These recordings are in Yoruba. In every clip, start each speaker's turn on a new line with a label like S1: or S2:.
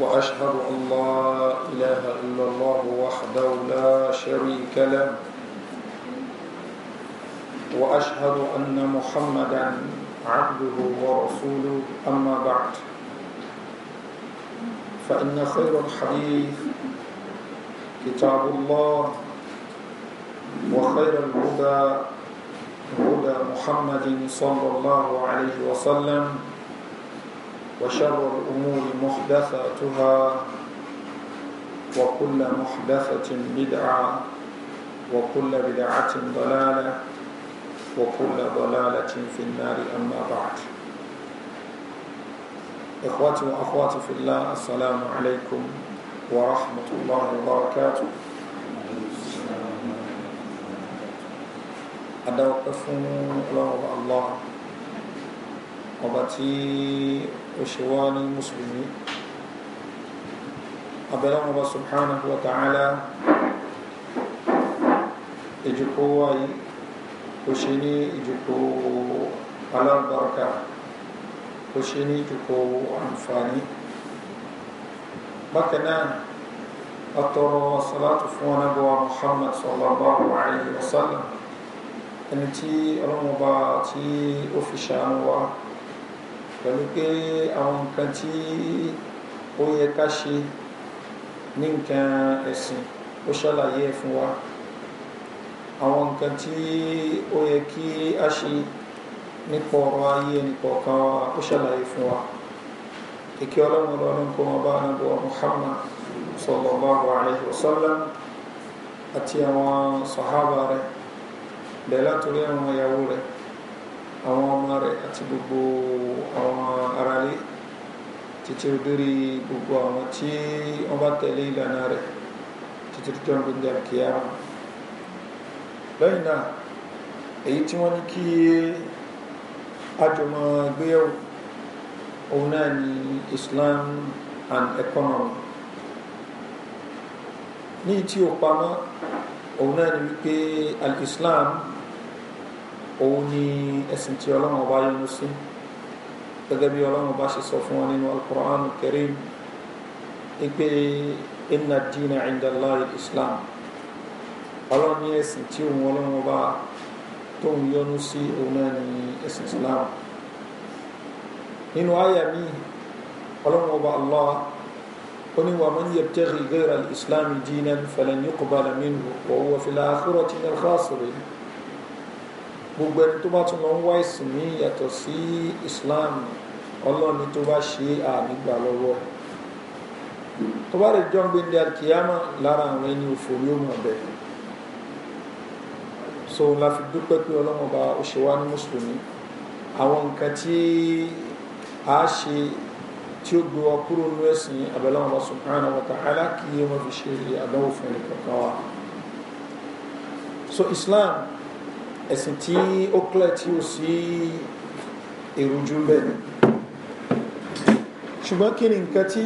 S1: وأشهد أن لا إله إلا الله وحده لا شريك له وأشهد أن محمدا عبده ورسوله أما بعد فإن خير الحديث كتاب الله وخير الهدى هدى محمد صلى الله عليه وسلم وشر الأمور محدثاتها وكل محدثة بدعة وكل بدعة ضلالة وكل ضلالة في النار أما بعد إخواتي وأخواتي في الله السلام عليكم ورحمة الله وبركاته أدعوكم الله الله وبتي ó ṣe wá ní mùsùlùmí abẹ́lẹ́wọ̀n bá subhanahu wa ta'ala ìjòkó wáyé ó ṣe ní ìjòkó alábàárkà ó ṣe ní ìjòkó àǹfààní bákan náà atọrọ salatu fún anabuwa muhammad sallallahu alayhi wa sallam ẹni tí ọlọ́mọba tí ó fi ṣàánú wa. pẹ̀lú pé àwọn nǹkan tí ó yẹ ká ṣe ní nǹkan ẹ̀sìn ó ṣàlàyé ẹ̀ fún wa àwọn nǹkan tí ó yẹ kí a ṣe nípa ọ̀rọ̀ ayé ẹnìkọ̀ọ̀kan wa ó ṣàlàyé fún wa ìkẹ́ ọlọ́run lọ́rùn kó bá Muhammad alayhi àti àwọn rẹ̀ látòrí àwọn ìyàwó àwọn ọmọ rẹ̀ àti gbogbo àwọn aráalé títí lórí gbogbo àwọn tí wọ́n bá tẹ̀lé ìlànà rẹ̀ títí tó ń gbé kíyàmá lẹ́yìn náà èyí tí wọ́n ní kí àjọmọ̀ gbéyàwó òun náà ni Islam and economy ní tí ó pamọ́ òun náà ni wípé al-Islam òun ni ẹ̀sìn tí ọlọ́run ọba yọ́nú sí gẹ́gẹ́ bí ọlọ́run ọba ṣe sọ fún wa nínú alukur'an karim ipe inna dina indallahi islam ọlọ́run ní ẹ̀sìn tí òun ọlọ́run ọba tóun yọ́nú sí òun náà ni ẹ̀sìn islam nínú àyà mi ọlọ́run ọba allah ó wa man yabtaghi ghayra al-islam dinan falan yuqbala minhu wa huwa fil akhirati minal khasirin gbogbo ẹni tó bá tún lọ ń wá ìsìn ní yàtọ̀ sí Islam ọlọ́ni tó bá ṣe àmì gbà lọ́wọ́ tó bá rẹ̀ jọ́n gbéńdé alkiyama lára àwọn ẹni òfò yóò mọ̀ bẹ́ẹ̀ so la fi dúpẹ́ pé ọlọ́mọba ó ṣe wá ní mùsùlùmí àwọn nǹkan tí a ṣe tí ó gbé wa kúrò ní ẹ̀sìn abẹ́láwọn subhanahu wa ta'ala kí wọ́n fi ṣe àdánwò fún ẹnì kankan wa so Islam ẹ̀sìn tí ó clear tí ó sí èròjú ń bẹ̀ ni ṣùgbọ́n kí ni nǹkan tí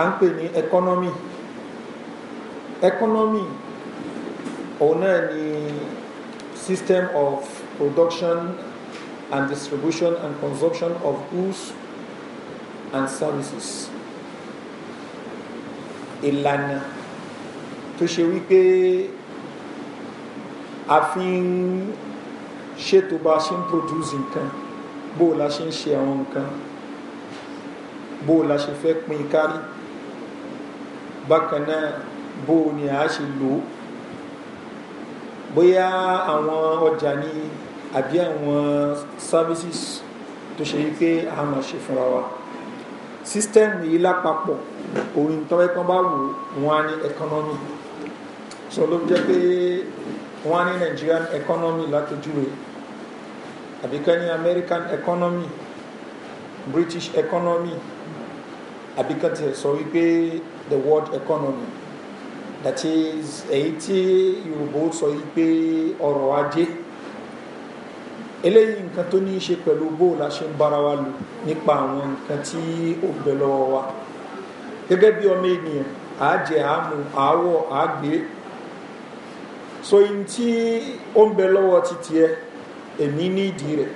S1: a ń pè ní economy economy òun náà ni system of production and distribution and consumption of goods and services ìlànà tó ṣe wípé a fi ń ṣètò bá a ṣe ń produce nǹkan bó o la ṣe ń ṣe àwọn nǹkan bó o la ṣe fẹ́ pín kárí bákan náà bó o ni a ṣe lò ó bóyá àwọn ọjà ni àbí àwọn services tó ṣe yí pé a máa ṣe fúnra wa system yìí lápapọ̀ orin tọ́wẹ́ kan bá wù wọ́n á ní economy so ló jẹ́ pé wọ́n ní Nigerian economy látójúwe àbíkẹ́ ní American economy British economy àbíkẹ́ tiẹ̀ sọ wípé the world economy that is èyí tí Yorùbá sọ wípé ọrọ̀ ajé eléyìí nǹkan tó ní í ṣe pẹ̀lú bó la ṣe ń bára wa lò nípa àwọn nǹkan tí ó bẹ lọ́wọ́ wa gẹ́gẹ́ bí ọmọ ènìyàn àájẹ àámu àáwọ̀ àágbé so in tí ó ń bẹ lọ́wọ́ títí ẹ èmi ní ìdí rẹ̀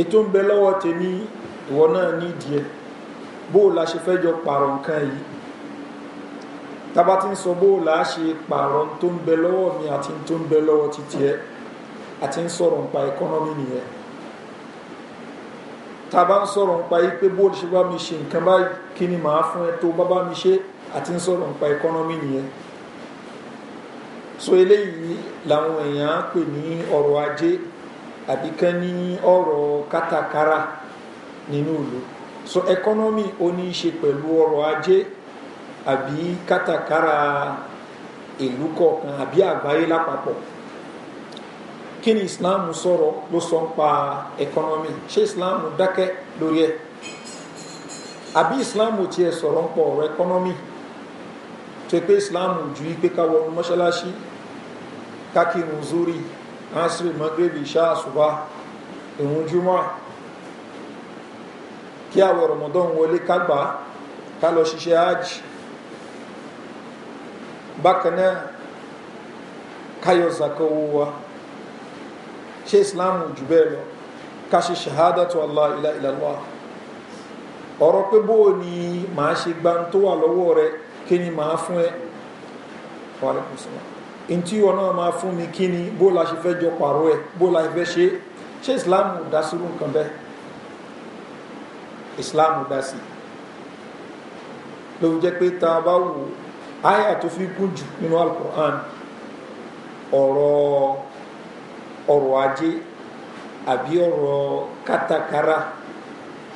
S1: ètò ń bẹ lọ́wọ́ tèmi ìwọ náà ní ìdí ẹ bó la ṣe fẹ́ jọ pààrọ̀ nǹkan yìí tába ti bó la ṣe pààrọ̀ tó ń bẹ lọ́wọ́ mi àti tó ń bẹ lọ́wọ́ títí ẹ àti ń sọ̀rọ̀ nípa ẹkọ́nọ́mì nìyẹn tába ń sọ̀rọ̀ nípa yìí pé bó o ṣe bá mi ṣe nǹkan báyìí kí màá fún ẹ tó bá bá mi ṣe àti ń sọ̀rọ̀ nípa ẹkọ́nọ́mì nìyẹn so eléyìí làwọn èèyàn pè ní ọrọ̀ ajé àbí kán ní ọrọ̀ kátàkárà nínú ìlú so economy ó ní í ṣe pẹ̀lú ọrọ̀ ajé àbí kátàkárà ìlú kọ̀ọ̀kan àbí àgbáyé lápapọ̀ kí ni islam sọ̀rọ̀ ló sọ ń pa economy ṣé islam dákẹ́ lórí ẹ̀ àbí islam ò tiẹ̀ sọ̀rọ̀ ń pọ̀ ọ̀rọ̀ economy tó pé islam ju ipe káwọ́ mọ́ṣáláṣí kákírun zuri ansiri magrebi ṣá àṣùbá ìrun júmọ́ kí àwọ̀ ramadan wọlé kágbà ká lọ ṣiṣẹ́ hajj bákan káyọ̀ zakawo wa ṣe islam jù bẹ́ẹ̀ lọ ká ṣe ṣahada tó allah ila ìlàlọ́wà ọ̀rọ̀ pé bóò ni màá ṣe gbá tó wà lọ́wọ́ rẹ kí ni màá fún ẹ wàhálà kùsùnmọ́ ntí wọn náà máa fún mi kí ni bó la ṣe fẹ́ jọ pààrọ̀ ẹ̀ bó la fẹ́ ṣe ṣé islam dá sírú nǹkan bẹ́ẹ̀ islam dá sí ló jẹ́ pé a bá àyà tó fi kún jù nínú ọ̀rọ̀ ọ̀rọ̀ ajé àbí ọ̀rọ̀ kátàkárà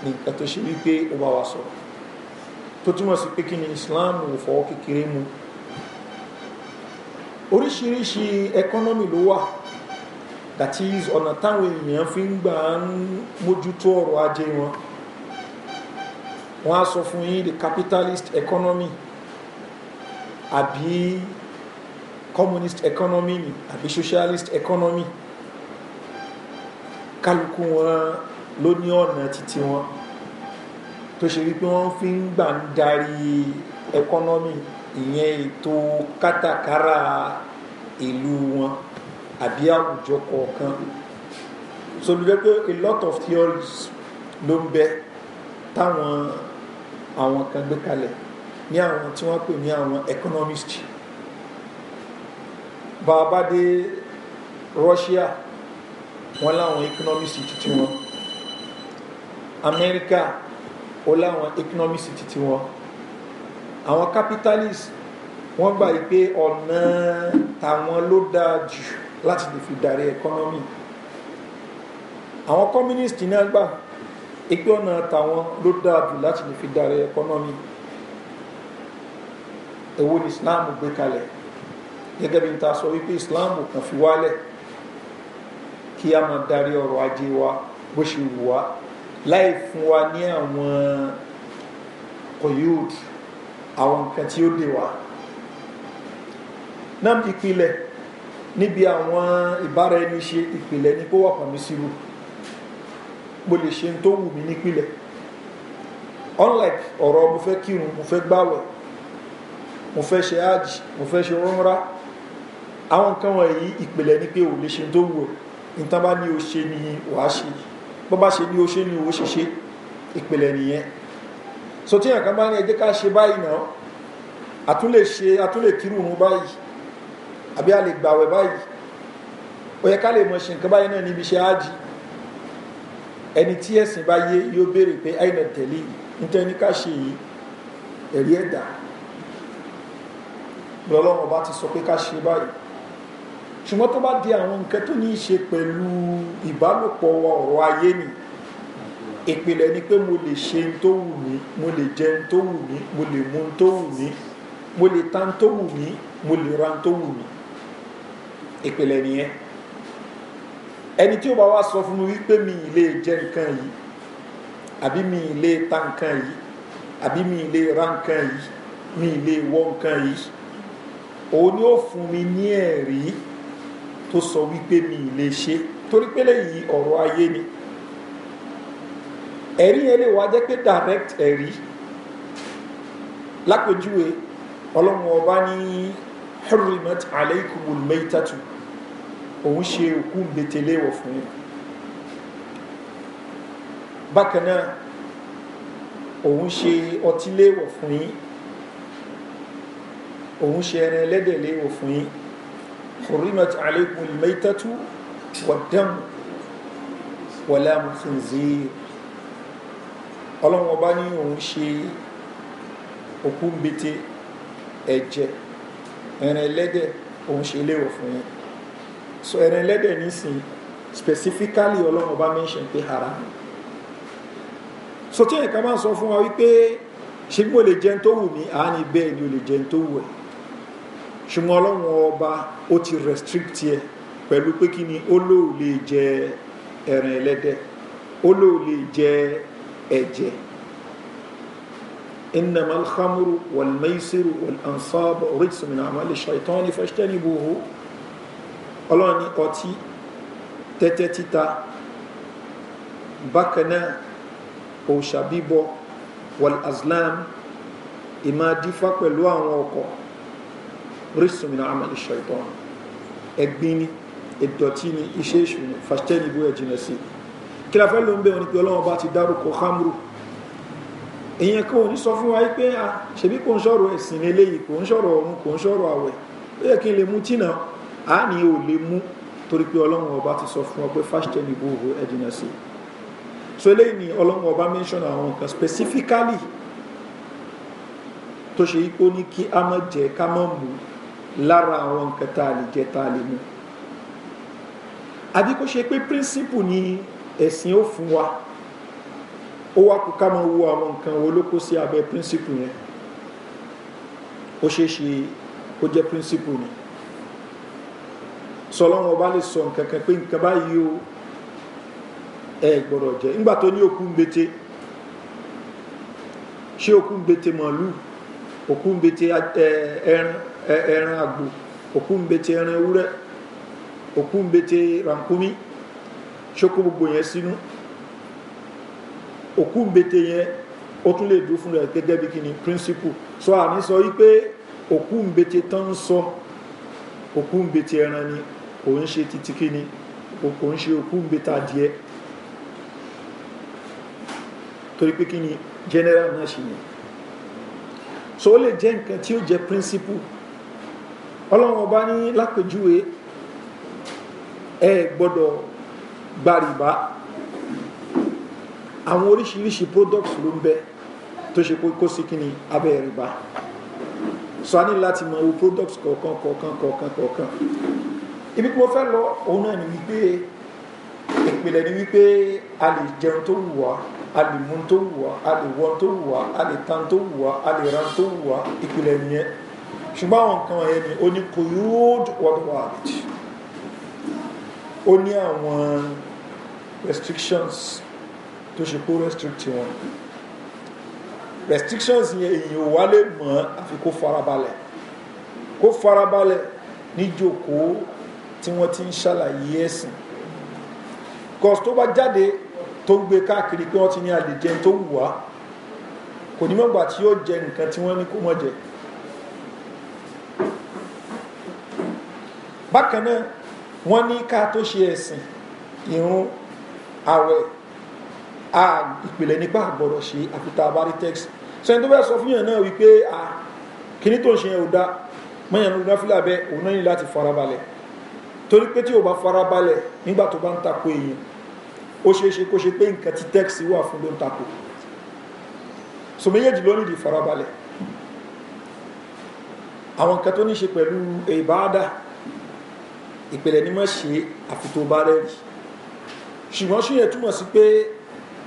S1: ní nǹkan tó ṣe wípé ó bá wa tó túmọ̀ islam ò fọwọ́ kékeré mu. oríṣiríṣi economy ló wà that is ọ̀nà táwọn èèyàn fi ń gbà ń mójútó ọrọ̀ ajé wọn wọ́n á sọ fún yín the capitalist economy àbí communist economy ni àbí socialist economy kálukú wọn ló ní ọ̀nà títí wọn tó ṣe wípé wọ́n fi ń gbà ń darí ẹkọ́nọ́mì ìyẹn ètò kátàkárà ìlú wọn àbí àwùjọ kọ̀ọ̀kan so ló jẹ́ pé a lot of theories ló ń bẹ táwọn àwọn kan gbé kalẹ̀ ní àwọn tí wọ́n pè ní àwọn economist bá dé Russia wọ́n láwọn economist títí wọn America ó láwọn economist títí wọn àwọn capitalist wọ́n gbà pé ọ̀nà tàwọn ló dáa jù láti lè fi darí economy àwọn communist náà gbà pé ọ̀nà tàwọn ló dáa jù láti lè fi darí economy èwo ni Islam gbé kalẹ̀ gẹ́gẹ́ bí n ta sọ wípé Islam kàn fi wálẹ̀ kí a máa darí ọrọ̀ ajé wa bó ṣe wù wá láì fún wa ní àwọn kọ̀yóòdù àwọn nǹkan tí ó dè wá náà ìpìlẹ̀ níbi àwọn ìbára ẹni ṣe ìpìlẹ̀ ní kó wà pàmí síru mo lè ṣe tó wù mí nípìlẹ̀ unlike ọ̀rọ̀ mo fẹ́ kírun mo fẹ́ gbàwẹ̀ mo fẹ́ ṣe hajj mo fẹ́ ṣe umrah àwọn nǹkan wọ̀nyí ìpìlẹ̀ ní pé ò lè ṣe tó wù ọ́ ìtàn bá ní o ṣe ni wàá ṣe bọ́ bá ṣe ní o ṣe ni o ṣe ṣe ìpìlẹ̀ nìyẹn so tí ẹ̀kan bá ní ẹjẹ́ ká ṣe báyìí náà àtúnlè ṣe àtúnlè kírùn báyìí àbí a lè gbàwẹ̀ báyìí ó yẹ ká lè mọ̀ ṣe nǹkan báyìí náà níbi iṣẹ́ ájì ẹni tí ẹ̀sìn bá yé yóò béèrè pé àìnà tẹ̀lé yìí nítorí ní ká ṣe yìí ẹ̀rí ẹ̀dá lọ́lọ́run ọba ti sọ pé ká ṣe báyìí ṣùgbọ́n tó bá di àwọn nǹkan tó ní í ṣe pẹ̀lú ìbálòpọ̀ ọ̀rọ̀ ayé nìyí ìpìlẹ̀ ni pé mo lè ṣe n tó wù mí mo lè jẹ n tó wù mí mo lè mu n tó wù mí mo lè ta n tó wù mí mo lè ra n tó wù mí ìpìlẹ̀ nìyẹn ẹni tí ó bá wá sọ fún mi wípé mi ì lè jẹ nǹkan yìí àbí mi ì lè ta nǹkan yìí àbí mi ì lè ra nǹkan yìí mi ì lè wọ nǹkan yìí òun ni ó fún mi ní ẹ̀rí tó sọ wípé mi ì lè ṣe torí pé ọ̀rọ̀ ayé ni ẹ̀rí yẹn lè wá jẹ́ pé direct ẹ̀rí lápèjúwe ọlọ́run ọba ní hurrimat alaykumul maytatu òun ṣe òkú gbẹtẹléwọ̀ fún yín bákan náà òun ṣe ọtí léwọ̀ fún yín òun ṣe ẹran ẹlẹ́dẹ̀ léwọ̀ fún yín hurrimat alaykumul maytatu wad-damu wa lahmul khinzir ọlọ́run ọba ní òun ṣe òkú ń bete ẹ̀jẹ̀ ẹran ẹlẹ́dẹ̀ òun ṣe léwọ̀ fún yín so ẹran ẹlẹ́dẹ̀ nísìnyí specifically ọlọ́run ọba mention pé haram so tí ẹ̀ka máa sọ fún wa wípé ṣe bí mo lè jẹun tó wù mí àání bẹ́ẹ̀ ni o lè jẹun tó wù ẹ́ ṣùgbọ́n ọlọ́run ọba ó ti restrict ẹ pẹ̀lú pé kí ni ó lóò lè jẹ ẹran ẹlẹ́dẹ̀ ó lóò lè jẹ ẹran ẹlẹ́dẹ̀ ẹ̀jẹ̀ innamal khamru wal maisiru wal ansab rijsun min amali shaitani fashtanibuhu ọlọ́run ní ọtí tẹ́tẹ́ títa bákan náà òòṣà bíbọ wal azlam ìmá dífá pẹ̀lú àwọn ọkọ̀ rísùn min amali shaitani ẹ̀gbin ni ìdọ̀tí ni iṣẹ́ ìṣùnà fashtanibu ẹ̀jìnà sí i kí la fẹ́ ló ń bẹ̀ wọn pé ọlọ́wọ́n bá ti dárúkọ hamru èèyàn kan ò ní sọ fún wa pé a ṣèbí kò ń sọ̀rọ̀ ẹ̀sìn eléyìí kò ń sọ̀rọ̀ ọ̀run kò ń sọ̀rọ̀ àwẹ̀ ó yẹ kí n lè mú tìǹà á ní ò lè mú torí pé ọlọ́run ọba ti sọ fún ọ pé fásitì ní ẹ̀jìnà sí so eléyìí ni ọlọ́run ọba mention àwọn nǹkan specifically tó ṣe yí pé ó ní kí a má jẹ ká má mú lára àwọn nǹkan tá a lè jẹ tá a lè mú àbí kó ṣe pé principle ni ẹ̀sìn ó fún wa ó wá kú ká máa wo àwọn nǹkan wo ló kó sí abẹ́ píríncípù yẹn ó ṣeé ṣe ó jẹ́ píríncípù ni sọlọ́run ọba lè sọ nǹkan kan pé nǹkan báyìí o ẹ gbọ́dọ̀ jẹ́ nígbà tó ní òkú ń gbete ṣé òkú ń gbete màálù òkú ń gbete ẹran àgbò òkú ń gbete ẹran ewúrẹ́ òkú ń gbete rànkúmí ṣókó gbogbo yẹn sínú òkú mbete yẹn ó tún lè dúró fún rẹ̀ gẹ́gẹ́ bí kíni principle so àní sọ wípé òkú mbete tán ń sọ òkú mbete ẹran ni kò ń ṣe títí kíni kò ń ṣe òkú mbete adìẹ torí pé kíni general náà ṣe yẹn so ó lè jẹ́ nǹkan tí ó jẹ́ principle ọlọ́run ọba ní lápèjúwe ẹ gbọ́dọ̀ gbàrìbá àwọn oríṣiríṣi products ló ń bẹ tó ṣe pé kó sí kí abẹ́ rìbá so ní láti mọ owó products kọ̀ọ̀kan kọ̀ọ̀kan kọ̀ọ̀kan kọ̀ọ̀kan ibi tí mo fẹ́ lọ òun náà ni wípé ìpìlẹ̀ ni wípé a lè jẹun tó wù wá a lè mú tó wù wá a lè wọ tó wù wá a lè tan tó wù wá a lè ran tó wù wá ìpìlẹ̀ nìyẹn ṣùgbọ́n àwọn nǹkan yẹn ni ó ní kòyóòdù wọ́dọ̀wọ́ àbìtì ó ní àwọn restrictions tó ṣe kó restrict wọn restrictions yẹn èyí ò wá lè mọ̀ àfi kó farabalẹ̀ kó farabalẹ̀ níjókòó tí wọ́n ti ń ṣàlàyé ẹ̀sìn cos tó bá jáde tó ń gbé káàkiri pé wọ́n ti ní àlejẹ tó wù wá kò ní mọ̀gbà tí yóò jẹ nǹkan tí wọ́n ní kó mọ̀ jẹ bákan náà wọ́n ní ká tó ṣe ẹ̀sìn ìrun àwẹ̀ ìpìlẹ̀ nípa àgbọ̀rọ̀ ṣe àfità àbárí text sẹ́ni tó bẹ́ sọ fún yàn náà wípé à kíní tó ń ṣe yẹn ò dá mọ́yàn ló náfìlà bẹ́ òun náà ní láti farabalẹ̀ torí pé tí o bá farabalẹ̀ nígbà tó bá ń tako èèyàn ó ṣeé ṣe kó ṣe pé nǹkan tí text wà fún ló ń tako so méjèèjì ló nídìí farabalẹ̀ àwọn nǹkan tó ní ṣe pẹ̀lú ìbáadà ìpìlẹ̀ ní mọ̀ ṣe àfitò ṣùgbọ́n ṣí yẹn túmọ̀ sí pé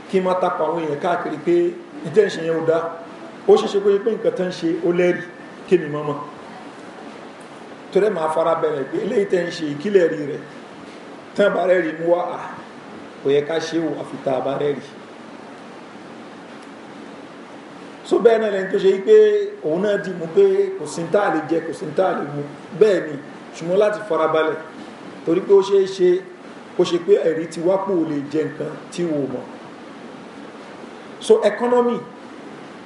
S1: kí n máa tapọ̀ àwọn èèyàn káàkiri pé ìtẹ́ ìṣe yẹn ò dá ó ṣe ṣe pé nǹkan tán ṣe ó lẹ́rì kí mi mọ́mọ́ torí màá fara bẹ̀rẹ̀ pé eléyìí tẹ́ ń ṣe ìkílẹ̀ rí rẹ̀ tán bá rẹ̀ rí mú wá à kò yẹ ká ṣe wò àfitá bá rẹ̀ rí so bẹ́ẹ̀ náà lẹ́ni tó ṣe pé òun náà dì mú pé kò sí tá lè jẹ kò sí tá lè mú bẹ́ẹ̀ ni ṣùgbọ́n láti fara balẹ̀ torí pé ó ṣeé ṣe kó ṣe pé ẹ̀rí ti wápò lè jẹ nǹkan tí wò mọ̀ so economy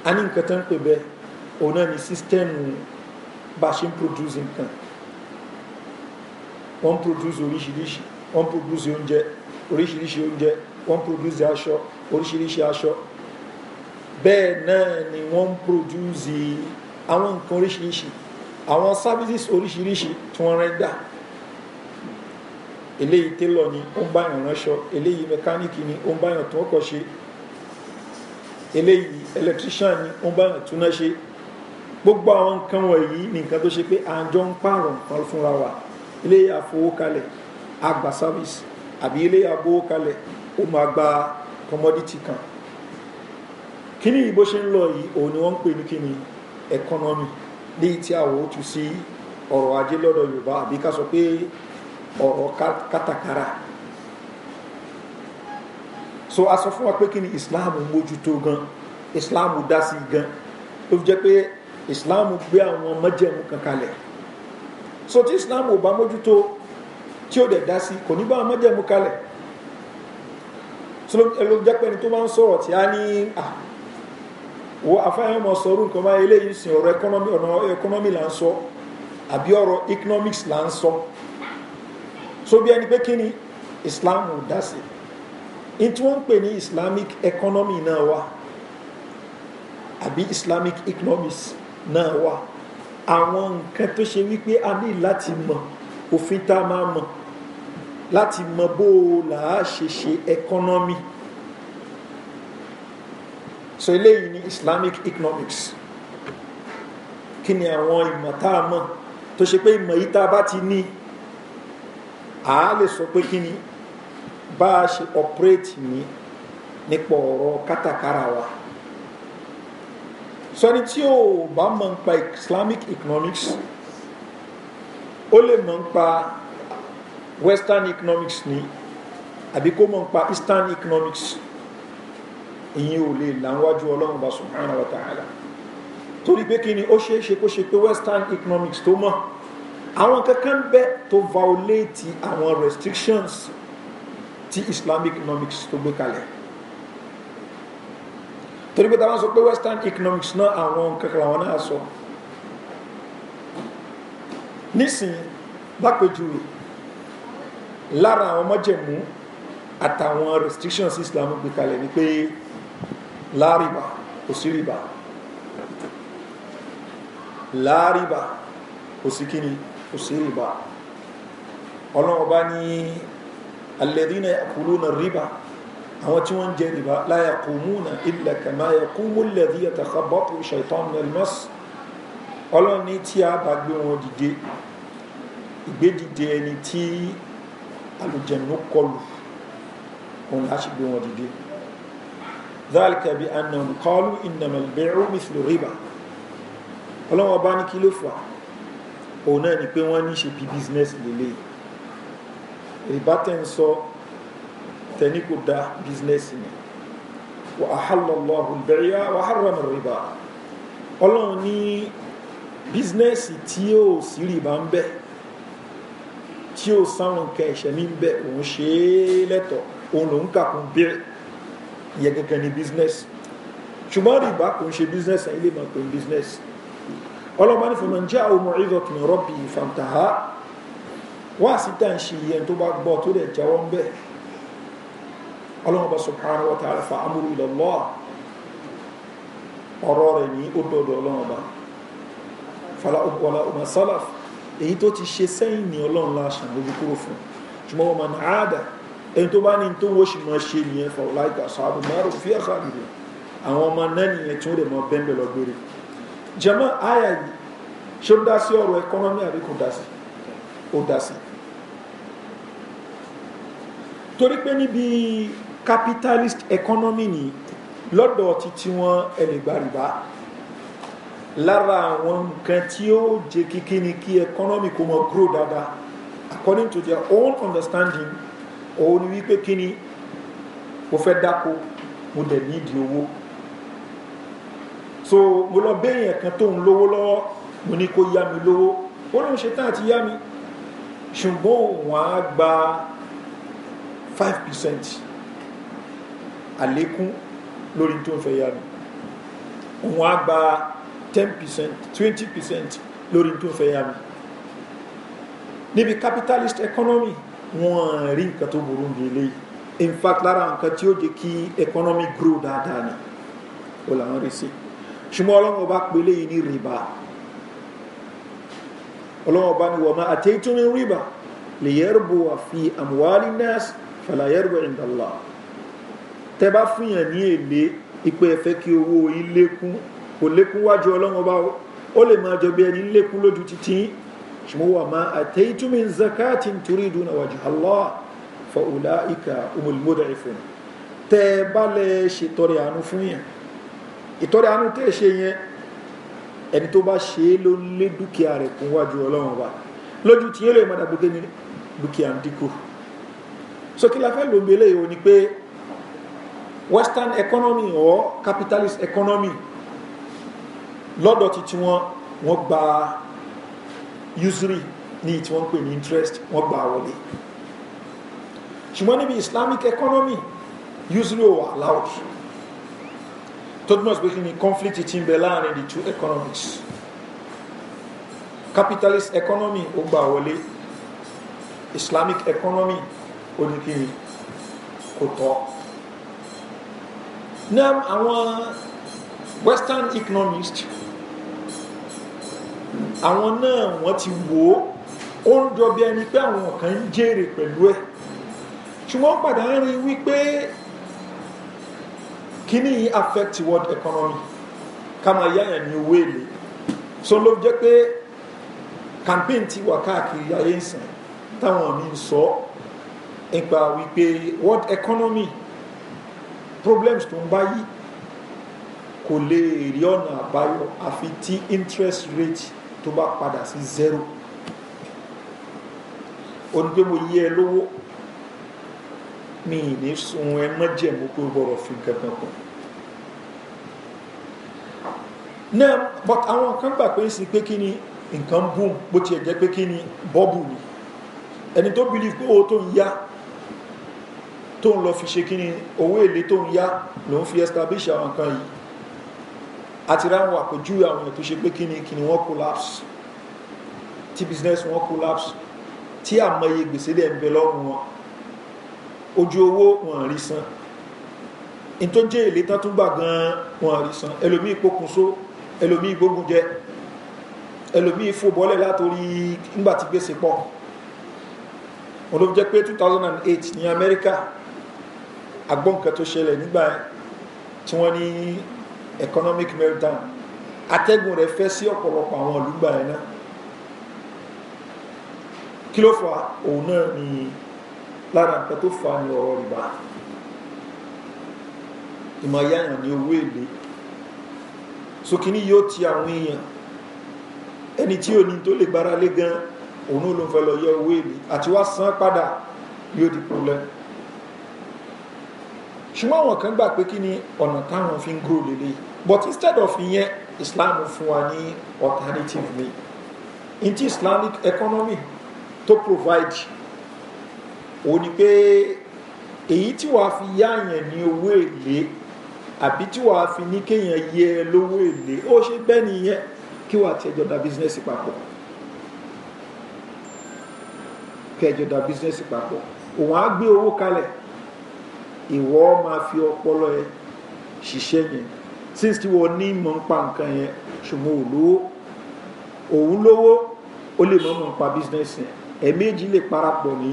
S1: a ní nǹkan tó ń pè bẹ́ẹ̀ òun náà ni system bá ṣe ń produce nǹkan wọ́n produce oríṣiríṣi wọ́n produce oúnjẹ oríṣiríṣi oúnjẹ wọ́n produce aṣọ oríṣiríṣi aṣọ bẹ́ẹ̀ náà ni wọ́n produce àwọn nǹkan oríṣiríṣi àwọn services oríṣiríṣi tí wọ́n rẹ́ dà eléyìí télọ̀ ni ó ń báyàn ránṣọ eléyìí mẹkáníìkì ni ó ń báyàn tún ọkọ̀ ṣe eléyìí electrician ni ó ń báyàn túná ṣe gbogbo àwọn nǹkan wọ̀nyí ni nǹkan tó ṣe pé à ń jọ ń pààrọ̀ nǹkan fúnra wa eléyìí àfowókalẹ̀ àgbà service àbí eléyìí àfowókalẹ̀ ó máa gba commodity kan kíní ìbò ṣe ń lọ yìí òun ni wọ́n ń pè ní kíní economy ní ti àwòtú sí ọ̀rọ̀ ajé lọ́dọ̀ yorùbá àbí ká sọ pé ọ̀rọ̀ katakara so a sọ fún wa pé kí ni islam mójútó gan islam dá sí gan tó fi jẹ́ pé islam gbé àwọn májẹ̀mú kan kalẹ̀ so tí islam ò bá mójútó tí ó dẹ̀ dá sí kò ní bá àwọn májẹ̀mú kalẹ̀ so ló jẹ́ pé ni tó máa ń sọ̀rọ̀ tí a ní à wo afáyán mọ̀ sọ̀rọ̀ nǹkan báyìí eléyìí sìn ọ̀rọ̀ ẹkọ́nọ́mì là ń sọ àbí ọ̀rọ̀ economics là ń sọ. So, so bí ẹni pé kí ni islam ò dá sí in tí wọ́n ń pè ní islamic economy náà wà àbí islamic economics náà wà àwọn nǹkan tó ṣe wípé a ní láti mọ òfin tá a máa mọ láti mọ bó o là á ṣe ṣe economy so eléyìí ni islamic economics kí ni àwọn ìmọ̀ tá a mọ̀ tó ṣe pé ìmọ̀ yìí tá a bá ti ní a lè sọ pé kí ni bá a ṣe operate ní nípa ọ̀rọ̀ kátàkárà wa sọni tí o bá mọ̀ nípa Islamic economics ó lè mọ̀ nípa Western economics ni àbí kó mọ̀ nípa Eastern economics ìyẹn ò lè láwájú ọlọ́run bá subhanahu wa ta'ala torí pé kí ni ó ṣeé kó ṣe pé Western economics tó mọ̀ àwọn kankan bẹ tó violate àwọn restrictions ti islamic economics tó gbé kalẹ̀ torí pé táwọn sọ pé western economics náà àwọn kankan làwọn náà sọ nísìnyí lápèjúwe lára àwọn májẹ̀mú àtàwọn restrictions islam gbé kalẹ̀ ni pé láàrìbà kò sí rìbà láàrìbà kò sí kò sí rìbá ọlọ́run bá ní alladhina ya'kuluna rìbá àwọn tí wọ́n ń jẹ rìbá la yaqumuna illa kama yaqumu alladhi yatakhabbatu shaytanu minal mas ọlọ́run ní tí a bá gbé wọn dìde ìgbédìde ẹni tí alùjẹ̀nù kọlù òun láti gbé wọn dìde dhalika bi annahum qalu innamal bay'u mithlu ọlọ́run bá ní kí ló fà á òun náà ni pé wọ́n ní ṣe bí business lélẹ̀ rìbá tẹ́ ń sọ tẹ́ni kò dá business ni wa ahallallahu al-bay'a wa harrama ar-riba ọlọ́run ní business tí ó sì rìbá ń bẹ tí ó sáwọn nǹkan ẹ̀ṣẹ̀ ní bẹ òun ṣe é lẹ́tọ̀ òun lòún kàkún bẹ́ẹ̀ ìyẹn kankan ní business ṣùgbọ́n rìbá kò ń ṣe business ilé mọ̀ pé business ọlọ́ba ní fòmọ̀ jẹ́ àwọn ọmọ kìnnì rọ́bì ìfàmtàhá wá sí tàn ṣe yẹn tó bá gbọ́ tó dẹ̀ jẹ́wọ́ ń bẹ̀ ọlọ́ba subhanahu wa ta'ala fa amúrú ilallah ọ̀rọ̀ rẹ̀ ní ó dọ̀dọ̀ ọlọ́ba fala ọgbọ̀la ọmọ sálàf èyí tó ti ṣe sẹ́yìn ní ọlọ́run láṣà lójú kúrò fún ṣùgbọ́n ní tó wọ́n jama aya yìí ṣé ó dá sí ọ̀rọ̀ ẹkọ́nọ́mì àbí kò dá sí ó dá sí torí pé níbi capitalist economy ni lọ́dọ̀ ti tiwọn ẹ̀lẹ́gbàrìbá lára àwọn nǹkan tí ó jẹ́ kíkí ni kí economy kò mọ grow dáadáa according to their own understanding òun ni wípé kí ni mo fẹ́ dáko mo dẹ̀ nídìí owó so mo lọ béèyàn kan tó ń lówó lọ́wọ́ mo ní kó yá mi lówó ó lóun ṣe tán àti yá mi ṣùgbọ́n wọ́n á gba five percent àlékún lórí tó ń fẹ́ yá mi wọ́n á gba ten percent twenty percent lórí tó ń fẹ́ yá mi níbi capitalist economy wọ́n rí nǹkan tó burú bí eléyìí in fact lára nǹkan tí ó jẹ́ kí economy grow dáadáa ni ó làwọn rí sí i ṣùgbọ́n ọlọ́run ọba pèlè yìí ní rìbá ọlọ́run ọba ni wọ́n máa àtẹ́tún ní rìbá lè yẹ́rùbù àfi àmúwálí nẹ́ẹ̀sì fàlà yẹ́rùbù ìdàlá tẹ́ bá fìyàn ní èlé ìpè ẹ̀fẹ́ kí owó yìí lékún kò lékún wájú ọlọ́run ọba ó lè máa jọ bí ẹni lékún lójú títí ṣùgbọ́n wọ́n àtẹ́tún ní zakati nítorí ìdúnà wájú allah fa ulaika umul mud'ifun tẹ́ bá lè ṣètọrẹ àánú fún yàn ìtọ́rẹ àánú tẹ́ ṣe yẹn ẹni tó bá ṣe é ló ń lé dúkìá rẹ̀ kún wájú ọlọ́run ọba lójú tí yẹlẹ̀ mọ́dà gbogbo ní dúkìá ń dínkù so la fẹ́ lò ń belé ìwò ni pé western economy or capitalist economy lọ́dọ̀ ti tí wọ́n wọ́n gba usury ní tí wọ́n pè ní interest wọ́n gba wọlé ṣùgbọ́n níbi islamic economy usury ò wà láwùjọ tó túmọ̀ sí pé kí ni conflict ti ń bẹ láàrin the two economics capitalist economy ó gbà wọlé islamic economy ó ní kí ni kò tọ́ náà àwọn western economists àwọn náà wọ́n ti wò ó ó ń jọ bí ẹni pé àwọn kan ń jèrè pẹ̀lú ẹ̀ ṣùgbọ́n padà ń rí wípé Kini yìí affect world economy ká máa yá yàn ní owó so ló jẹ́ pé campaign ti wa káàkiri ayé ìsìn táwọn mi ń sọ nípa wípé world economy problems tó ń bá yìí kò lè rí ọ̀nà àbáyọ àfi tí interest rate tó bá padà sí zero onígbé mo yí ẹ e lówó mi ì ní sun ẹ mọ́jẹ̀mú pé ó gbọ́dọ̀ fi nǹkan kan kù náà but àwọn kan gbà pé sí pé kí ni nǹkan boom bó tiẹ̀ jẹ́ pé kí ni bọ́ọ̀bù ni ẹni tó believe pé owó tó ń yá tó ń lọ fi ṣe kí ni owó èlé tó ń yá ló ń fi establish àwọn nǹkan yìí àti ráwọn àpèjúwe àwọn èèyàn tó ṣe pé kí ni kí ni wọ́n collapse tí business wọn collapse tí àmọye gbèsè dẹ̀ ń bẹ lọ́rùn wọn ojú owó wọn rí san in tó jẹ́ èlé tán tún gbà gan wọn rí san ẹlòmí ìpokùnso ẹlòmí ìgbógun jẹ ẹlòmí ìfòbọ́lẹ̀ látòrí ńgbà tí gbèsè pọ̀ wọn ló jẹ́ pé 2008 ní amẹ́ríkà agbọ́nkẹ́ tó ṣẹlẹ̀ nígbà tí wọ́n ní economic meltdown atẹ́gùn rẹ̀ fẹ́ sí ọ̀pọ̀lọpọ̀ àwọn olùgbà ẹ̀ náà kí ló fà òun náà ni lára nǹkan tó fa ni ọ̀rọ̀ rìbá ìmọ̀ yáyàn ní owó èlé sókíní yóò ti àwọn èèyàn ẹni tí ò ní tó lè gbára lé gan òun ló ń fẹ́ lọ yẹ owó èlé àti wá san padà yóò di problem ṣùgbọ́n àwọn kan gbà pé kí ni ọ̀nà táwọn fi ń grow lélẹ̀ but instead of ìyẹn Islam fún wa ní alternative way in ti Islamic economy tó provide òun ni pé èyí tí wàá fi yáàyàn ní owó èlé àbí tí wàá fi ní kéèyàn yẹ ẹ lówó èlé ó ṣe bẹ́ẹ̀ nìyẹn kí wàá ti ẹjọ́ da bísínẹ́sì papọ̀ kí ẹjọ́ da bísínẹ́sì papọ̀ òun á gbé owó kalẹ̀ ìwọ máa fi ọpọlọ ẹ ṣiṣẹ́ yẹn since tí wọ́n ní mọ̀ ń pa nǹkan yẹn ṣùgbọ́n ò òun lówó ó lè mọ̀ mọ̀ ń pa bísínẹ́sì yẹn ẹ̀ẹ́mẹ́jì lè parapọ̀ ní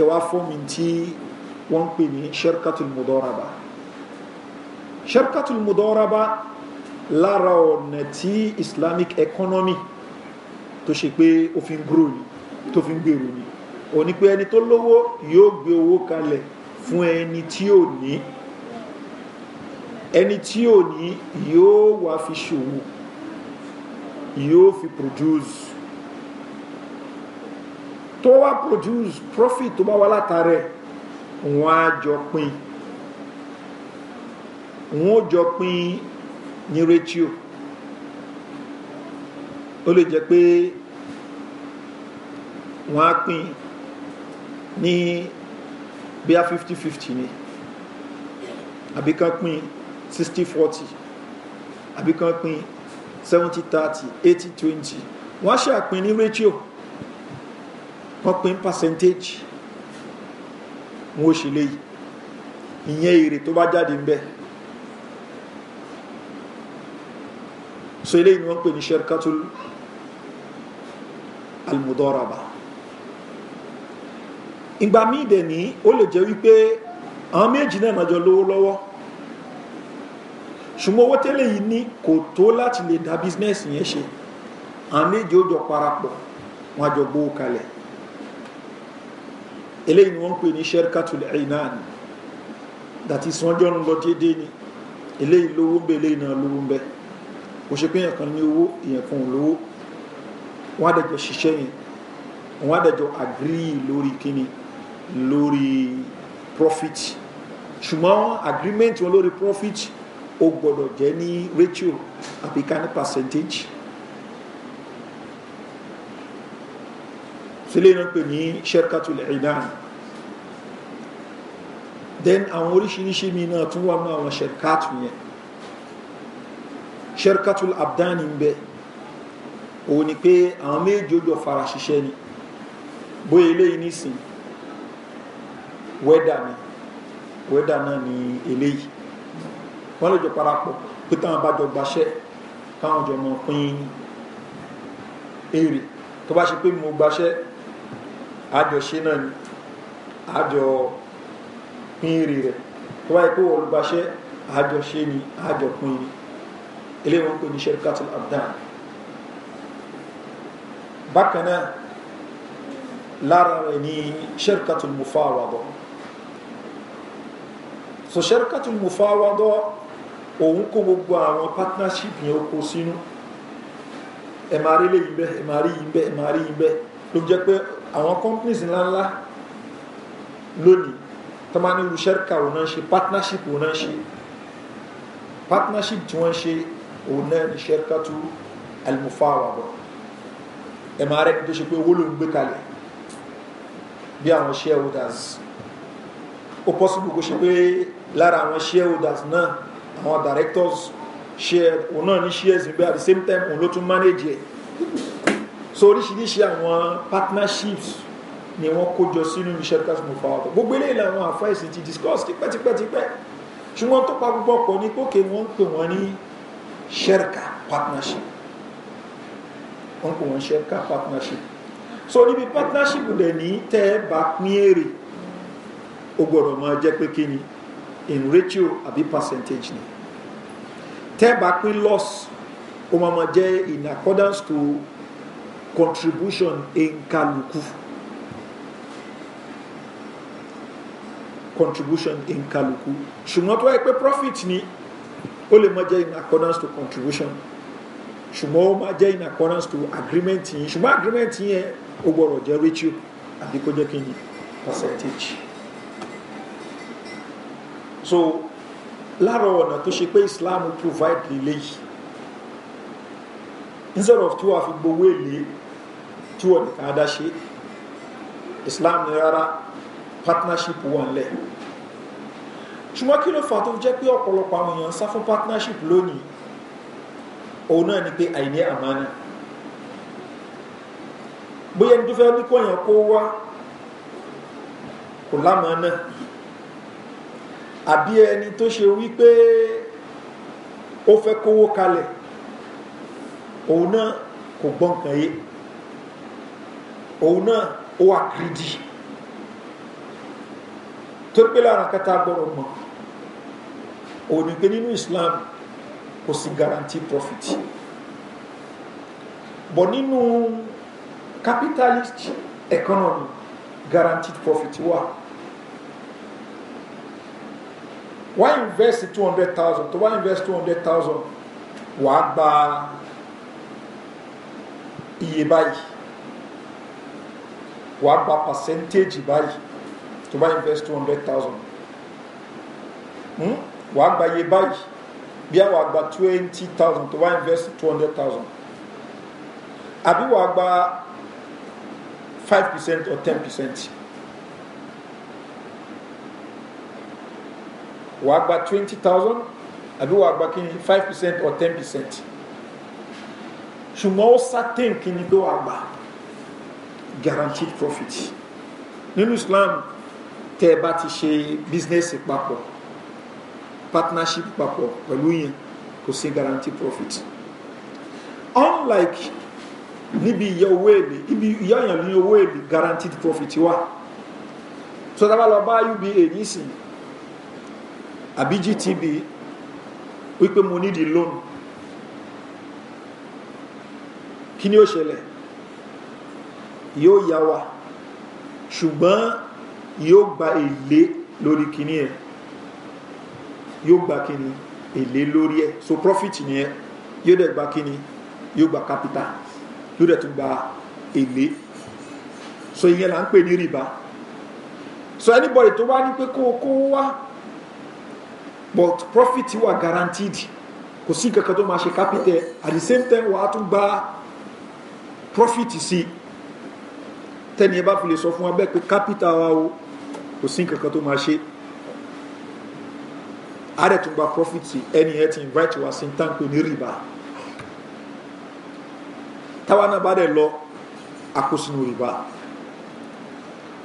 S1: kẹwa fọ́ọ̀mù tí wọ́n pè ní sherkatul mudoraba sherkatul mudoraba lára ọ̀nà tí islamic economy tó ṣe pé ó fi ń grow ni tó fi ń gbèrú ni ò ní pé ẹni tó lówó yóò gbé owó kalẹ̀ fún ẹni tí ò ní ẹni tí ò ní yóò wá fi ṣòwò yóò fi produce tó wá produce profit tó bá wá látàrẹ wọ́n á jọ pín wọ́n ó jọ pín ní rétíò ó lè jẹ́ pé wọ́n á pín ní bíá fifty fifty ni àbí kan pín sixty forty àbí kan pín seventy thirty eighty twenty wọ́n á ṣàpín ní rétíò wọ́n pín percentage wọ́n ó ṣe léyìí ìyẹn èrè tó bá jáde ń bẹ́ so eléyìí ni wọ́n pè ní sherkatul almudoraba ìgbà míì dẹ̀ ní ó lè jẹ́ wípé àwọn méjì náà nàjọ lówó lọ́wọ́ ṣùgbọ́n owó tẹ́lẹ̀ yìí ní kò tó láti lè dá bísínẹ́sì yẹn ṣe àwọn méjì ó jọ parapọ̀ wọn àjọ gbówó kalẹ̀ eléyìí ni wọ́n ń pè ní sherkatul inan that is wọ́n jọ ń lọ déédéé ni eléyìí lówó ń bẹ eléyìí náà lówó ń bẹ kò ṣe pé èèyàn kan ní owó èèyàn ò lówó wọ́n á ṣiṣẹ́ yẹn wọ́n á agree lórí kíni lórí profit ṣùgbọ́n agreement wọn lórí profit ó gbọ́dọ̀ jẹ́ ní ratio àbíká ní percentage. sílé náà pè ní sherkatul idan then àwọn oríṣiríṣi mi náà tún wà mọ́ àwọn sherkatu yẹn sherkatul abdan ń bẹ òun ni pé àwọn méjì ó jọ fara ṣiṣẹ́ ni bóyá eléyìí nísìn wẹ́dà ni wẹ́dà náà ni eléyìí wọ́n lè jọ parapọ̀ pé táwọn bá jọ gbaṣẹ́ káwọn jọ mọ̀ pín èrè tó bá ṣe pé mo gbaṣẹ́ àjọṣe náà ni àjọ pín èrè rẹ̀ tó wáyé pé olùbáṣẹ́ àjọṣe ni àjọ pín ni eléyìí wọ́n pè ní sherikatul abdan bákan náà lára rẹ̀ ní sherikatul mufawadọ so sherikatul mufawadọ òun kó gbogbo àwọn partnership yẹn ó kó sínú ẹ máa rí lè yín bẹ́ẹ̀ ẹ máa rí yín bẹ́ẹ̀ ẹ máa rí yín bẹ́ẹ̀ ló jẹ́ pé àwọn companies ńláńlá lónìí tó máa ní olùṣẹ́ríkà òun náà ṣe partnership òun náà ṣe partnership tí wọ́n ṣe òun náà ní ṣẹ́ríkà tó almufawada ẹ̀ máa rẹ̀ tó ṣe pé owó ló ń gbé kalẹ̀ bí àwọn shareholders ó possible kó ṣe pé lára àwọn shareholders náà àwọn directors share òun náà ní shares níbẹ̀ at the same time òun ló tún manage ẹ̀ so oríṣiríṣi àwọn partnerships ni wọ́n kójọ sínú shirkatul mufawadah gbogbo eléyìí làwọn àfáìsì ti discuss tipẹ́tipẹ́tipẹ́ ṣùgbọ́n tó pa púpọ̀ pọ̀ ní pókè wọ́n ń pè wọ́n ní shirka partnership wọ́n pè wọ́n shirka partnership so níbi partnership dẹ̀ ní tẹ́ bá pín èrè ó gbọ́dọ̀ máa jẹ́ pé kí ni in ratio àbí percentage ni tẹ́ bá pín loss ó máa máa jẹ́ in accordance to contribution in Kaluku. contribution nkàlùkù ṣùgbọ́n tó yẹ profit ni ó lè má jẹ́ in accordance to contribution ṣùgbọ́n ó má jẹ́ in accordance to agreement yìí ṣùgbọ́n agreement yẹn ó gbọ́dọ̀ jẹ́ ratio àbí kó jẹ́ kí ni percentage so lára ọ̀nà tó ṣe pé Islam provide lè léyìí instead of tí wàá fi gbowó èlé tí wọ́n nìkan á dá islam ní rárá partnership wà ńlẹ̀ ṣùgbọ́n kí ló fà tó jẹ́ pé ọ̀pọ̀lọpọ̀ àwọn èèyàn sá fún partnership lónìí òun náà ni pé àìní àmánà bóyá ẹni tó fẹ́ ní kó èèyàn kó wá kò lámánà àbí ẹni tó ṣe wípé ó fẹ́ kówó kalẹ̀ òun náà kò gbọ́n kan yé òun náà ó wà gírídì torí pé lára kẹta gbọ́dọ̀ mọ̀ òun ni pé nínú Islam kò sí guarantee profit bọ̀ nínú capitalist economy guaranteed profit wà wá invest two hundred thousand tó wá invest two hundred thousand wàá gba iye báyìí wàá gba percentage báyìí tó bá invest two hundred thousand hmm? wàá gba iye báyìí bí a wàá gba twenty thousand tó bá invest two hundred thousand àbí wàá gba five percent or ten percent. wàá gba twenty thousand àbí wàá gba kí ni five percent or ten percent ṣùgbọ́n ó certain kí ni pé wàá gbà guaranteed profit nínú islam tẹ́ ẹ bá ti ṣe bísínẹ́sì papọ̀ partnership papọ̀ pẹ̀lú yẹn kò sí guaranteed profit unlike níbi ìyá owó èlé ibi ìyá èèyàn ní owó èlé guaranteed profit wà so tá a bá lọ bá uba nísìn àbí gtb wípé mo nídìí loan kí ni ó ṣẹlẹ̀ yóò yá wa ṣùgbọ́n yóò gba èlé lórí kìíní ẹ̀ yóò gba kìíní èlé lórí ẹ̀ so profit ni ẹ yóò dẹ̀ gba kìíní yóò gba capital yóò dẹ̀ tún gba èlé so ìyẹn là ń pè ní rìbá so anybody tó bá ní pé kó kó wá but profit wà guaranteed kò sí kankan tó máa ṣe capital at the same time wàá tún gba profit sí i tẹ́ni ẹ bá fi lè sọ fún wa bẹ́ẹ̀ pé kápítà wa o kò sí nǹkan tó máa ṣe ààrẹ tó gba profit ẹni ẹ ti invite wa sí táǹpé ní rìbá táwa náà bá dẹ̀ lọ àkóso rìbá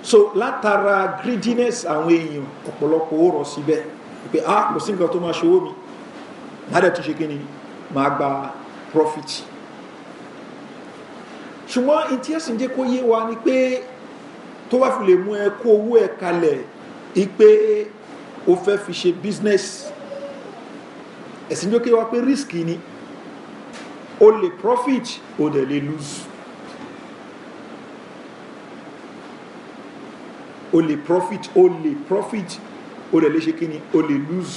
S1: so látara greediness àwọn èèyàn ọ̀pọ̀lọpọ̀ ó rọ̀ síbẹ̀ pé ah kò sí nǹkan tó máa ṣòwò mi ààrẹ tó ṣe kí ni máa gba profit ṣùgbọ́n in tí ẹ̀sìn jẹ́ kó yé wa ni pé tó bá fi lè mú ẹ kó owó ẹ kalẹ̀ ipe o fẹ́ fi ṣe business ẹ̀sìn jẹ́ kó yé wa pé risk ni o lè profit o dẹ̀ lè lose o lè profit o lè profit o dẹ̀ lè ṣe kí ni o lè lose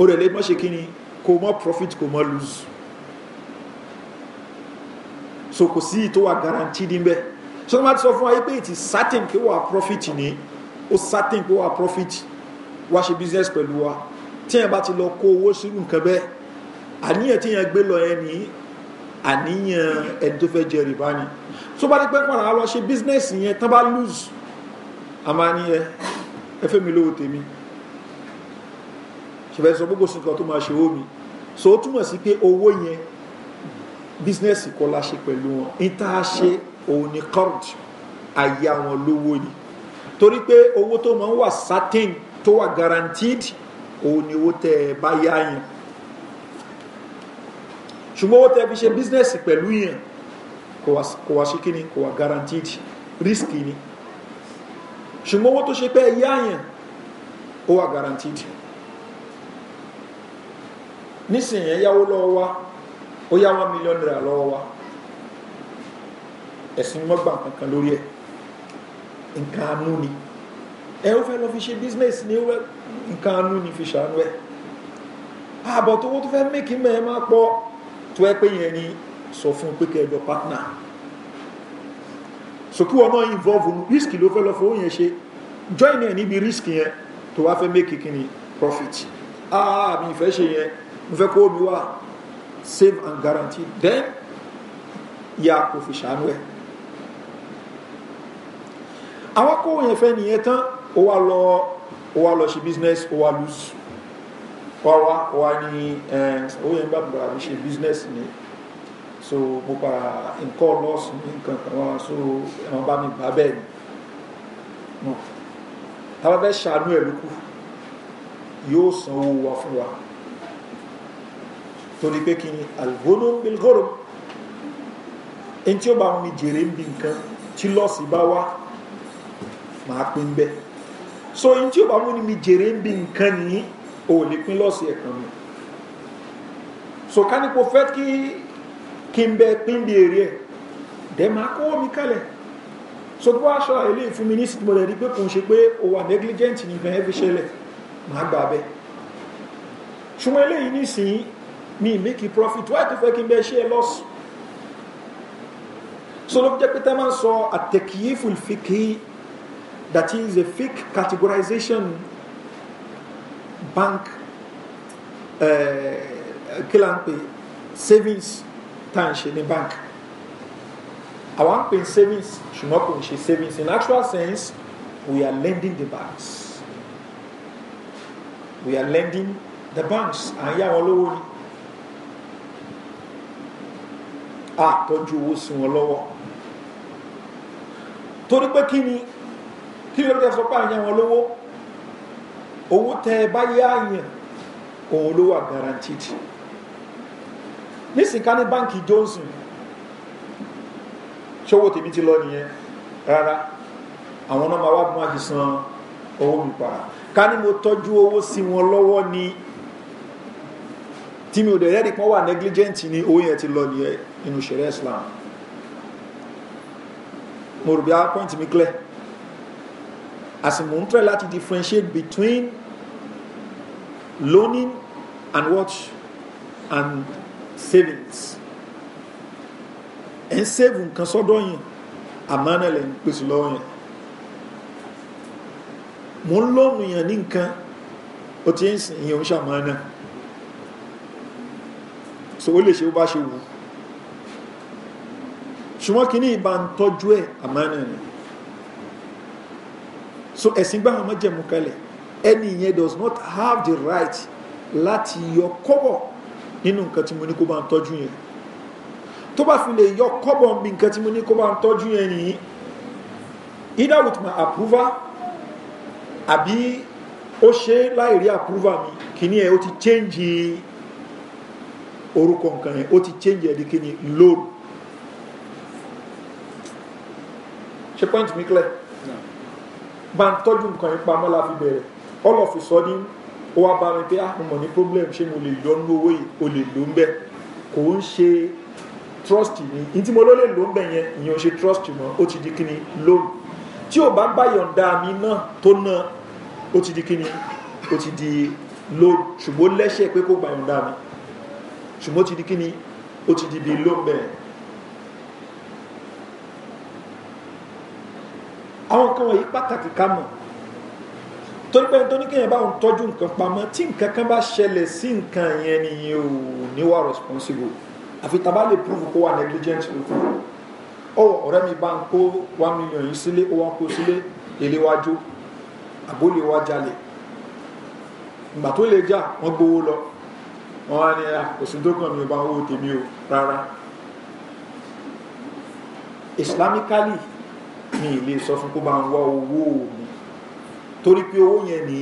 S1: o dẹ̀ lè má ṣe kí ni kò mọ́ profit kò mọ́ lose so kò sí tó wà guaranteed ń bẹ́ so wọ́n bá ti sọ fún wa yí pé ìtì certain pé wà profit ni ó certain pé wà profit wá ṣe business pẹ̀lú wa tí yẹn bá ti lọ kó owó sínú nǹkan bẹ́ẹ̀ àníyàn tí yẹn gbé lọ yẹn ní àníyàn ẹni tó fẹ́ jẹ rìbá ni tó bá ní pẹ́ pọ̀nà á lọ ṣe business yẹn tán bá lose àmà ní ẹ ẹ fẹ́ mi lówó tèmi ṣẹfẹ́ sọ gbogbo sí nǹkan tó máa ṣe owó mi so ó túmọ̀ sí pé owó yẹn bísínẹ́sì kọ́ la ṣe pẹ̀lú wọn ní tá a ṣe òun ni qard àyà wọn lówó ni torí pé owó tó máa ń wà certain tó wà guaranteed òun ni owó tẹ ẹ bá yá yẹn ṣùgbọ́n owó tẹ fi ṣe bísínẹ́sì pẹ̀lú yẹn kò wá ṣe kí kò wá guaranteed risk ni ṣùgbọ́n owó tó ṣe pé yá yẹn ó wà guaranteed nísìnyẹn yáwó lọ́wọ́ wa ó yá one million naira lọ́wọ́ wa ẹ̀sìn mọ́gbà kankan lórí ẹ̀ nǹkan anú ni ẹ ó fẹ́ lọ fi ṣe business ní ó nǹkan anú ni fi ṣàánú ẹ̀ ààbọ̀ tó wọ́n tó fẹ́ mẹ́kì mẹ́ ẹ máa pọ̀ tó ẹ pé yẹn ni sọ fún pé kẹjọ partner sókè wọn náà involve risk ló fẹ́ lọ fowó yẹn ṣe join ẹ̀ níbi risk yẹn tó wá fẹ́ mẹ́kì kí ni profit ah mi ìfẹ́ ṣe yẹn mo fẹ́ kó omi wá Save and guarantee them. ya kò fi ṣàánú ẹ̀ àwọn akówó yẹn fẹ́ nìyẹn tán ó wá lọ ó wá lọ ṣe business ó wá lose wá wá wá ní eh, owó yẹn bá bàbá mi ṣe business ni so mo para nǹkan lọ́ọ̀sì ní nǹkan kan wá so ẹ̀wọ̀n bá mi bá bẹ́ẹ̀ ni tábàbẹ́ ṣàánú ẹ̀ lókù yóò sanwó wa fún wa torí pé kí ni algono bilgoro ẹni tí ó bá wọn ni jèrè ń bi nǹkan tí lọ́ọ̀sì bá wá máa pín bẹ́ẹ̀ so ẹni tí ó bá wọn ni mi jèrè ń bi nǹkan nìyí o ò lè pín lọ́ọ̀sì ẹ̀kan mi so ká ní kó fẹ́ kí kí n bẹ pín bí èrè ẹ̀ dẹ̀ máa kówó mi kalẹ̀ so bí wàá ṣọ́ra ilé ìfúnmi ní ìsìnkú rẹ̀ rí pé kò ń ṣe pé o wà negligent nìkan ẹ̀ fi ṣẹlẹ̀ máa gbà bẹ́ẹ̀ ṣùgbọ́n eléyìí nísìnyí mi make you profit why tó fẹ́ kí n bẹ loss so look, fi jẹ́ pé tẹ́ máa the sọ àtẹ̀kíyéfùl that is a fake categorization bank eh, kí là savings tá à bank àwa ń pè savings ṣùgbọ́n kò ń ṣe savings in actual sense we are lending the banks we are lending the banks and ń yá wọn á tọ́jú owó sí wọn lọ́wọ́ torí pé kí ni kí ló dé sọ pé àyàn wọn lówó owó tẹ ẹ bá yá àyàn òun ló wà guaranteed nísìnyí ká ní báńkì Johnson ṣòwò tèmi ti lọ nìyẹn rárá àwọn náà máa bí wọn á san owó mi para ká ní mo tọ́jú owó sí wọn lọ́wọ́ ni tí mi ò dẹ̀ rẹ́rìí pọ́n wà negligent ni owó yẹn ti lọ nìyẹn nínú ṣẹ̀rẹ́ islam mo rò bí a point mi clear àsìmò ń tẹ̀ láti differentiate between loaning and what and savings ẹ̀ ń save nǹkan sọ́dọ̀ yẹn àmánà lẹ̀ ń pèsè lọ́wọ́ yẹn mo ń lọ́nu yẹn ní nǹkan ó ti ń sìn yẹn ń ṣàmánà so ó lè ṣe ó bá ṣe wù ṣùgbọ́n kí ní ìbá ń tọ́jú ẹ̀ àmánà ni so ẹ̀sìn gbáhàn mọ́ jẹ̀mú kalẹ̀ ẹni ìyẹn does not have the right láti yọ kọ́bọ̀ nínú nǹkan tí mo ní kó bá ń tọ́jú yẹn tó bá fi lè yọ kọ́bọ̀ bí nǹkan tí mo ní kó bá ń tọ́jú yẹn nìyí either with my approval àbí ó ṣe láì rí approval mi kì ní ẹ̀ ó ti change orúkọ nǹkan yẹn ó ti change ẹ̀ di kí ni loan ṣe point mi clear bá ń tọ́jú nǹkan yẹn pamọ́ la fi bẹ̀rẹ̀ all of a sudden ó wá bá mi pé ah mo ní problem ṣé mo lè yọ nínú owó yìí o lè lò ń bẹ́ kò ń ṣe trust mi ní tí mo ló lè lò ń bẹ̀ yẹn ìyẹn ò ṣe trust mọ́ ó ti di kí ni loan tí ò bá bá yọ̀ǹda mi náà tó náà ó ti di kí ni ó ti di loan ṣùgbọ́n lẹ́sẹ̀ pé kó gbà yọ̀ǹda mi ṣùgbọ́n ti di kí ni ó ti di bí ló ń bẹ̀rẹ̀ àwọn nǹkan wọ̀nyí pàtàkì ká mọ̀ torí pé tó ní kéèyàn bá òun tọ́jú nǹkan pamọ́ tí nǹkan kan bá ṣẹlẹ̀ sí nǹkan yẹn nìyẹn ò níwà responsible àfi tàbá lè prove kó wà negligent lóko ọ ọ̀rẹ́ mi bá ń kó one million yìí sílé ó wá kó sílé èlé wájú àbólè wá ìgbà tó lè jà wọ́n gbowó lọ wọ́n wá ní ah, òsùn tó kàn bá owó tèmi o rárá islamically mi ì lè sọ fún kó bá ń wá owó mi torí pé owó yẹn ní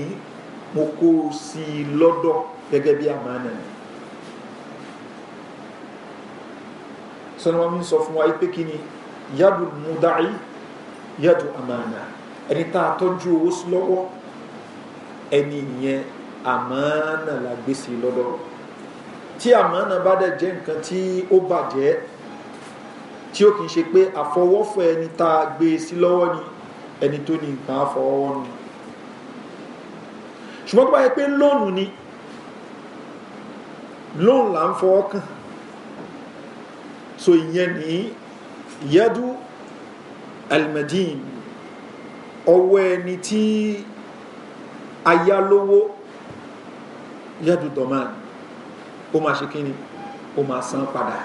S1: mo kó sí i lọ́dọ̀ gẹ́gẹ́ bí àmánà ni sọ́nà wọn mi sọ fún wa pé kí ni yadu mudai yadu àmánà ẹni tá a tọ́jú owó sí lọ́wọ́ ẹni yẹn àmánà la gbé sí i lọ́dọ̀ tí àmánà bá dẹ̀ jẹ́ nǹkan tí ó bàjẹ́ tí ó kì í ṣe pé àfọwọ́fọ ẹni tá a gbé e sí lọ́wọ́ ni ẹni tó ní nǹkan àfọwọ́wọ́ nù ṣùgbọ́n tó bá yẹ pé lóònù ni lóònù là ń fọwọ́ kàn so ìyẹn ní yadu almadin ọwọ́ ẹni tí ayálówó yadu domani ó máa ṣe kí ni ó máa san padà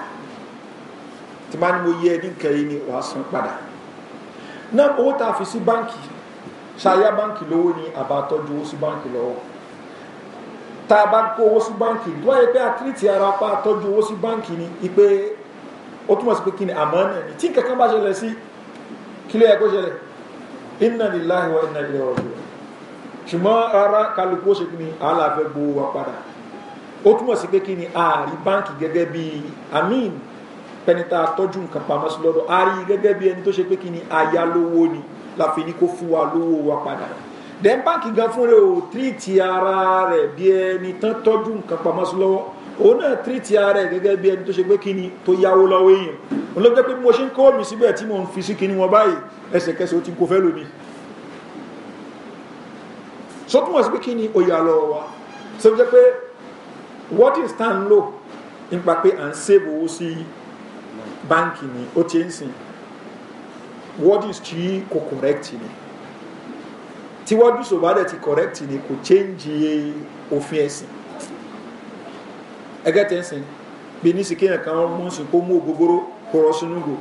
S1: tí máa ní mo yẹ ní nǹkan yìí ni wàá san padà náà owó tá a fi sí báǹkì ṣáyá báǹkì lówó ni àbá tọ́jú owó sí báǹkì lọ́wọ́ tá a bá kó owó sí báǹkì tó wáyé pé àtìrìtì ara pa tọ́jú owó sí báǹkì ni ipe ó túmọ̀ sí pé kí àmọ́ náà ni tí nǹkan bá ṣẹlẹ̀ sí kí ló ṣẹlẹ̀ inna lillahi wa inna ilaihi raji'un ṣùgbọ́n rárá kálukú ó ṣe kí àlàáfẹ́ gbowó wa padà ó túmọ̀ sí pé kí ni ààrí báǹkì gẹ́gẹ́ bí amin pẹnita tọ́jú nǹkan pamọ́ sí lọ́dọ̀ ààrí gẹ́gẹ́ bí ẹni tó ṣe pé kí ni ayálówó ni la fi ní kó fún wa lówó wa padà then báǹkì gan fún rẹ ò tírìtì ara rẹ bí ẹni tán tọ́jú nǹkan pamọ́ sí lọ́wọ́ òun náà tírìtì ara rẹ gẹ́gẹ́ bí ẹni tó ṣe pé kí ni tó yáwó lọ́wọ́ èèyàn òun ló jẹ́ pé mo ṣe ń kọ́ mi síbẹ̀ tí mo ń fi sí kíní wọn báyìí ẹsẹ̀kẹsẹ̀ ó ti kó fẹ́ lómi sọ́túnmọ̀ sí pé kí ni òyà lọ́wọ́ wa sọ jẹ́ pé what is tan lo nípa pé à ń save owó sí báńkì ni ó ti ń sìn what is tí kò correct ni tíwájú sòbádẹ́ ti correct ni kò change òfin ẹ̀sìn ẹgẹ́ tẹ́ ń sìn bí ní sì kéèyàn kan mú sí kó mú ògógóró kó rọ sínú gò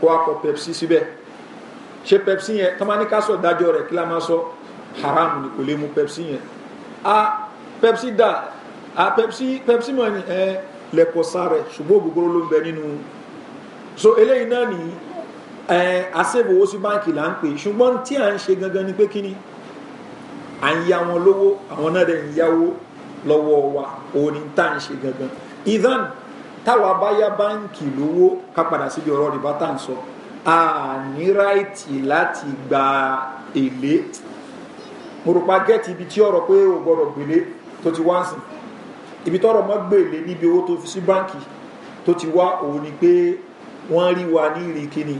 S1: kó akọ pepsi síbẹ̀ ṣe pepsi yẹn Tamanika máa ní ká sọ dájọ́ rẹ̀ kí la máa sọ haram ni kò lè mú pepsi yẹn a ah, pepsi da a pepsi pepsi mọ̀ ni ẹ lẹ́kọ̀ọ́sá rẹ̀ ṣùgbọ́n ló ń bẹ nínú so eléyìí náà ní ẹ eh, asẹ́bù owó sí báǹkì là ń pè ṣùgbọ́n tí à ń ṣe gangan ni pé kíni à ń ya wọn lówó àwọn náà dẹ̀ ń yáwó lọ́wọ́ wa òun ni tá à ń ṣe gangan idan táwa bá yá báǹkì lówó ká padà síbi ọ̀rọ̀ rìbá tá à ń sọ a ní ráìtì láti gba èlé mo rò pa gẹ́ẹ̀tì ibi tí ọ̀rọ̀ pé o gbọ́dọ̀ gbélé tó ti wá ń sìn ibi tọrọ mọ gbèlè níbi owó tó fi sí báǹkì tó ti wá òun ni pé wọ́n rí wa ní ìrì kíni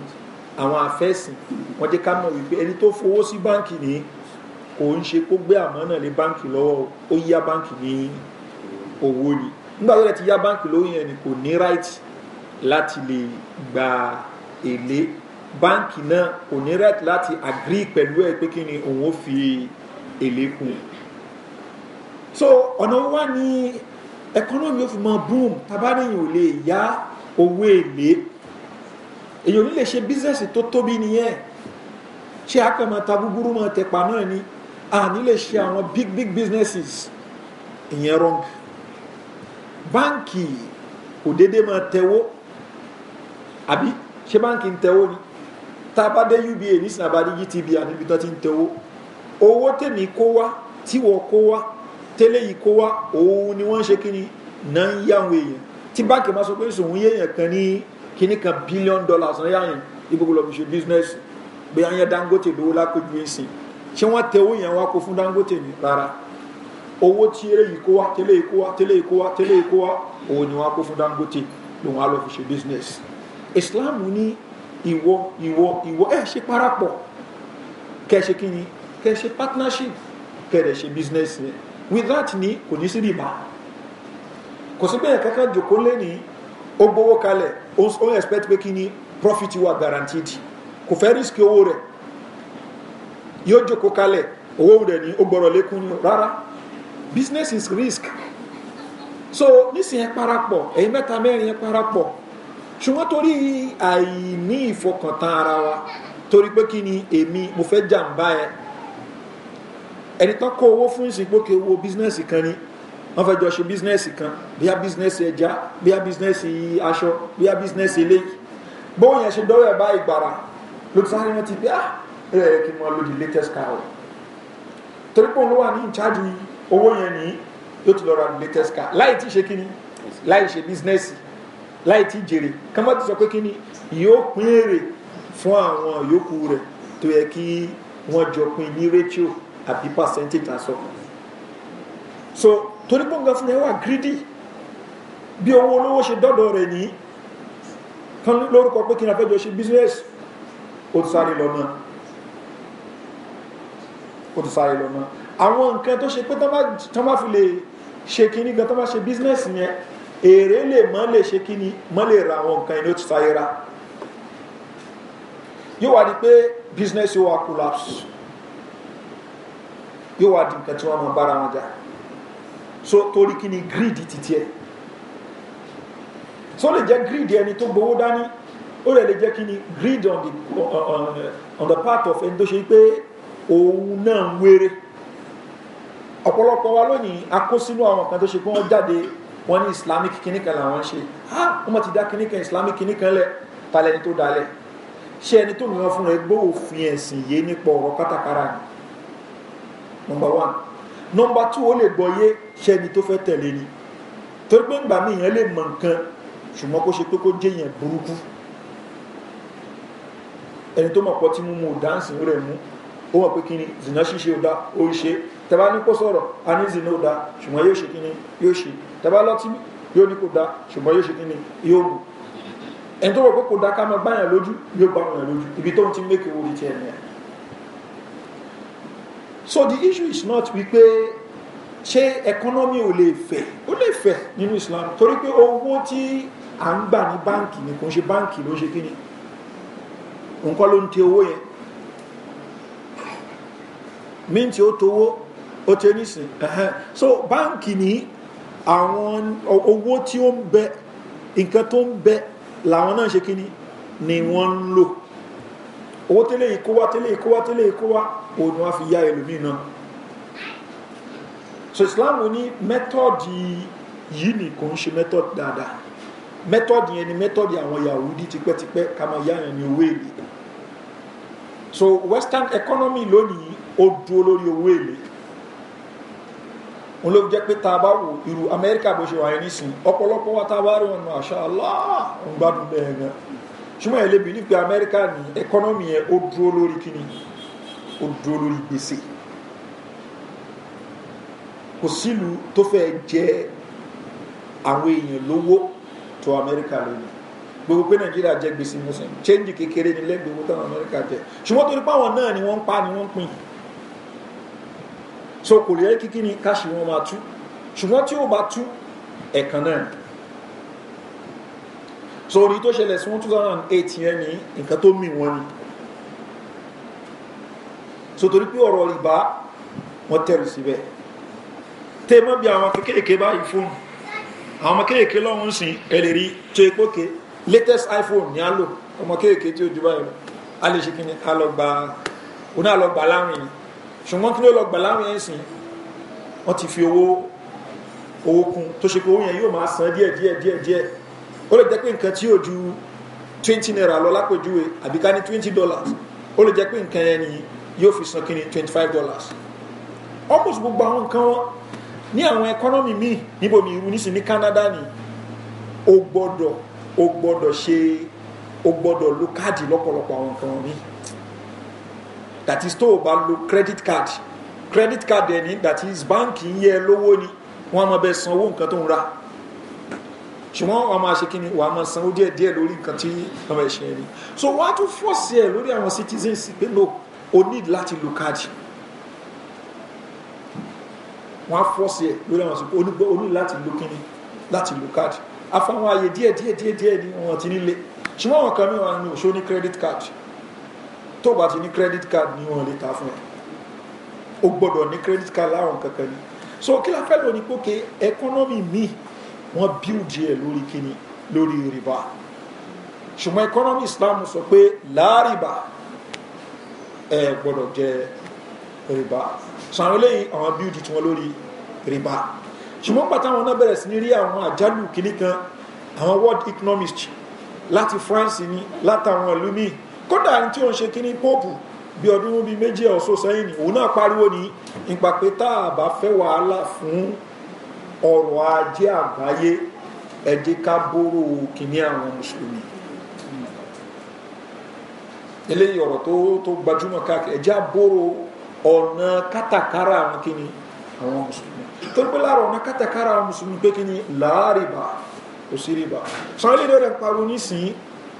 S1: àwọn àfẹ́sìn wọ́n jẹ́ ká mọ̀ wípé ẹni tó fowó sí báǹkì ní kò ń ṣe kó gbé àmọ́ náà lé báǹkì lọ́wọ́ ó yá báǹkì ní owó ni nígbà tó lẹ ti yá báǹkì lóyún ẹni kò ní right láti lè gba èlé báǹkì náà kò ní right láti agree pẹ̀lú ẹ pé kí ni òun ó fi èlé kù so ọ̀nà wa ni ẹkọ́nọ́mì ó fi mọ boom tabaníyàn ò lè yá owó èlé èyàn ní lè ṣe bísẹ̀sì tó tóbi nìyẹn ṣé akẹ́mọ̀ tabúgbúrú mọ̀ tẹ̀pá náà ni a lè ṣe àwọn big big businesses ìyẹn wrong báńkì kò déédéé máa tẹ̀wó àbí ṣé báńkì ń tẹ̀wó ni tá a bá dé uba nísìnyí àbá ní gtb àníbi tó ti ń tẹ̀wó owó tèmi kó wá tí kó wá tẹ́lẹ̀ yìí kó wá òun ni wọ́n ń ṣe kíni náà ń yáwọn èèyàn tí báńkì máa sọ pé sòun yéèyàn kan ní kíní kan bílíọ̀nù dọ́là náà yáyàn ìgbogbo fi ṣe bísínẹ́sì bí wọ́n yẹ dangote lówó lápẹ́jú ẹ̀sìn ṣé wọ́n tẹ owó yẹn wá kó fún dangote ni rárá owó tí eré yìí kó wá tẹ́lẹ̀ yìí kó wá tẹ́lẹ̀ yìí kó wá tẹ́lẹ̀ yìí kó wá òun ni wọ́n kó fún dangote lòun á lọ́ọ́ fi ṣe bísínẹ́sì islam ní ìwọ ìwọ ìwọ ẹ ṣe parapọ̀ kẹ́ ṣe kíni kẹ́ ṣe partnership kẹ́ ṣe business yẹn with that ni kò ní sí rìbá kò sí pé ẹ̀kẹ́kẹ́ jòkó lé ní ó gbowó kalẹ̀ ó ń expect pé kí ni profit wa guaranteed kò fẹ́ risk owó rẹ̀ yóò jòkó kalẹ̀ owó rẹ̀ ni ó gbọ́rọ̀ lékún rárá business is risk so nísìnyẹ parapọ̀ ẹ̀yin mẹ́ta mẹ́rin yẹn parapọ̀ ṣùgbọ́n torí àìní ìfọkàntán ara wa torí pé kí ni èmi mo fẹ́ jàǹbá ẹ ẹni tán kó owó fún ìsìngbókè owó bísínẹ́sì kan ni wọ́n fẹ́ jọ ṣe bísínẹ́sì kan bíá bísínẹ́sì ẹja bíá bísínẹ́sì aṣọ bíá bísínẹ́sì ilé bóun yẹn ṣe dọ́wọ́ ẹ̀ ìgbàrà ló ti sáré rántí pé ah ẹ kí n máa lo the latest car o torí pé òun ló wà ní ìcháàjì owó yẹn ní yóò ti lọ ra the latest car láì tí ṣe kíni láì ṣe bísínẹ́sì láì tí jèrè kánmọ́ ti sọ pé kíni yóò pín èrè fún àwọn yòókù rẹ̀ tó yẹ kí wọ́n jọ pín ní rétíò àbí percentage tá a sọ so torí pé nǹkan fúnra ẹ wà greedy bí owó olówó ṣe dọ́dọ̀ rẹ̀ ní kan lórúkọ pé kí n afẹ́jọ ṣe business ó ti sáré lọ́nà ó ti sáré lọ́nà àwọn nǹkan tó ṣe pé tán bá fi lè ṣe kíní gan tán bá ṣe business yẹn èrè lè mọ́ lè ṣe kíní mọ́ lè ra àwọn nǹkan ẹni ó ti sáré ra yóò wá di pé business yóò wá collapse yóò wá di nǹkan tí máa bára wọn jà so torí kí ni greed titi ẹ so lè jẹ́ greed ẹni tó gbowó dání ó lè lè kí ni greed on the on, on the part of ẹni tó ṣe pé òun náà ń wéré ọ̀pọ̀lọpọ̀ wa lónìí a kó sínú àwọn kan tó ṣe pé wọ́n jáde wọ́n ní islamic kìnnìkan làwọn ṣe ha wọ́n mọ̀ ti dá kìnnìkan islamic kìnnìkan lẹ̀ talẹ̀ ẹni tó dalẹ̀ ṣé ẹni tó mìíràn fún rẹ̀ gbóòfin ẹ̀sìn yé nípa ọ̀rọ̀ kátàkárà ni number one number two ó lè gbọ́yé ṣẹ́ni tó fẹ́ tẹ̀lé ni torí pé ńgbà míì yẹn lè mọ nǹkan ṣùgbọ́n kó ṣe pé kó jẹ́ yẹn burúkú ẹni tó mọ̀ pọ́ tí mú dáǹsì rẹ̀ mú ó mọ̀ pé kí ni zina ṣíṣe ó dá ó ń ṣe tẹ́bá ní kó sọ̀rọ̀ a ní zina ó dá ṣùgbọ́n yóò ṣe kí ni yóò ṣe tẹ́bá lọ́tí yóò ní kó dá ṣùgbọ́n yóò ṣe kí ni yóò mú ẹni tó mọ̀ pé kó dá ká mọ báyàn lójú yóò bá wọn lójú ibi tó ń ti mékè orí tiẹ̀ nìyẹn so the issue is not wípé ṣé economy ò lè fẹ̀ ó lè fẹ̀ nínú islam torí pé owó tí à ń gbà ní báǹkì ni kò ń ṣe báǹkì ló ṣe kí ni nǹkan ló ń tẹ owó yẹn minti ó towó ó tẹ nísìn so báǹkì ní àwọn owó tí ó ń bẹ nǹkan tó ń bẹ làwọn náà ṣe kí ni ni wọ́n ń lò owó tẹ́lẹ̀ yìí kó wá tẹ́lẹ̀ yìí kó wá tẹ́lẹ̀ yìí kó wá òun ni wọ́n fi yá ẹlòmíì náà so Islam ní mẹ́tọ́ọ̀dì yìí ni ṣe mẹ́tọ́ọ̀dì dáadáa mẹ́tọ́ọ̀dì yẹn ni mẹ́tọ́ọ̀dì àwọn Yahudi tipẹ́tipẹ́ ká yá yẹn ní owó èlé so western economy lónìí ó dúró lórí owó èlé wọn ló jẹ́ pé tá a bá wo irú Amẹ́ríkà bó ṣe wà yẹn nísìnyí ọ̀pọ̀lọpọ̀ wa tá a bá rí wọn nù àṣà aláà ń gbádùn bẹ́ẹ̀ gan ṣùgbọ́n ẹ lè bìlí pé amẹ́ríkà ní ẹkọ́nọ́mì yẹn ó dúró lórí kíni ó dúró lórí gbèsè kò sílùú tó fẹ́ jẹ àwọn èèyàn lówó tó amẹ́ríkà lónìí gbogbo pé nàìjíríà jẹ gbèsè mùsùlùmí chẹ́ńjì kékeré ní lẹ́gbẹ̀ẹ́ táwọn amẹ́ríkà jẹ ṣùgbọ́n torí páwọn náà ni wọ́n ń pa ni wọ́n ń pín so kò lè yẹ kíkí ni káṣí wọn máa tú ṣùgbọ́n tí ó bá tú ẹ̀kan náà so orí tó ṣẹlẹ̀ sí 2008 yẹn ni nǹkan tó mì wọ́n ni so torí pé ọ̀rọ̀ rìbá wọ́n tẹ̀rù síbẹ̀ tẹ́ mọ́ bí àwọn kéékèèké báyìí fóònù àwọn ọmọ kéékèèké lọ́hún sìn ẹ̀lẹ̀ tó epo ké latest iphone ni a lò ọmọ kéékèèké tí ó ju báyìí lọ a lè ṣe kíni a lọ gba oní àlọ́gbà láwìn ni ṣùgbọ́n kí ló lọ gbà láwìn ẹ̀ sìn wọ́n ti fi owó owó kún tó ṣe pé owó yẹn yóò máa san díẹ̀ díẹ̀ díẹ̀ ó lè jẹ́ pé nǹkan tí yóò ju twenty naira lọ lápèjúwe àbí ká ní twenty dollars ó lè jẹ́ pé nǹkan yẹn ni yóò fi san kíni twenty five dollars almost gbogbo àwọn nǹkan wọn ní àwọn ẹkọ́nọ́mì míì níbomi irú nísìn ní Canada ni o gbọ́dọ̀ o gbọ́dọ̀ ṣe o gbọ́dọ̀ lo káàdì lọ́pọ̀lọpọ̀ àwọn nǹkan wọn míì that is tó o bá lo credit card credit card ẹni that is báńkì ń yẹ lówó ni wọ́n á máa bẹ san owó nǹkan tó ń ra ṣùgbọ́n wàá máa ṣe kí ni wàá máa sanwó díẹ̀ díẹ̀ lórí nǹkan tí wọ́n bẹ̀ ṣe rí so wọ́n á tún fọ́ọ̀sì ẹ̀ lórí àwọn citizens pé no o need láti lo káàdì wọ́n á fọ́ọ̀sì ẹ̀ lórí àwọn citizens onígbọ́ o need láti lo kíni láti lo káàdì afáwọn ààyè díẹ̀ díẹ̀ díẹ̀ díẹ̀ ni wọ́n ti nílé ṣùgbọ́n àwọn kan mìíràn ni òṣó ní credit card tó bá ti ní credit card ni wọ́n lè ta fún ẹ o gbọ́dọ̀ ní credit card láwọn kankan ni so kí la fẹ́ lò ní pókè economy míì wọ́n bíldì ẹ̀ lórí kíni lórí rìbá ṣùgbọ́n ẹkọ́nọ́mì islam sọ pé láàrìbá ẹ gbọ́dọ̀ jẹ rìbá sàrán eléyìí àwọn bíldì tí wọ́n lórí rìbá ṣùgbọ́n pàtàkì àwọn náà bẹ̀rẹ̀ sí ní rí àwọn àjálù kìíní kan àwọn world economist láti france ni látàwọn ìlú míì kódà tí ó ń ṣe kíní pope bí ọdún bíi méjì ọ̀sọ̀ sẹ́yìn òun náà pariwo ní ìgbà tá a bá fẹ́ wàhálà fún ọrọ̀ ajé àgbáyé ẹ jẹ́ ká bóró kìíní àwọn mùsùlùmí eléyìí ọ̀rọ̀ tó tó gbajúmọ̀ káàkiri ẹ jẹ́ àbóró ọ̀nà kátàkárà àwọn kìíní àwọn mùsùlùmí torí pé láàrọ̀ ọ̀nà kátàkárà àwọn mùsùlùmí pé kìíní láàrìbà kò sí rìbà sanwó-ilé rẹ̀ parọ́ nísìnyí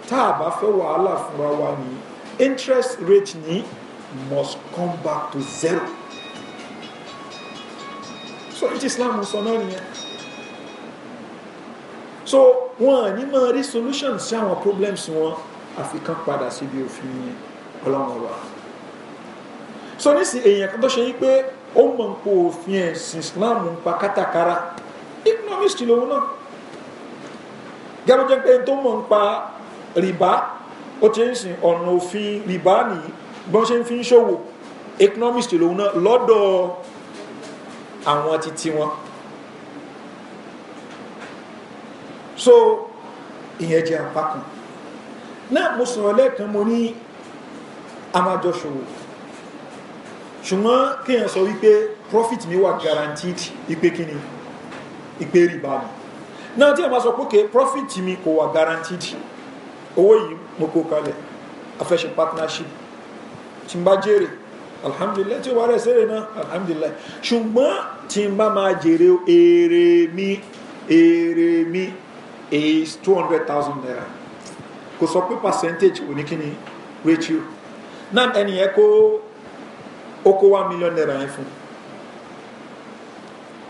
S1: tá a bá fẹ́ wàhálà fúnra wa ní interest rate ni must come back to zero so ní ti islam sọ nìyẹn so wọn ní máa rí solutions sí àwọn problems wọn àfi kan padà síbi òfin ọlọ́run ọba so nísìnyí èèyàn kan tó ṣe yí pé ó mọ̀ ń po òfin ẹ̀sìn islam ń pa kátàkárà economist lòun náà gẹ́gẹ́ pé tó mọ̀ ń pa rìbá ó ti ń sìn ọ̀nà òfin rìbá nìyí bọ́n ṣe ń fi ń ṣòwò economist lòun náà lọ́dọ̀ àwọn ti ti wọn so ìyẹn jẹ́ apá kan náà mo sọ̀rọ̀ lẹ́ẹ̀kan mo ní amájọṣòwò ṣùgbọ́n kéèyàn sọ wípé profit mi wà guaranteed ipe kíni ipe rìbá mi náà tí a máa sọ pé profit mi kò wà guaranteed owó yìí mo kó kalẹ̀ afẹ́ṣe partnership tí n bá jèrè alhamdulilayi tí o bá rẹ̀ sẹ́rẹ̀ náà alhamdulilayi ṣùgbọ́n tí n bá máa jèrè èrè mi èrè mi is two hundred thousand naira kò sọ pé percentage oníkíni ratio náà ẹni yẹn kó ó kó one million naira yẹn fún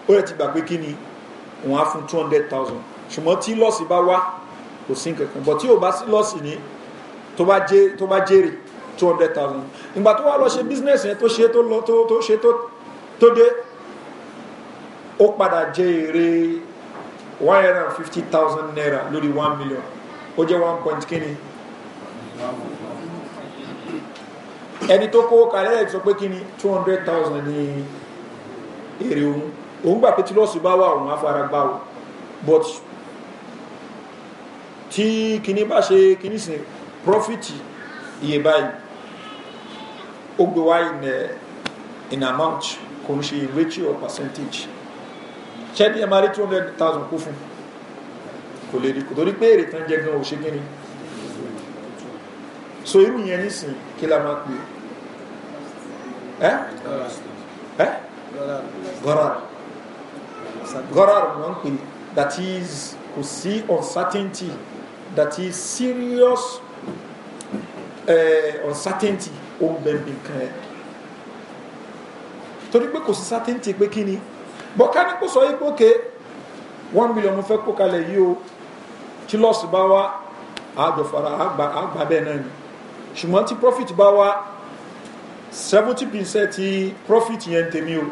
S1: ó rẹ̀ ti gbà pé kíni òun á fún two hundred thousand ṣùgbọ́n tí lọ́ọ̀sì bá wá kò sí nǹkan kan bọ̀ tí o bá sí lọ́ọ̀sì ni tó bá jèrè two hundred thousand ìgbà tó wà lọ ṣe business yẹn tó ṣe tó lọ tó tó ṣe tó tó dé ó padà jẹ èrè one hundred and fifty thousand naira lórí one million ó jẹ one point kíni ẹni tó kó kalẹ̀ ẹ̀ sọ pé kíni two hundred thousand ní èrè òun òun gbà pé tí bá wà òun á gbà ó but tí kíní bá ṣe kíní sìn profit iye báyìí ó gbé wá in uh, in amount kò ń ṣe in ratio or percentage ṣẹ́ni ẹ̀ máa rí two hundred thousand kú fún kò lè rí kò torí pé èrè tán jẹ gan ò ṣe so irú yẹn nísìn kí la máa pè ẹ́ ẹ́ gọ́rar gọ́rar wọ́n pè that is kò sí uncertainty that is serious uh, uncertainty ó ń bẹ bí nǹkan ẹ̀ torí pé kò sí sátẹ́ǹtì pé kí ni bọ́ká ní kò sọ yí pé one million mo fẹ́ kó kalẹ̀ yìí o tí lọ́ọ̀sì bá wá àjọfara àgbà bẹ́ẹ̀ náà ni ṣùgbọ́n tí profit bá wá seventy percent ti profit yẹn tèmi o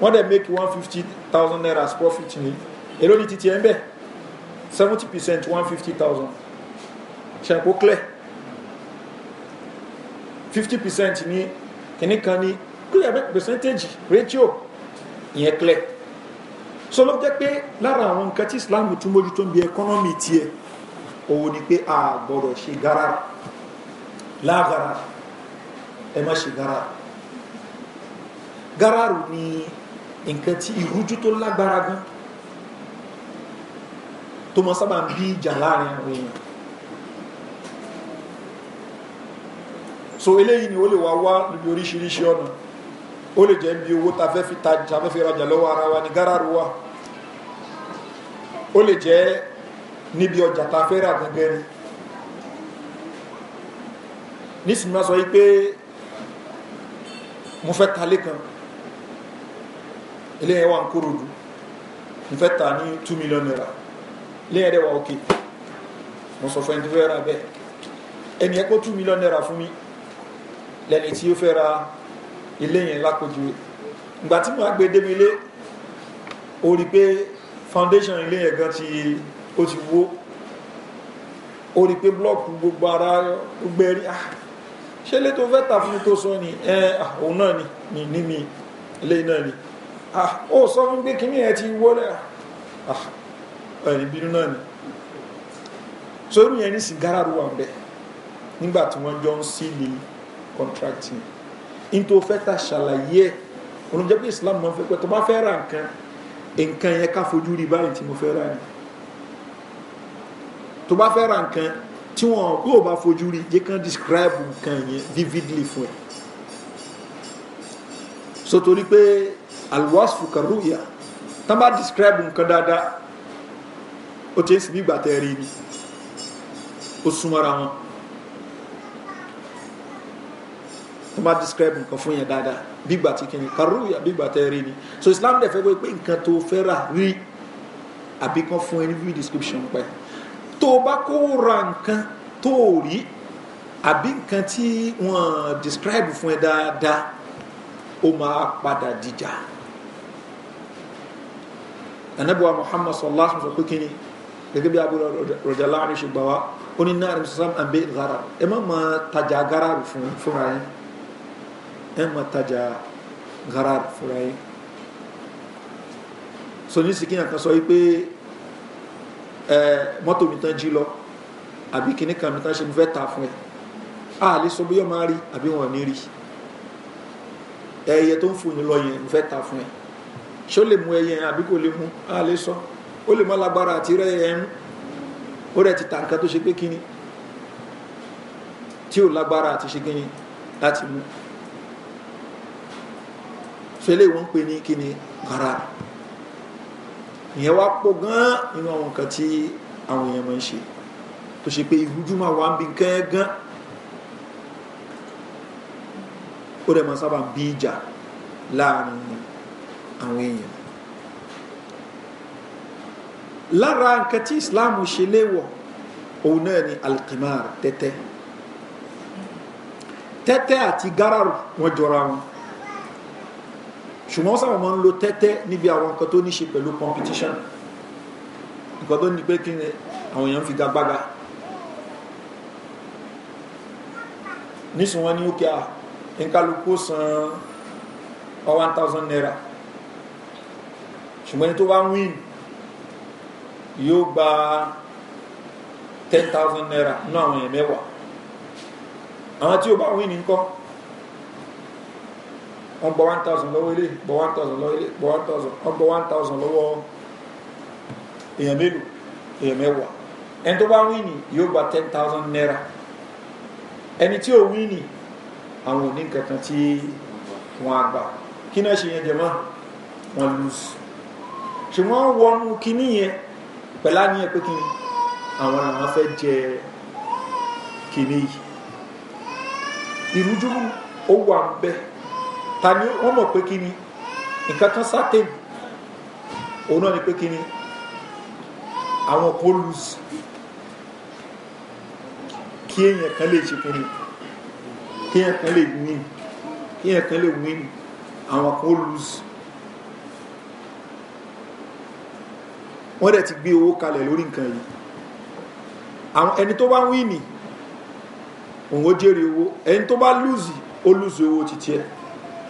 S1: wọ́n dẹ̀ make one fifty thousand naira as profit ni èló ni titi ẹ̀ ń bẹ̀ seventy percent one fifty thousand ṣe àpò clear fifty percent ni kíní kan ní clear percentage ratio ìyẹn clear so ló jẹ́ pé lára àwọn nǹkan tí islam tún mójútó ń bi ẹkọ́nọ́mì tiẹ̀ òun ni pé a gbọ́dọ̀ ṣe gara lágara ẹ má ṣe gara gararu ni nǹkan tí ìrújú tó lágbára gan tó mọ sábà ń bí ìjà láàrin àwọn èèyàn so eléyìí ni ó lè wá wá níbi oríṣiríṣi ọ̀nà ó lè jẹ́ níbi owó ta fẹ́ fi ta ta fẹ́ fi rajà lọ́wọ́ ara wa ní gáràrú wa ó lè jẹ́ níbi ọjà ta fẹ́ rà gẹ́gẹ́ ni nísìnyí máa sọ yí pé mo fẹ́ ta lé kan eléyìí wà ń kúrò dù mo fẹ́ ta ní two million naira eléyìí dẹ̀ wà òkè mo sọ fẹ́ ní fẹ́ rà bẹ́ẹ̀ ẹnìyẹn kó two million naira fún mi lẹni tí ó fẹ́ ra ilé yẹn lápòjú ìgbà tí màá gbé débi ilé ó rí pé foundation ilé yẹn gan ti ó ti wó ó rí pé blọọkù gbogbo ara gbogbo ẹrí ah ṣé ilé tó fẹ́ tà fún mi tó sọ ni ẹ ah, òun náà ni ní mi ilé náà ni ah ó sọ fún mi pé kíní yẹn ti wó lẹ́ ah ẹ̀rí bínú náà ni sórí yẹn ní sìgárà rú ń bẹ nígbà tí wọ́n jọ ń sílì contracting in tó fẹ́ ta ṣàlàyé ẹ̀ olùjẹ́ pé islam máa ń fẹ́ pé tó bá fẹ́ ra nǹkan nǹkan yẹn ká fojú rí báyìí tí mo fẹ́ ra ni tó bá fẹ́ ra nǹkan tí wọn yóò bá fojú rí jẹ́ kán describe nǹkan yẹn vividly fún ẹ so torí pé alwasfu karuya tán bá describe nǹkan dáadáa ó ti ń sìn bí ìgbà rí ni ó súnmọ́ra wọn. tó máa describe nǹkan fún yẹn dáadáa bígbà tí kìíní karuya bígbà tẹ́ rí ni so islam dẹ̀ fẹ́ wọ́n pé nǹkan tó fẹ́ rà rí àbí kan fún ẹni bí description pẹ́ tó o bá kó ra nǹkan tó o rí àbí nǹkan tí wọ́n describe fún ẹ dáadáa ó máa padà dìjà anabiwa muhammad sallallahu alaihi wa sallam sọ pé kìíní gẹ́gẹ́ bí abu rọjàlá àríṣe gbà wá ó ní náà àríṣe sàm àbẹ́ ìgárá ẹ má máa tajà agárá fúnra yẹn ẹ má tajà gharar fúnra yín so ní sìkì yàn kan sọ wípé ẹ mọ́tò mi tán jí lọ àbí kìnnì kan mi tán ṣe mo fẹ́ ta fún ẹ a lè sọ bí yọ máa rí àbí wọn ò ní rí ẹyẹ tó ń fún yín lọ yẹn mo fẹ́ ta fún ẹ ṣé ó lè mú ẹyẹ yẹn àbí kò lè mú a lè sọ ó lè má lágbára àti rẹ ẹyẹ ń ó rẹ ti ta nǹkan tó ṣe pé kíni tí ò lágbára àti ṣe kíni láti mú sọlẹ̀ wọ́n ń pè ní kíni qarar ìyẹn wá pọ̀ gan nínú àwọn nǹkan tí àwọn èèyàn máa ń ṣe tó ṣe pé ìrújú máa wà ń bi gángan ó dẹ̀ máa sábà bí ìjà láàrin àwọn èèyàn lára nǹkan tí Islam ṣe léwọ̀ òun náà ni alqimar tẹ́tẹ́ tẹ́tẹ́ àti gáràrù wọ́n jọra wọn ṣùgbọ́n sábà máa ń lo tẹ́tẹ́ níbi àwọn nǹkan tó ní ṣe pẹ̀lú competition nǹkan tó ní pé kí ni àwọn èèyàn fi gagbága nísìn wọn ní òkè à nkálukú san one thousand naira ṣùgbọ́n ẹni tó bá win yóò gba ten thousand naira nínú àwọn èèyàn mẹ́wàá àwọn tí ó bá win nǹkan wọ́n gbọ́ one thousand lọ́wọ́ ilé gbọ́ one thousand lọ́wọ́ ilé gbọ́ one thousand wọ́n gbọ́ one thousand lọ́wọ́ èèyàn mélòó èèyàn mẹ́wàá ẹni tó bá wíìnì yóò gba ten thousand naira ẹni tí ò wíìnì àwọn òní kankan tí wọ́n á gbà kí náà ṣe yẹn jẹ̀mọ́ wọ́n lose ṣùgbọ́n wọnú kínní yẹn pẹ̀lá ní ẹ pé kí àwọn àwọn fẹ́ jẹ kínní yìí ìrújú ó wà ń bẹ́ẹ̀ ta ni wọ́n mọ̀ pé kí ni nǹkan kan sátẹ̀m òun náà ni pé kí ni àwọn polus kí èèyàn kan lè ṣe fún mi kí èèyàn kan lè win kí èèyàn kan lè win àwọn polus wọ́n dẹ̀ ti gbé owó kalẹ̀ lórí nǹkan yìí àwọn ẹni tó bá win ni òun ó jèrè owó ẹni tó bá lùzì ó lùzì owó títí ẹ̀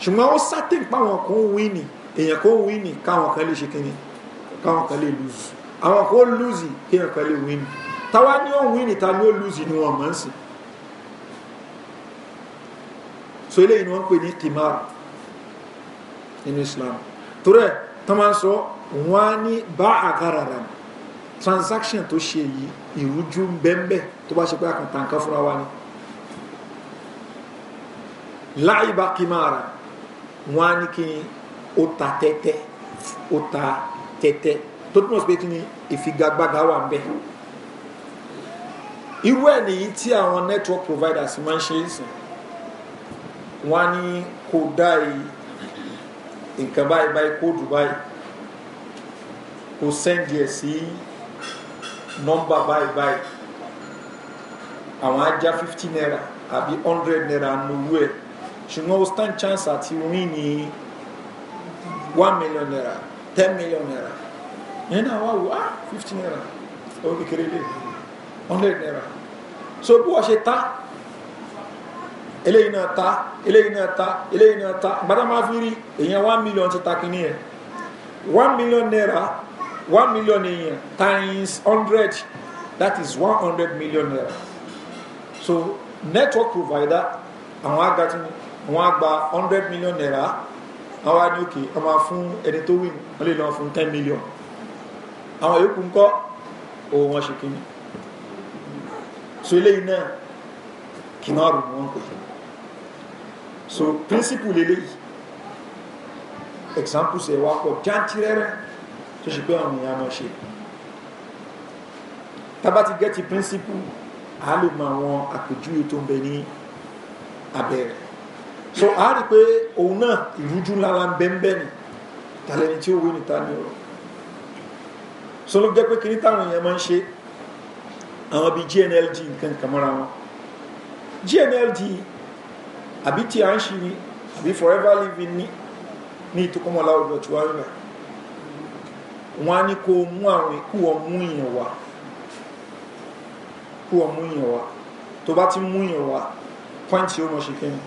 S1: ṣùgbọ́n ó sátẹ̀ páwọn kan ń win ni èèyàn kan ń win káwọn kan lè ṣe kíni káwọn kan lè lose àwọn kan ó lose kéèyàn kan lè win ni táwa ni ó win ta ni ó lose ni wọn mọ̀ ń sìn so eléyìí ni wọ́n ń pè ní timar nínú Islam torí ẹ̀ tó máa ń sọ wọ́n á ní bá àgàràrà transaction tó ṣe yìí ìrújú bẹ́ẹ̀nbẹ́ tó bá ṣe pé àkàntà nǹkan fúnra wa ni láì bá kimara wọ́n á ní kí ni ó ta tẹ́tẹ́ ó ta tẹ́tẹ́ tó túmọ̀ sí pé kí ni ìfigagbága wà irú ẹ̀ nìyí tí àwọn network providers máa ń ṣe é sìn wọ́n á ní kó dá nǹkan báyìí báyìí kóòdù báyìí kó sẹ́ndì ẹ̀ sí nọ́mbà báyìí báyìí àwọn á fifty naira àbí hundred naira nùwú ẹ̀ ṣùgbọ́n o stand chance at win ní one million naira ten million naira Then náà wà ah fifteen naira owó kékeré lè hundred naira so who wọ́n ṣe ta eléyìí náà ta eléyìí náà ta eléyìí náà ta gbadá máa fi one million ti ta kínní one million naira one million èèyàn times hundred that is one hundred million naira so network provider àwọn agatini wọ́n á gba hundred million naira àwọn á ní òkè ọmọ fún ẹni tó win wọ́n lè lọ fún ten million àwọn yòókù ń kọ́ owó wọn ṣe kíni so eléyìí náà kìnnàrù ni wọ́n pè é so principle eléyìí examples ẹ̀ wá pọ̀ jantirẹ́rẹ́ tó ṣe pé àwọn èèyàn máa ṣe tábà ti gẹ́tì principle a lè mọ àwọn àpèjúwe tó ń bẹ ní abẹ́rẹ́ so a rí pé òun náà ìrújú ńlá ńlá ń bẹ́ńbẹ́ ni tàlẹ́ni tí ó wé níta ní ọ̀rọ̀ so ló jẹ́ pé kí ní táwọn èèyàn máa ń ṣe àwọn bíi GNLD nǹkan kan mọ́ra wọn GNLD àbí tí a ń ṣe ni àbí forever living ni ní ìtòkọ́mọlá ọ̀dọ̀ tí wọ́n rí náà wọ́n á ní kó mú àwọn ikú ọmú èèyàn wá kú ọmú èèyàn wá tó bá ti mú èèyàn wá pọ́ǹtì ó mọ̀ ṣe kẹ́yìn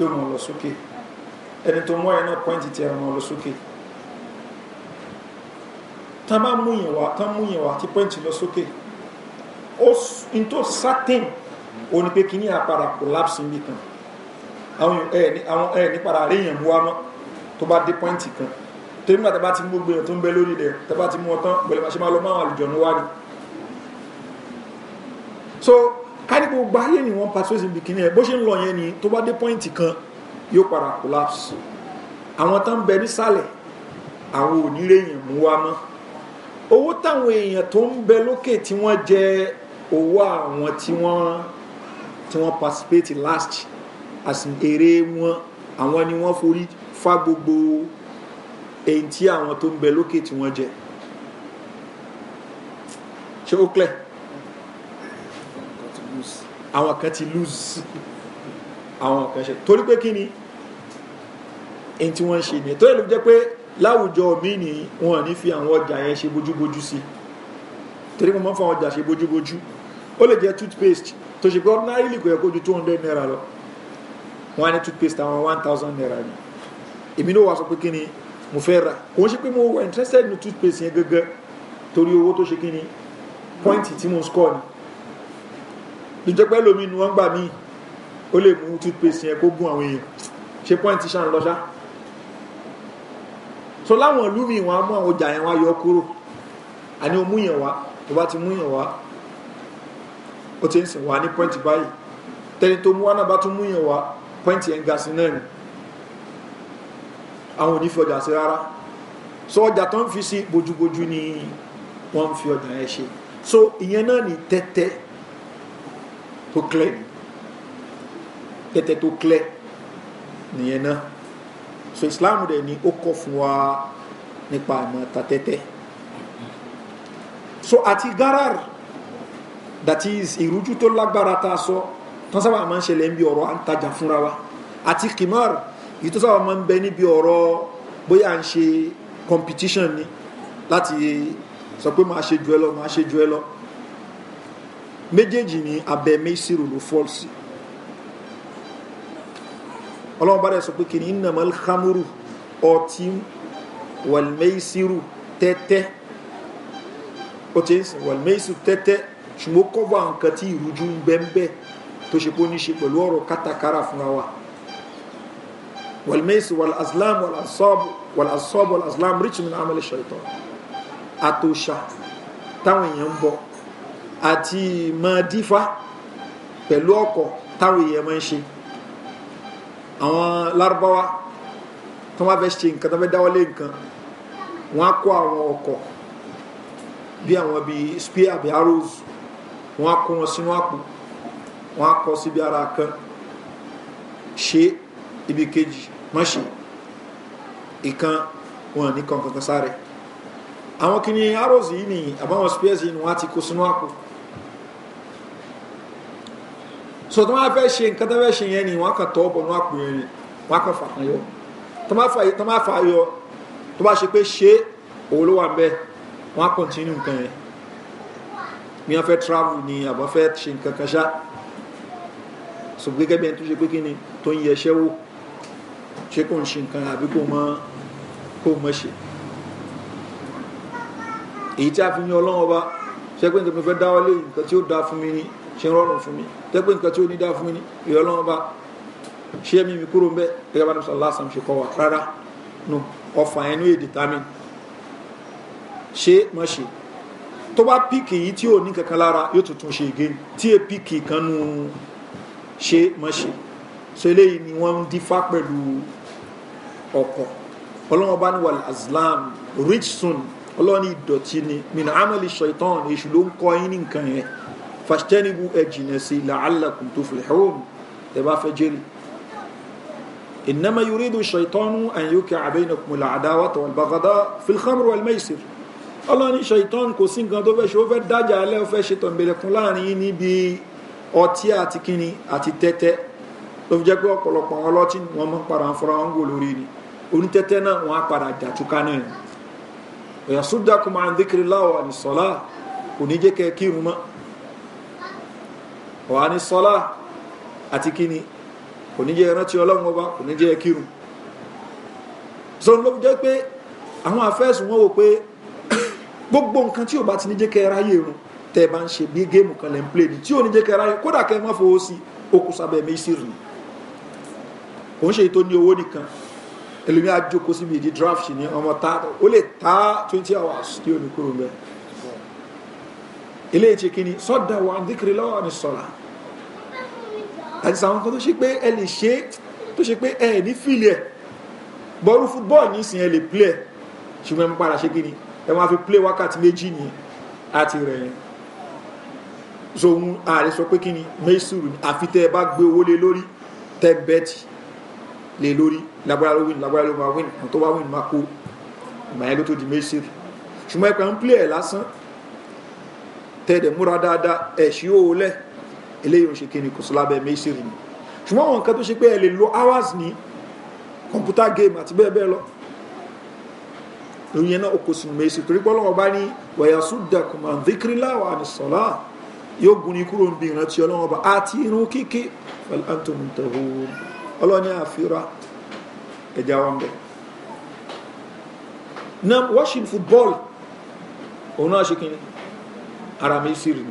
S1: yóò mọ̀ lọ sókè ẹni tó mọ́ ẹ̀ náà pọ́ìntì tí ẹ̀rọ mọ̀ lọ sókè tán bá múyàn wá tán múyàn wá tí pọ́ìntì lọ sókè ó n tó sátẹ̀n ó ní pé kí ní àpàrà collapse níbi kan àwọn ẹ̀ nípàdà àríyàn mú wa mọ́ tó bá dé pọ́ìntì kan torí nígbà tẹ́bá ti mú gbogbo èèyàn tó ń bẹ lórí rẹ̀ tẹ́bá ti mú ọtán pẹ̀lú àṣẹ máa lọ máa àlùjọ̀nú wá ni so kárí gbogbo ayé ni wọ́n persuade bí kìíní ẹ̀ bó ṣe ń lọ yẹn ni tó bá dé pọ́ìntì kan yóò padà collapse àwọn tó ń bẹ nísàlẹ̀ àwọn ò ní lèèyàn mú wa mọ́ owó táwọn èèyàn tó ń bẹ lókè tí wọ́n jẹ owó àwọn tí wọ́n tí wọ́n participate last as èrè wọn àwọn ni wọ́n forí fa gbogbo èyí tí àwọn tó ń bẹ lókè tí wọ́n jẹ ṣé ó clear àwọn kan ti lose àwọn kan ṣe torí pé kí ni ẹni tí wọ́n ń ṣe nìyẹn tó yẹ ló jẹ́ pé láwùjọ mi ni wọn ní fi àwọn ọjà yẹn ṣe bójúbójú sí torí mo máa ń fa àwọn ọjà ṣe bójúbójú ó lè jẹ́ toothpaste tó ṣe pé ordinarily kò yẹ kó ju two hundred naira lọ wọn á ní toothpaste àwọn one thousand naira ni èmi náà wàá sọ pé kí ni mo fẹ́ ra kò ṣe pé mo wà interested ní toothpaste yẹn gẹ́gẹ́ torí owó tó ṣe kí ni point tí mo score ni ló jẹ́ pẹ́ lómi ni wọ́n gbà mí ó lè mú toothpaste yẹn kó gún àwọn èèyàn ṣe point ṣá ń so láwọn ìlú mi wọn á mú àwọn ọjà yẹn wá yọ kúrò àní o mú yẹn wá tó bá ti mú yẹn wá ó ti ń sìn wá ní point báyìí tẹni tó mú wá náà bá tún mú yẹn wá point yẹn ga sí náà ni àwọn ò fi ọjà sí rárá so ọjà tó ń fi sí bójúbójú ni wọ́n ń fi ọjà yẹn ṣe so ìyẹn náà ni tẹ́tẹ́ tó clear ni tẹ́tẹ́ tó clear nìyẹn náà so islam dẹ̀ ni ó kọ́ fún wa that is ìrújú tó lágbára tá a sọ tán sábà máa ń ṣẹlẹ̀ níbi ọ̀rọ̀ à ń competition ni láti sọ pé máa ṣe jù ẹ méjèèjì ni abẹ mẹ́sìrò ló fọ́ sí ọlọ́run bá dẹ̀ sọ pé kìnnìún nàmọ́ hamuru ọtí wàlmẹ́sìrò tẹ́tẹ́ ó ti ń sìn wàlmẹ́sìrò tẹ́tẹ́ ṣùgbọ́n kọ́bọ̀ àwọn kan tí ìrújú ń bẹ́ńbẹ́ tó ṣe pé ó ní ṣe pẹ̀lú ọ̀rọ̀ kátàkárà fúnra wa walmesi walaslam walasob walaslam rich min amali shaitan atosha táwọn èèyàn ń bọ àti máa dífá pẹ̀lú ọkọ̀ táwọn èèyàn máa ń ṣe àwọn lárúbáwá tó wá fẹ́ ṣe nǹkan tó fẹ́ dáwọ́lé nǹkan wọ́n á kó àwọn ọkọ̀ bí àwọn bíi spear àbí arrows wọ́n á kó wọn sínú àpò wọ́n á kọ́ síbi ara kan ṣe ibi kejì mọ́ ìkan wọn ní kankan sáré àwọn kìnìún arrows yìí nìyí àbáwọn spears yìí ni wọ́n á ti kó sínú àpò so tó máa fẹ́ ṣe nǹkan tó fẹ́ ṣe yẹn ni wọ́n kàn tọ́ bọ̀ ní àpò yẹn ni wọ́n kàn fà kan yọ tó máa fà yọ tó bá ṣe pé ṣe òun ló wà ń wọ́n á kọ̀ntínú nǹkan yẹn bí wọ́n fẹ́ travel ni àbọ̀ fẹ́ ṣe nǹkan kan ṣá so gẹ́gẹ́ bí ẹni tó ṣe pé kí ni tó ń yẹṣẹ́ wò ṣé kò ń ṣe nǹkan àbí kò mọ kò mọ ṣe èyí tí a fi yan ọlọ́wọ́ bá ṣẹ́gbẹ́ nǹkan fẹ́ dáwọ́lé nǹkan tí ó dáa fún mi ni ṣe ń rọrùn fún mi tẹ́pẹ́ nǹkan tí ó ní dá fún yín ìrọ̀lọ́wọ́ bá ṣé mi mi kúrò ń bẹ́ gẹ́gẹ́ bá ní sọ lásán ṣe kọ́ wa rárá no ọfà ẹnu èdè tami ṣé mọ̀ ṣe tó bá píkì yìí tí ò ní kankan lára yóò tuntun ṣe again tí è píkì kan nu ṣé mọ̀ ṣe so eléyìí ni wọ́n ń dífá pẹ̀lú ọkọ̀ ọlọ́wọ́n bá ní wàl azlam rich soon ọlọ́wọ́n ní ìdọ̀tí ni min amali shaitan èṣù ló ń kọ́ yín ní nǹkan yẹn fàṣtẹ́nibù ẹ̀ jìnà sí làálàkùn tó fi hùn ẹ bá fẹ́ jẹ́rì ìnáma yorídù ṣaitọ́nù àyíkẹ́ àbẹ́nàkùn làádáwà tàwọn bàgádá filhamru almaisir ọlọ́ni ṣaitọ́n kò sí nǹkan tó fẹ́ ṣe ó fẹ́ dájà alẹ́ ó fẹ́ ṣe tọ̀m̀bẹ̀lẹ̀kùn láàrin yìí níbi ọtí àti kíni àti tẹ́tẹ́ ló fi jẹ́ pé ọ̀pọ̀lọpọ̀ àwọn ọlọ́tí wọn mọ́ padà ń fọ́ra wọn gò lórí ni onítẹ́tẹ́ náà wọn á padà jàtúká náà ni ọ̀yà súdàkùnmọ̀ àǹdíkiri láwọ̀ àdìsọ́lá kò ní jẹ́ kẹ́ kírun mọ́ ọ̀hán ní sọ́lá àti kíni kò ní jẹ́ rántí ọlọ́run ọba kò ní jẹ́ kírun so ló jẹ́ pé àwọn afẹ́sùn wọn wò pé gbogbo nǹkan tí ò bá ti ní jẹ́ kẹ́ ráyè run tẹ́ ẹ bá ń ṣe bí géèmù kan lẹ́ ń plé ni tí ò ní jẹ́ ráyè kódà kẹ́ mọ́ fowó sí okùn sábẹ́ mẹ́sìrì ni kò ń ṣe tó ní owó nìkan ẹlòmíà jókòó síbi ìdí draft ni ọmọ ta ó lè ta twenty hours tí ò ní kúrò bẹ́ẹ̀ eléyìí ṣe kíni sọ́dà wà díkiri lọ́wọ́ ní sọ́la àti sàwọn kan tó ṣe pé ẹ lè ṣe tó ṣe pé ẹ ní fìlì ẹ bọ́ọ̀rù fútbọ́ọ̀lù ní ìsìn ẹ lè plẹ̀ ṣùgbọ́n ẹ padà ṣe kíni ẹ máa fi plẹ̀ wákàtí méjì ní àti rẹ̀ yẹn so ohun ààrẹ sọ pé kíni mẹ́sùrù ni àfi tẹ́ ẹ bá gbé owó lé lórí tẹ́ bẹ́ẹ̀tì lé lórí lágbára ló win lágbára ló máa win tó bá win máa kó ìmọ̀ yẹn ló tó di mẹ́sùrù ṣùgbọ́n ẹ pẹ̀ ń plẹ̀ lásán tẹ́ẹ̀dẹ̀ múra dáadáa ẹ̀ṣí ó lẹ̀ eléyìí ń ṣe kí ni kò sí lábẹ́ méjìlì ni ṣùgbọ́n àwọn nǹkan tó ṣe pé ẹ lè lo hours ní computer game àti bẹ́ẹ̀ bẹ́ẹ̀ lọ lóyún náà oko sínú méjì torí pé ọlọ́wọ́ bá ní wàyàsú dàkùnmá díkìrìlá wà ní sọ̀lá yóò gun ní kúrò níbi ìrántí ọlọ́wọ́ bá àti irun kíkí pẹ̀lú antonin ọlọ́ni àfíra ẹja wa ń bẹ̀. na washing football òun náà ṣe kí ni ara mi sì rí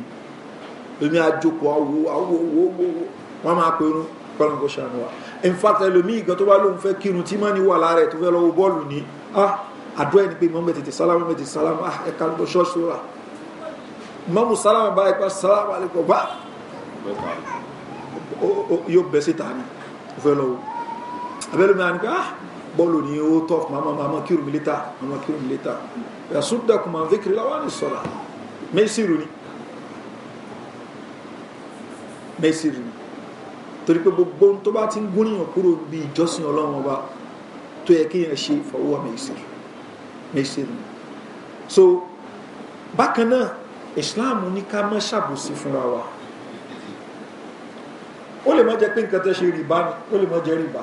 S1: èmi àjòkò awo awo wo wo wo wọn máa pe irun kọlọn kò ṣàánú wa in fact ẹlòmíì gan tó bá lóun fẹ́ kírun tí máa ní wà lára ẹ̀ tó fẹ́ lọ́wọ́ bọ́ọ̀lù ni ah àdúrà ẹni pé mọ́mọ́ tètè sálámù mọ́mọ́ tètè sálámù ah ẹ̀ka ló ṣọ́ọ̀ṣì wa mọ́mù sálámù bá ipa sálámù alẹ́kọ̀ọ́ bá yóò bẹ̀ síta ni ó fẹ́ lọ́wọ́ abẹ́lómi à ń pẹ́ ah bọ́ọ̀lù ni ó tọ́ màmá màmá kírun mi létà màmá kírun mi létà yasuddakum an dhikri láwọn àni sọ̀rọ̀ mẹ́sìrù ni mẹ́sìrù ni torí pé gbogbo tó bá ti ń gúnìyàn kúrò bí ìjọsìn ọlọ́run ọba tó yẹ kí yẹn ṣe fọwọ́ mẹ́sìrù mẹ́sìrù ni so bákan náà islam ní ká má ṣàbòsí fúnra wa ó lè má jẹ́ pé nǹkan tẹ́ ṣe rìbá ni ó lè má jẹ́ rìbá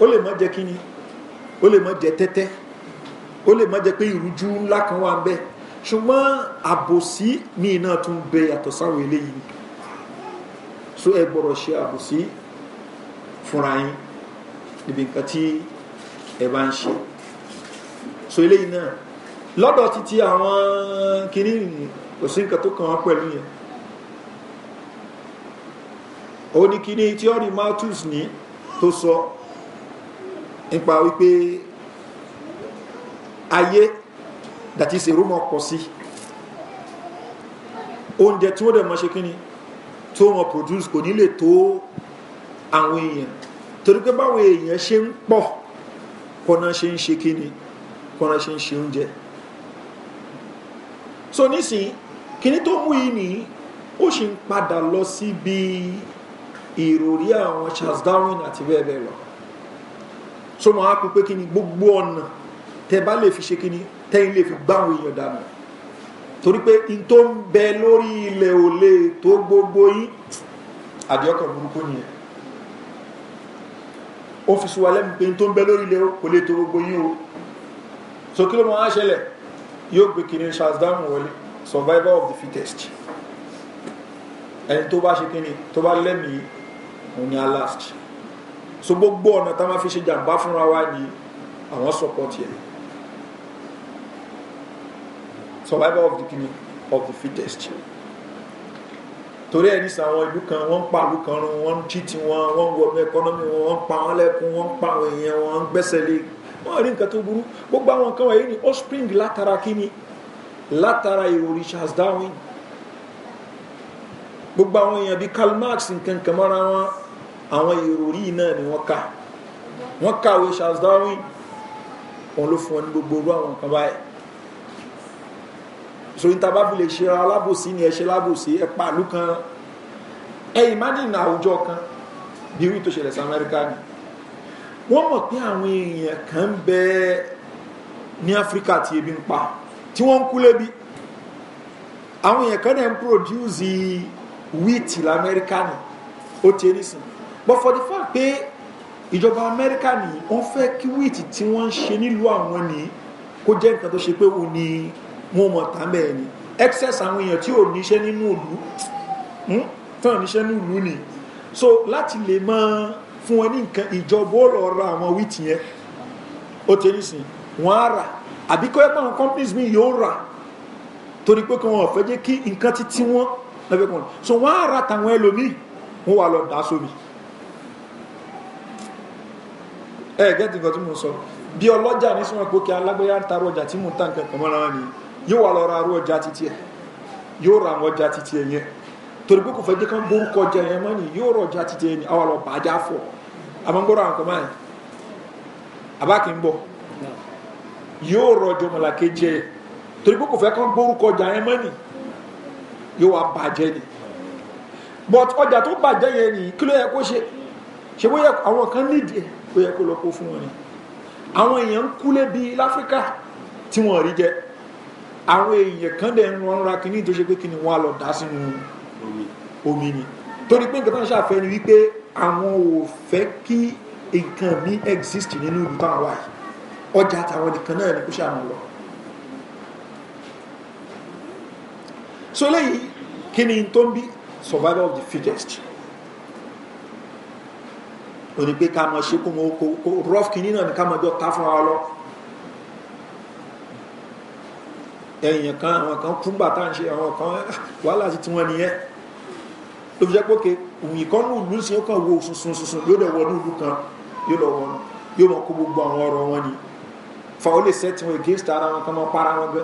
S1: ó lè má jẹ́ kíni ó lè má jẹ́ tẹ́tẹ́ ó lè má jẹ́ pé ìrújú ńlá kan wà ń bẹ́ẹ̀ ṣùgbọ́n àbòsí míì náà tún bẹ yàtọ̀ sáwọn eléyìí so ẹ gbọ́dọ̀ ṣe àbòsí fúnra yín níbi nǹkan tí ẹ bá ń ṣe so eléyìí náà lọ́dọ̀ títí àwọn kìíní kò sí nǹkan tó kàn wọ́n pẹ̀lú yẹn ó ní kìíní tíọ́rì malthus ní tó sọ nípa wípé ayé that is a mọ̀ pọ̀ sí oúnjẹ tí wọ́n dẹ̀ mọ̀ ṣe kí ni tó wọn produce kò ní lè tó àwọn èèyàn torí pé báwọn èèyàn ṣe ń pọ̀ kọ́nà ṣe ń ṣe kí ni kọ́nà ṣe ń ṣe oúnjẹ so nísìnyí kíní tó mú yìí nìyí ó sì ń padà lọ síbi ìròrí àwọn Charles Darwin àti bẹ́ẹ̀ bẹ́ẹ̀ lọ so mọ̀ á kú pé kí ni gbogbo ọ̀nà tẹ bá lè fi ṣe kí ni tẹ́yìn lè fi gbáwọn èèyàn dànù torí pé n tó ń bẹ lórí ilẹ̀ ò lè tó gbogbo yín àdéhùn burúkú nìyẹn ó fi sùn lẹ́nu pé n tó ń bẹ lórí ilẹ̀ kò tó gbogbo yín o so kí ló máa ń ṣẹlẹ̀ yóò gbé kiri charles darwin wọlé survivor of the fittest ẹni tó bá ṣe kíni tó bá lẹ́mìí òun ni alast so gbogbo ọ̀nà tá a máa fi ṣe jàǹbá fúnra wa ni àwọn sọpọ́tì ẹ̀ survivor of the of the fittest torí ẹni sàn àwọn ìlú kan wọ́n ń pa ìlú kan run wọ́n ń chiti wọn wọ́n ń wọnú ẹkọ́nọ́mì wọn wọ́n ń pa wọn lẹ́kùn wọ́n ń pa àwọn èèyàn wọn ń gbẹ́sẹ̀ lé wọ́n rí nǹkan tó burú gbogbo àwọn nǹkan wọ̀nyí ni offspring látara kíni látara èrò Richard Darwin gbogbo àwọn èèyàn bíi Karl Marx nǹkan kan mọ́ra wọn àwọn èrò yìí náà ni wọ́n kà wọ́n kàwé Charles Darwin òun ló fún wọn ní gbogbo orú àwọn nǹkan báyìí so n ta bá fi lè ṣe alábòsí ni ẹ ṣe alábòsí ẹ pàlú kan ẹ imagine àwùjọ kan bí wí tó ṣẹlẹ̀ sí amẹ́ríkà ni wọ́n mọ̀ pé àwọn èèyàn kan bẹ ní áfíríkà tí ebi ń pa tí wọ́n ń kú lébi àwọn èèyàn kan náà ń produce wheat lamẹ́ríkà ni ó ti rí but for the fact pé ìjọba amẹ́ríkà ni wọ́n fẹ́ kí wheat tí wọ́n ń ṣe nílùú àwọn ni kó jẹ́ nǹkan tó ṣe pé òun ni wọn mọ̀ tán bẹ́ẹ̀ ni excess àwọn èèyàn tí ò níṣẹ́ nínú ìlú hmm, tán níṣẹ́ nínú ìlú ni so láti lè mọ fún wọn ní nǹkan ìjọba ó lọ ra àwọn wíìtì yẹn ó ti ní sìn wọn á rà àbí kọ́ ẹ̀pọ̀ àwọn companies mi yóò rà torí pé kí wọn fẹ́ jẹ́ kí nǹkan títí wọn lọ́fẹ́ kan so wọn á rà tàwọn ẹlòmíì wọn wà lọ dá sómi ẹ gẹ́tì nǹkan tí mo sọ bí ọlọ́jà ní sọ́wọ́n pé kí alágbèyà ń tarọ̀ ọjà tí mo ń ta nǹkan kan mọ́ra wọn nìyẹn yóò wà lọ́ra arú ọjà títí ẹ̀ yóò ra àwọn ọjà títí ẹ̀ yẹn torí pé kò fẹ́ jẹ́ kán borúkọ ọjà yẹn mọ́ ni yóò rọ ọjà títí ẹ̀ ni àwọn lọ bàjá fọ àmọ́ngbọ́rọ̀ àwọn kan báyìí àbá kì í bọ̀ yóò rọ jọmọlá kejì ẹ̀ torí pé kò fẹ́ kán borúkọ ọjà yẹn mọ́ ni yóò wà bàjẹ́ ni but ọjà tó bàjẹ́ yẹn ni kí ló yẹ kó ṣe ṣe bó yẹ àwọn kan nídìí ó yẹ kó lọ kó fún wọn ni àwọn èèyàn ń kú lébi láfíríkà tí wọn rí jẹ àwọn èèyàn kan dẹ̀ ń ran ra kínní tó ṣe pé kínní wọn á lọ dá sínú omi ni torí pé nǹkan tó ń ṣàfẹ́ ni wípé àwọn ò fẹ́ kí nǹkan mi exist nínú ìlú táwọn wà yìí ọjà àtàwọn nìkan náà ni kó ṣàmù lọ so léyìí kí tó ń bí survival of the fittest òní pé ká mọ̀ ṣe kó mọ̀ kó rough kìíní náà ni ká mọ̀ jọ ta fún wa lọ ẹ̀yìn kan àwọn kan kú gbà tá à ń ṣe àwọn kan ah, wàhálà sí tiwọn nìyẹn ló fi jẹ́ pé òyìn kan ní ìlú sí ó kàn wo sunsun sunsun yóò dẹ̀ wọnú ìlú kan yóò lọ wọn yóò mọ kó gbogbo àwọn ọ̀rọ̀ wọn ni fa ó lè sẹ́tì wọn against ara wọn kan máa para wọn gbẹ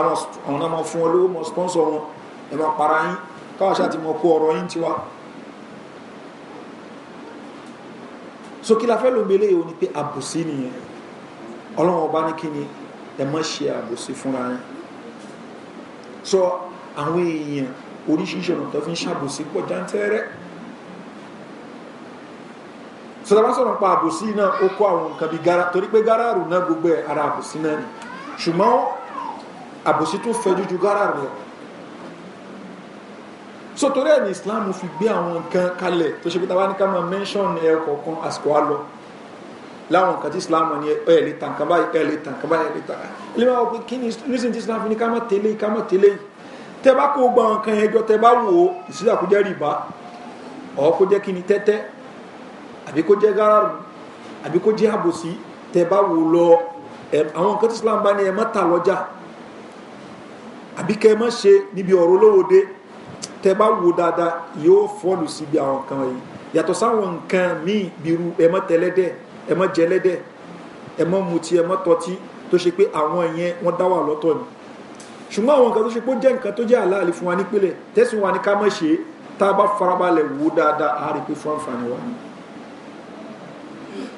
S1: àwọn náà máa fún wọn lówó máa sponsor wọn ẹ máa para yín káwọn ṣáà ti mọ kó ọ̀rọ̀ yín tiwa. so kí la fẹ́ lóun bẹ léyìí ó ní pé àbòsí nìyẹn ọlọ́run ọba ní kí ni ẹ má ṣe àbòsí fúnra yín sọ àwọn èèyàn oríṣiríṣi ọ̀nà tó fi ń ṣàbòsí pọ̀ jántẹ́rẹ́ sọdọ́bá sọ̀rọ̀ pa àbòsí náà ó kó àwọn nǹkan bíi gara torí pé gáràrù náà gbogbo ẹ̀ ara àbòsí náà ni ṣùgbọ́n àbòsí tún fẹjú ju gáràrù lọ so torí ẹ̀ ní Islam fi gbé àwọn nǹkan kalẹ̀ tó ṣe pé tá a bá ní ká máa mẹ́ńṣọ̀n ẹ̀ kọ̀ọ̀kan àsìkò á lọ láwọn nǹkan tí islam ní ẹ lè tàn kàn báyìí ẹ lè tàn kàn báyìí ẹ lè tàn kàn ilé wa kí ni nísìnyí tí islam fi ní ká má tẹ̀lé ká má tẹ̀lé yìí tẹ bá kó gbọ́n nǹkan yẹn jọ tẹ bá wò ó ìsílẹ̀ kó jẹ́ rìbá ọ̀ kó jẹ́ kíni tẹ́tẹ́ àbí kó jẹ́ gáràrù àbí kó jẹ́ àbòsí tẹ bá wò lọ àwọn nǹkan tí islam bá ní ẹ má tà lọ́jà àbí kẹ má ṣe níbi ọ̀rọ̀ olówóde tẹ bá wò dáadáa yóò fọ́ọ̀lù síbi àwọn nǹkan yìí yàtọ̀ sáwọn nǹkan míì bíi irú ẹ má tẹ̀lẹ́dẹ́ẹ̀ ẹ má jẹ ẹlẹ́dẹ̀ ẹ má mutí ẹ má tọ́tí tó ṣe pé àwọn yẹn wọ́n dá wà lọ́tọ̀ ni ṣùgbọ́n àwọn nǹkan tó ṣe pé ó jẹ́ nǹkan tó jẹ́ àlàálì fún wa nípìnlẹ̀ tẹ̀sùn wa ní ká má ṣe tá a bá farabalẹ̀ wò dáadáa a rí pé fún àǹfààní wa ni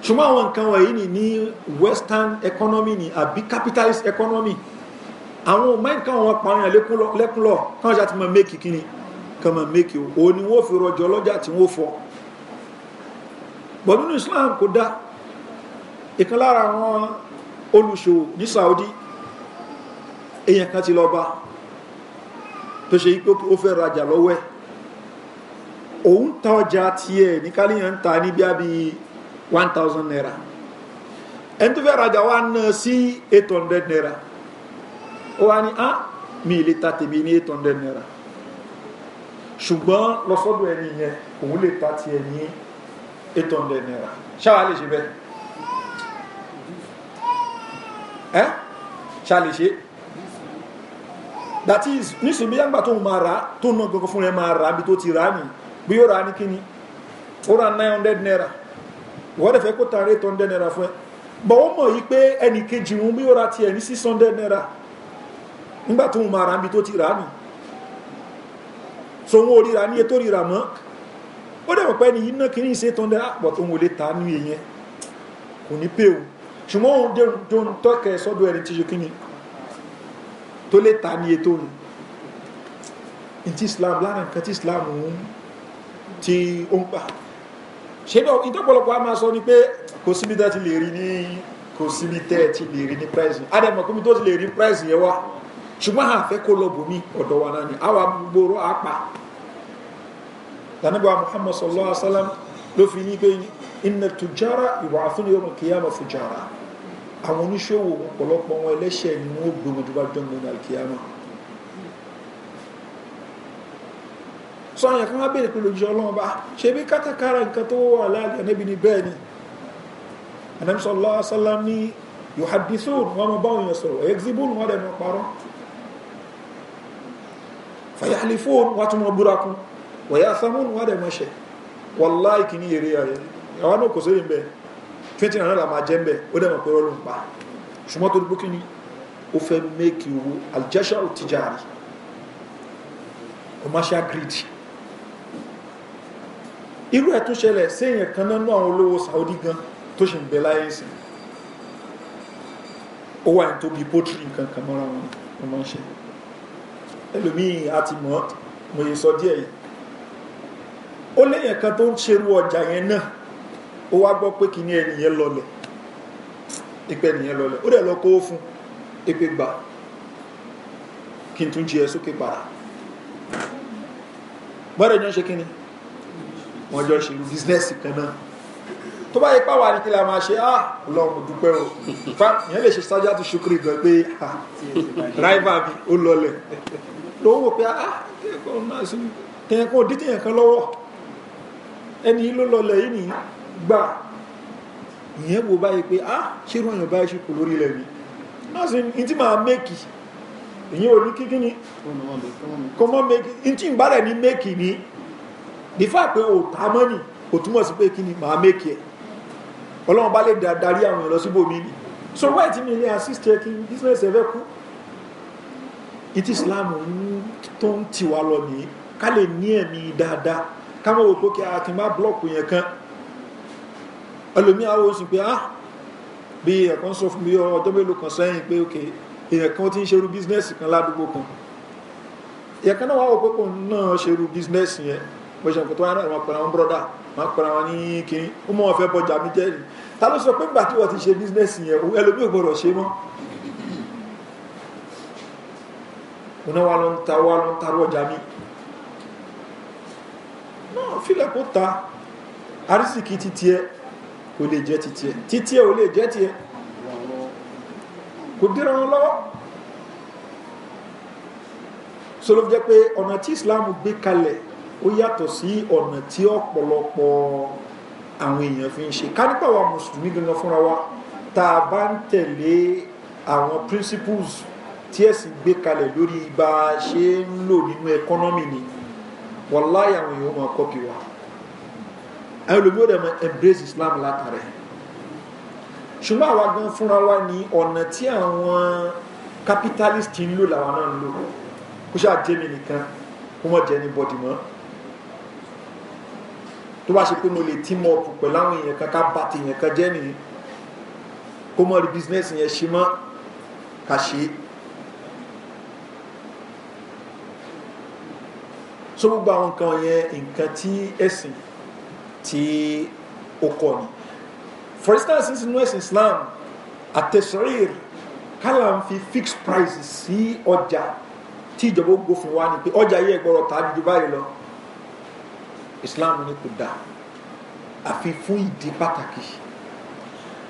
S1: ṣùgbọ́n àwọn nǹkan wọ̀nyí ni ní western economy ni àbí capitalist economy àwọn ò máa ń káwọn apààyàn lẹ́kúnlọ́ káwọn ṣáà ti máa méèkì kíni kan máa méèkì o òun ni wọ́n fi rọjò ọlọ́jà tí wọ́n fọ́ bọ̀ nínú Islam kò dáa ìkan lára àwọn olùṣòwò ní saudi èyàn kan ti lọ bá tó ṣe ipò ó fẹ́ rajà lọ́wọ́ ẹ̀ òun ta ọjà ti ẹ̀ ní káníyàn ń ta ní bí i 1000 naira ẹni tó fẹ́ rajà wá ná sí 800 naira ó wá ní á ah, mi lè ta tèmi ní 800 naira ṣùgbọ́n lọ́sọ́dọ̀ ẹni yẹn òun lè ta ti ẹ̀ ní 800 naira ṣáwa lè ṣe bẹ́ẹ̀ eh ṣàlè that is nisun bí yàgbà tó máa rà tó ń gbogbo fún rẹ máa tó ti rà ní bí yóò rà ni kíni ó nine hundred naira wọ́n fẹ́ kó tan eight hundred naira fún ẹ bọ̀ ó mọ̀ yìí pé ẹnì kejì òun bí yóò rà tiẹ̀ ní six hundred naira nígbà tó máa bi tó ti so wọn ò ríra ní ètò ríra mọ́ ó dẹ̀ yìí ṣùgbọ́n òun tó ń tọ́kẹ̀ sọ́dọ̀ ẹni tí ṣe kí ni tó lè ta ní ètò òun tí islam lára nǹkan tí islam tí ó ń pa ṣe bí ìtọ́pọ̀lọpọ̀ a máa sọ ni pé kò síbi tẹ́ ti lè rí ní kò síbi tẹ́ ti lè rí ní price adẹ́mọ̀ kúmi tó ti lè rí price yẹn wá ṣùgbọ́n àfẹ́ kó lọ bòmí ọ̀dọ̀ wa náà ni àwa gbòòrò àpà tànàbà muhammad sallallahu alaihi wa sallam ló fi ní pé inna tujara yub'athuna yawm al-qiyamah fujara àwọn oníṣòwò ọ̀pọ̀lọpọ̀ wọn ẹlẹ́ṣẹ̀ ni wọ́n gbogbo tó bá jọ́ngbọ̀n ní al-qiyamah sọ àyàn kan wá bèèrè pé lójú ọlọ́run bá ṣe bí kátàkárà nǹkan tó wà láàrin ànábì ní bẹ́ẹ̀ ni ànábì sallallahu alaihi wasallam ní yuhaddithun wọn mọ báwọn èèyàn sọ̀rọ̀ exhibun wọn dẹ̀ mọ parọ́ fayahlifun wọn tún mọ búrakun wọ̀yá samun wọn dẹ̀ mọ ṣẹ wallahi kìíní eré ayẹyẹ àwọn náà kò sóyè ń bẹ la máa jẹ́ ń bẹ ó dẹ̀ pé ọlọ́run pa ṣùgbọ́n tó dúpọ́ kí ni ó fẹ́ mẹ́kì owó aljasha tijari commercial greed irú ẹ̀ tó ṣẹlẹ̀ séèyàn kan náà náà àwọn olówó Saudi gan tó ṣe ń bẹ láyé sí ó wà ní tóbi poultry nǹkan kan mọ́ra wọn wọ́n máa ń ṣe ẹlòmíì àti mọ́ mo yẹ sọ díẹ̀ yìí ó léyìn kan tó ń ṣerú ọjà yẹn náà ó wá gbọ́ pé kìíní ẹnìyẹn lọlẹ̀ ìpẹ́ ẹnìyẹn lọlẹ̀ ó dẹ̀ lọ kó fún ìpè gbà kí n tún jí sókè para bọ́dẹ̀ jọ ṣe kí ni wọ́n jọ ṣe irú bísínẹ́sì kan náà tó bá yẹ páwà ní kí la máa ah ọlọ́run dúpẹ́ o yẹn lè ṣe sájá tó ṣukiri gan pé ah, ráìvà mi ó lọlẹ̀ ló ń wò pé ah kẹ́kọ̀ọ́ náà sí tẹ̀yẹ̀kọ́ dídìyàn kan lọ́wọ́ ẹni ló lọlẹ̀ yìí nìyí gbà ìyẹn wo báyìí pé ah ṣírò èèyàn báyìí ṣe kò lórí ilẹ̀ mi náà sì ní tí máa mẹ́kì ìyẹn ò ní kíkí ni kò mọ́ mẹ́kì ní tí ń bá rẹ̀ ní mẹ́kì ni the fact pé ò ta mọ́nì kò túmọ̀ sí pé kí ni máa mẹ́kì ẹ̀ ọlọ́run bá lè darí àwọn èèyàn lọ síbòmí ni so why ti mi ilé assist ẹ kí business ẹ fẹ́ kú ìtì ìsìláàmù tó ń tiwa lọ nìyí ká lè ní ẹ̀mí dáadáa ká mọ̀ wò pé kí a ti má blọ́ọ̀kù yẹn kan ẹlòmí àwọn oṣù pé ah bí ẹ̀kan sọ fún mi ọjọ́ mélòó kan sẹ́yìn pé ok èèyàn kan ti ń ṣerú bísínẹ́sì kan ládùúgbò kan èèyàn kan náà wà wò pé kò náà ṣerú bísínẹ́sì yẹn mo ṣe nǹkan tó wáyé náà wọn pẹ̀lú àwọn bọ́dà wọn pẹ̀lú àwọn ní kiri ó mọ̀ wọn fẹ́ bọjà mi jẹ́rìí ta ló sọ pé gbà tí wọ́n ti ṣe bísínẹ́sì yẹn ẹlòmí ò gbọ́dọ̀ ṣe mọ́ una wa lọ ta wa lọ ta rọjà mi náà fílẹ̀ kó ta arísìkí ti tiẹ̀ kò lè jẹ́ títí ẹ̀ títí ẹ̀ ò lè jẹ́ tiẹ̀ kò dìran lọ́wọ́ sọlọ jẹ́ pé ọ̀nà tí Islam gbé kalẹ̀ ó yàtọ̀ sí ọ̀nà tí ọ̀pọ̀lọpọ̀ àwọn èèyàn fi ń ṣe kánípà wa mùsùlùmí gangan fúnra wa tá a bá ń tẹ̀lé àwọn principles tí ẹ̀sìn gbé kalẹ̀ lórí bá a ṣe ń lò nínú ẹkọ́nọ́mì ni wàláyà àwọn èèyàn máa kọ́pì wa ẹlòmí ó dẹ̀ mọ embrace islam látàrí ṣùgbọ́n àwa gan fúnra wa ní ọ̀nà tí àwọn capitalist ń lò làwọn náà ń lò kó ṣáà jẹ́mi nìkan kó mọ̀ jẹ́ ní bọ́dì mọ́ tó bá ṣe pé mo lè team up pẹ̀lú àwọn èèyàn kan ká bá ti èèyàn kan jẹ́ nìyí kó mọ̀ rí business yẹn ṣe mọ́ ká ṣe é. so gbogbo àwọn nǹkan yẹn nǹkan tí ẹ̀sìn tí ó kọ́ ni for instance nínú ẹ̀sìn Islam àtẹ̀sọ̀rìr kálá ń fi fixed price sí ọjà tí ìjọba ó gbófin wá ni pé ọjà yìí ẹgbọ́rọ̀ tà á ju báyìí lọ Islam ni kò dáa àfi fún ìdí pàtàkì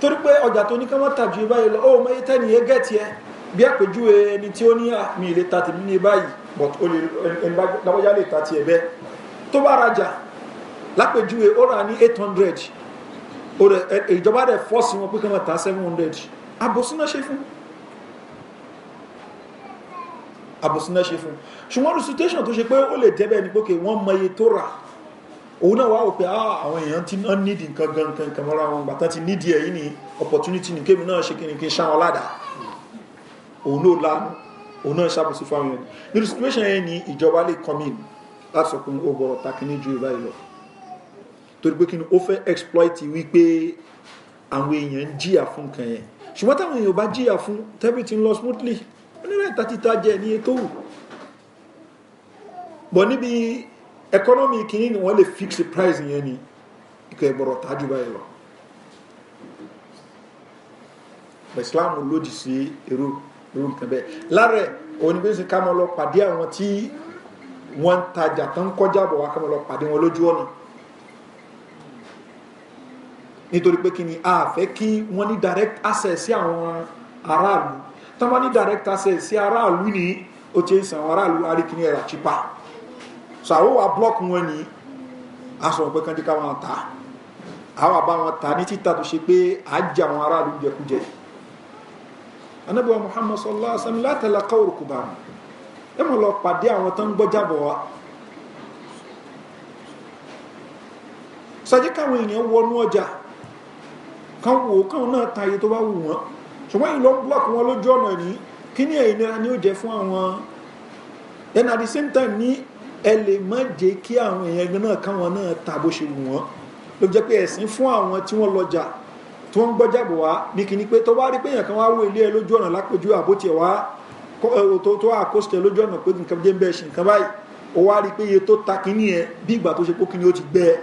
S1: torí pé ọjà tó ní ká má tà ju báyìí lọ ó mọ iye tẹ́ni yẹn gẹ̀ẹ́tì ẹ bí àpèjúwe ẹni tí ó ní àmì ìlẹ́ta tèmi ní báyìí but ẹni bá lọ́wọ́ lè ta tiẹ̀ bẹ́ẹ̀ tó bá rajà lápèjúwe ó rà ní eight hundred ìjọba dẹ̀ fọ́ọ̀sì wọn pé kí wọ́n ta seven hundred àbòsínà ṣe fún àbòsínà ṣe fún ṣùgbọ́n recitation tó ṣe pé ó lè jẹ́ bẹ́ẹ̀ ni pé wọ́n mọ iye tó rà òun náà wá wò pé ah, àwọn èèyàn ti náà nídìí nǹkan gan nǹkan nǹkan mọ́ra wọn gbàtán ti nídìí ẹ̀yìn ní opportunity ní kémi náà ṣe kíni kí n ṣáwọn ládàá òun náà lánú òun náà ṣàbòsí fáwọn èèyàn nínú situation yẹn ni ìjọba lè come in láti sọ pé ó oh, gbọ́dọ̀ takiní ju ìbáyìí lọ torí pé kí ni ó fẹ́ exploit wípé àwọn èèyàn ń jìyà fún nǹkan yẹn ṣùgbọ́n táwọn èèyàn bá jìyà fún tẹ́bí ti ń lọ smoothly onírẹ̀ tàtítà jẹ ní ètò wù bọ̀ níbi economy kìíní ni wọ́n lè fix the price yẹn ni ikọ̀ ẹ̀gbọ̀rọ̀ tájú báyìí lọ Islam lòdì sí irú irú nǹkan bẹ́ẹ̀ lára ẹ̀ oníbẹ̀sìn ká mọ́ lọ pàdé àwọn tí wọ́n ń tajà tán kọjá bọ̀ wá ká mọ́ lọ pàdé wọn lójú ọ̀nà nítorí pé kí ni a fẹ́ kí wọ́n ní direct access sí àwọn aráàlú tó bá ní direct access sí aráàlú ni ó ti ń san àwọn aráàlú aríkìní ẹ̀rà chipa so àwọn wa block wọn ni a sọ̀rọ̀ pé kán díkà wọn ta àwọn àbá wọn ta ní títà tó ṣe pé a jẹ àwọn aráàlú jẹkújẹ Ànábì Muhammad sallallahu alaihi wa sallam látàlá káwòrò kùbà ẹ mọ̀ lọ pàdé àwọn tó ń gbọ́jábọ̀ wa sọjí káwọn èèyàn wọnú ọjà kan wò káwọn náà ta iye tó bá wù wọ́n ṣùgbọ́n ìlọ búlọ́ọ̀kì wọn lójú ọ̀nà ní kí ní ìnira ni ó jẹ́ fún àwọn then at the same time ní ẹ lè má jẹ́ kí àwọn èèyàn náà káwọn náà ta bó ṣe wù wọ́n ló jẹ́ pé ẹ̀sìn fún àwọn tí wọ́n lọ́jà tó ń gbọ́jà bò wá ní kíní pé tó bá rí pé èèyàn kan wá wó ilé ẹ lójú ọ̀nà lápẹjú àbótiẹ̀ wá tó wà àkóṣe lójú ọ̀nà pé nǹkan jẹ́ ń bẹ́ẹ̀ ṣe nǹkan báyìí ó wá rí pé iye tó ta kíní ẹ bí ìgbà tó ṣe pé ó ti gbẹ́ ẹ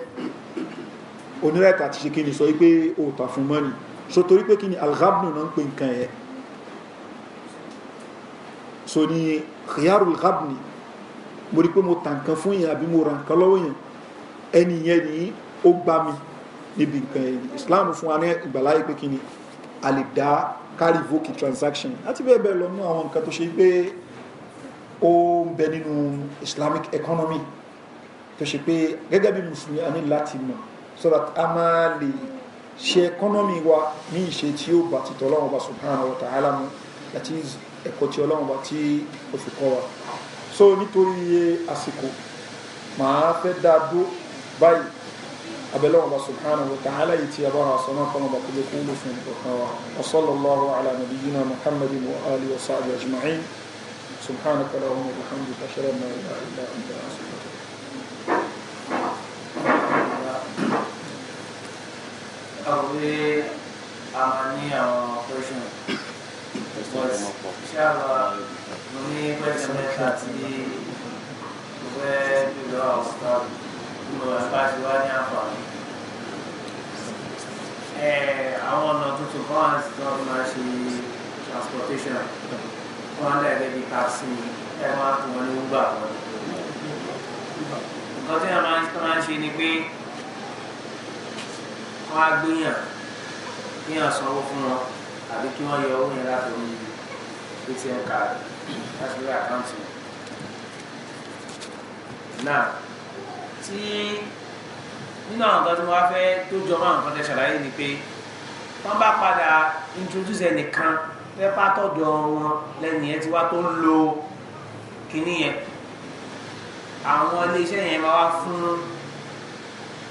S1: onírẹ̀tà ti ṣe kí ni sọ wípé òòtà fún mọ́ni so torí pé kí ni alghabnu náà ń pè nǹkan ẹ̀ so ni khiyaru alghabni mo rí pé mo tà nǹkan fún yẹn àbí mo ra nǹkan lọ́wọ́ yẹn ẹni yẹn ni ó gbá mi níbi nǹkan ẹni islam fún wa ní ìgbàláyé pé kí ni a carry voki transaction àti bẹ́ẹ̀ bẹ́ẹ̀ lọ mú àwọn nǹkan tó ṣe pé ó ń bẹ nínú islamic economy tó ṣe pé gẹ́gẹ́ bí mùsùlùmí a ní láti mọ̀ so that a máa lè ṣe ẹkọ́nọ́mì wa ní ìṣe tí ó bá ti tọ́lọ́wọ́ bá subhanahu wa ta'ala mu that is ẹ̀kọ́ tí ọlọ́wọ́ bá ti òfi kọ́ wa so nítorí àsìkò màá fẹ́ dá dó báyìí abẹ́lẹ́wọ̀n bá subhanahu wa ta'ala yìí tí a bá ra sọ náà kọ́nà bá kó lè kúlù fún ìkọ̀kan wa wa sallallahu ala nabiyyina muhammadin wa alihi wa sahbihi ajma'in subhanaka lahumma wa bihamdika ashhadu an la ilaha illa anta astaghfiruka sọ
S2: pé a máa ní àwọn operation but ṣé àlọ́ mo ní pẹ́sẹ̀ mẹ́ta tí mo fẹ́ bí lọ́wọ́ àwọn ọ̀sán bí mo bá ti wá ní àǹfààní. àwọn ọ̀nà tuntun kan àti tí wọ́n fi máa transportation wọ́n á lẹ́ẹ̀dẹ́ bíi taxi ẹ̀ máa tó wọn ní uber wọn. nǹkan tí wọn á gbéyàn gbéyàn sanwó fún wọn àbí kí wọn yọ owó yẹn látòrí atm card láti lórí àkáǹtì náà tí nínú àwọn nǹkan tí wọn fẹ́ tó jọ mọ́ àwọn nǹkan tẹ ṣàlàyé ni pé wọn bá padà introduce ẹnìkan pẹ́pà tọ̀dọ̀ wọn lẹ́nu yẹn ti wá tó ń lo kínní yẹn àwọn iléeṣẹ́ yẹn máa wá fún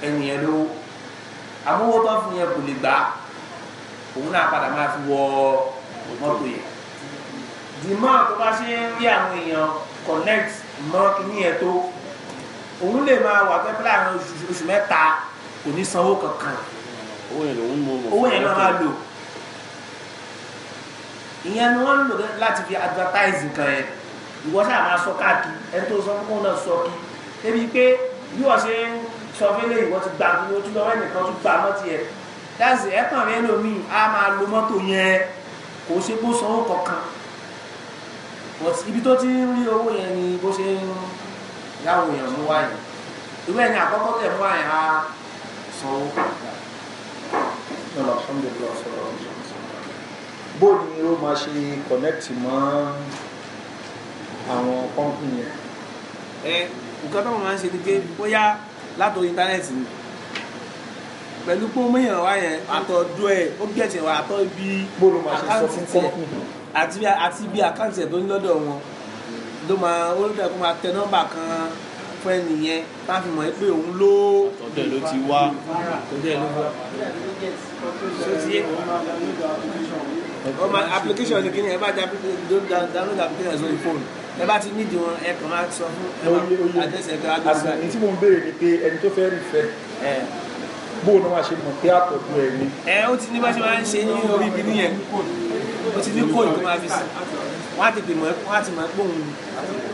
S2: ẹnìyẹn lówó àmówó tó fún yẹn kò lè gbà òun náà padà máa fi wọ mọ́tò yẹn dìmọ́ tó bá ṣe ń rí àwọn èèyàn connect mọ́ kíní yẹn tó òun lè máa wà pẹ́ pẹ́lú àwọn oṣù mẹ́ta kò ní sanwó kankan owó yẹn lòun mú owó yẹn lọ́ máa lò ìyẹn ni wọ́n ń lò láti fi advertise nǹkan yẹn ìwọ máa sọ káàkiri ẹni tó sọ fún òun sọ kí débi pé bí wọ́n ṣe ń sọ fẹlẹ ìwọ ti gbà gbogbo ojú lọ́wọ́ ẹnìkan tún gbà mọ́ tiẹ̀ dáàsì ẹ̀kàn rẹ lómìn á máa lo mọ́tò yẹn kò ṣe bó sanwó kankan ibi tó ti ń rí owó yẹn ni bó ṣe ń yáwó yẹn mú wáyé ìwé ẹni àkọ́kọ́ tẹ̀ mú wáyé á sanwó kankan.
S1: bó ni ó máa ṣe kọ̀nẹ́tì mọ́ àwọn pọ́ǹpù yẹn. ẹ nǹkan tó máa ń ṣe ni
S2: pé bóyá látọ̀ íńtánẹ́ẹ̀tì ni pẹ̀lú pé omi yàn wá yẹn àtọ̀dọ̀ ẹ̀ ó gẹ̀tì wá àtọ̀ bí àkáǹtì tẹ̀ àti bí àkáǹtì ẹ̀ tó ní lọ́dọ̀ wọn ló máa ó lọ́dọ̀ kó máa tẹ nọ́mbà kan fún ẹnìyẹn tá fi mọ̀ pé òun ló àtọ̀dọ̀ ló ti wá àtọ̀dọ̀ ló wá ọmọ application ni kí ni ẹ bá da download application sórí fóònù ẹ bá ti nídìí wọn ẹ kàn máa sọ fún ẹ
S1: máa àtẹ̀sẹ̀
S2: kan àgbà. àgbà ní
S1: tí mo ń béèrè ni pé ẹni tó fẹ́ rí fẹ́ bó ni wọ́n ṣe mọ̀ pé àtọ̀dù ẹ̀ ni.
S2: ẹ ó ti ní bá ṣe máa ń ṣe ní orí ibi nìyẹn ó ti ní kóòdù tó máa fi sí wọ́n á tètè mọ̀ ẹ́ wọ́n á ti mọ̀ ẹ́ òun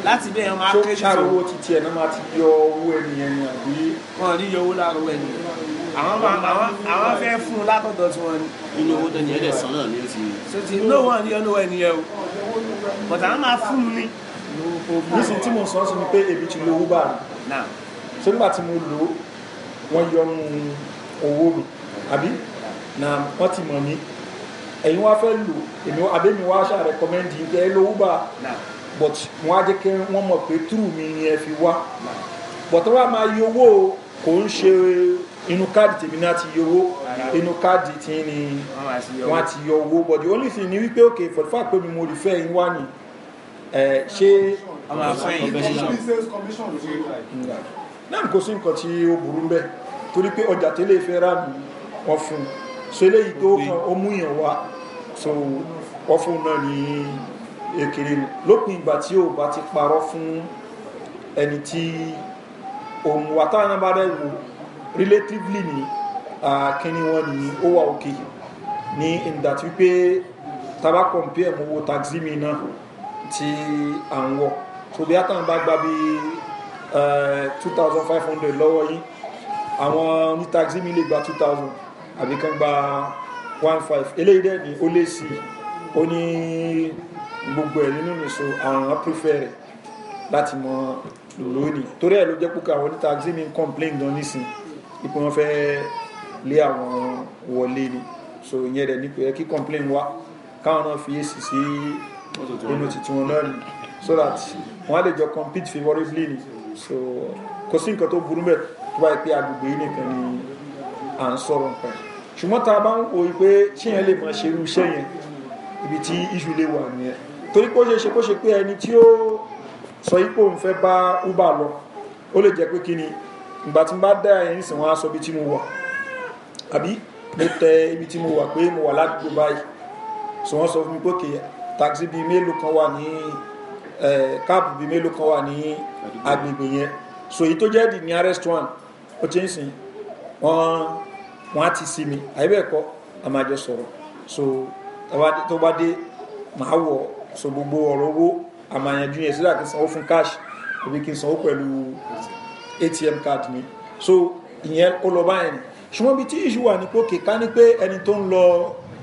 S2: láti bẹ́ẹ̀ wọ́n á kéré jù. ṣé ṣàròwó ti tiẹ̀ náà máa ti yọ owó ẹnìyẹn ni àbí. wọn ò ní yọ owó láàárọ̀ ẹnìyẹn àwọn àwọn àwọn fẹ́ fún un látọ̀dọ̀ tí wọ́n ní. inú owó tẹ̀ ní ẹ̀dẹ̀ sàn náà ni ó ti. so ti no one ní ọ̀nà ẹni yẹn
S3: o
S1: but àwọn máa fún un ní. nísìnyí tí mo sọ sí ni pé ebi ti lo owó bá mi so nígbà tí mo lò ó wọ́n yọ owó mi àbí na wọ́n ti mọ̀ mí ẹ̀yin wá fẹ́ lò èmi àbẹ́mi wá ṣáà rẹ̀kọ́mẹ́ndì ẹ̀ ẹ́ lówó bá but wọ́n á jẹ́ kí wọ́n mọ̀ pé túrù mi ni ẹ fi wá but wọ́n á máa yọ owó kò ń ṣe inú káàdì tèmi náà ti yọwó inú káàdì tí ni wọ́n ti yọ owó but the only thing ni wípé ok for pé mi mo rí fẹ́ yín wá ní ṣé náà kò sí nǹkan tí ó burú ń torí pé ọjà tẹ́lẹ̀ fẹ́ rà ní ọ̀fun so eléyìí tó kan ó yàn wá so ọ̀fun náà ní èkèrè lópin ìgbà tí ó bá ti parọ́ fún ẹni tí òun wà táwọn bá rẹ̀ wò relatively ni kíni wọn ni ó wà òkè ní ìdàtí wípé taba compare mo wo taxi mi náà tí à ń wọ̀ so bí àtàwọn bá gba bí two thousand five hundred lọ́wọ́ yín àwọn ní taxi mi lè gba two thousand àbí kan gba one five eléyìí dẹ̀ ni ó lè sí ó ní gbogbo ẹ̀ nínú nìṣó àwọn prefer rẹ̀ láti mọ lòlónì torí ẹ̀ ló jẹ́ pé àwọn ní taxi mi ń complain gan nísìnyí ipò wọn fẹ́ lé àwọn wọlé ni so ìyẹn rẹ̀ ní pé kí complain wá káwọn náà fi èsì sí inú títí wọn náà ni so that wọn á lè jọ compete favorably ni so kò sí nǹkan tó burú mẹ́ tó bá yẹ pé agbègbè yìí nìkan ni à ń sọ̀rọ̀ nǹkan ṣùgbọ́n tá a bá ń wo pé tíyẹn lè máa ṣerú iṣẹ́ yẹn ibi tí iṣu lè wà nìyẹn torí kó ṣe ṣe kó ṣe pé ẹni tí ó sọ yìí pé òun fẹ́ bá uber lọ ó lè jẹ́ pé kí ni ìgbà tí n bá dá ẹ̀yìn sí wọn á sọ ibi tí mo wà pé mo wà báyìí so wọ́n sọ fún mi pé kì bíi mélòó kan wà ní káàpù bíi mélòó kan
S4: wà
S1: so èyí tó jẹ́ the one ó ti ń sìn ti sí mi àyè bẹ́ẹ̀ kọ́ so tó bá dé màá so gbogbo ọ̀rọ̀ owó a yẹn sílẹ̀ kí fún cash kí n sanwó atm card ni so ìyẹn ó lọ báyìí ni ṣùgbọ́n bí tí ìṣù wà ní pókè ká ní pé ẹni tó ń lọ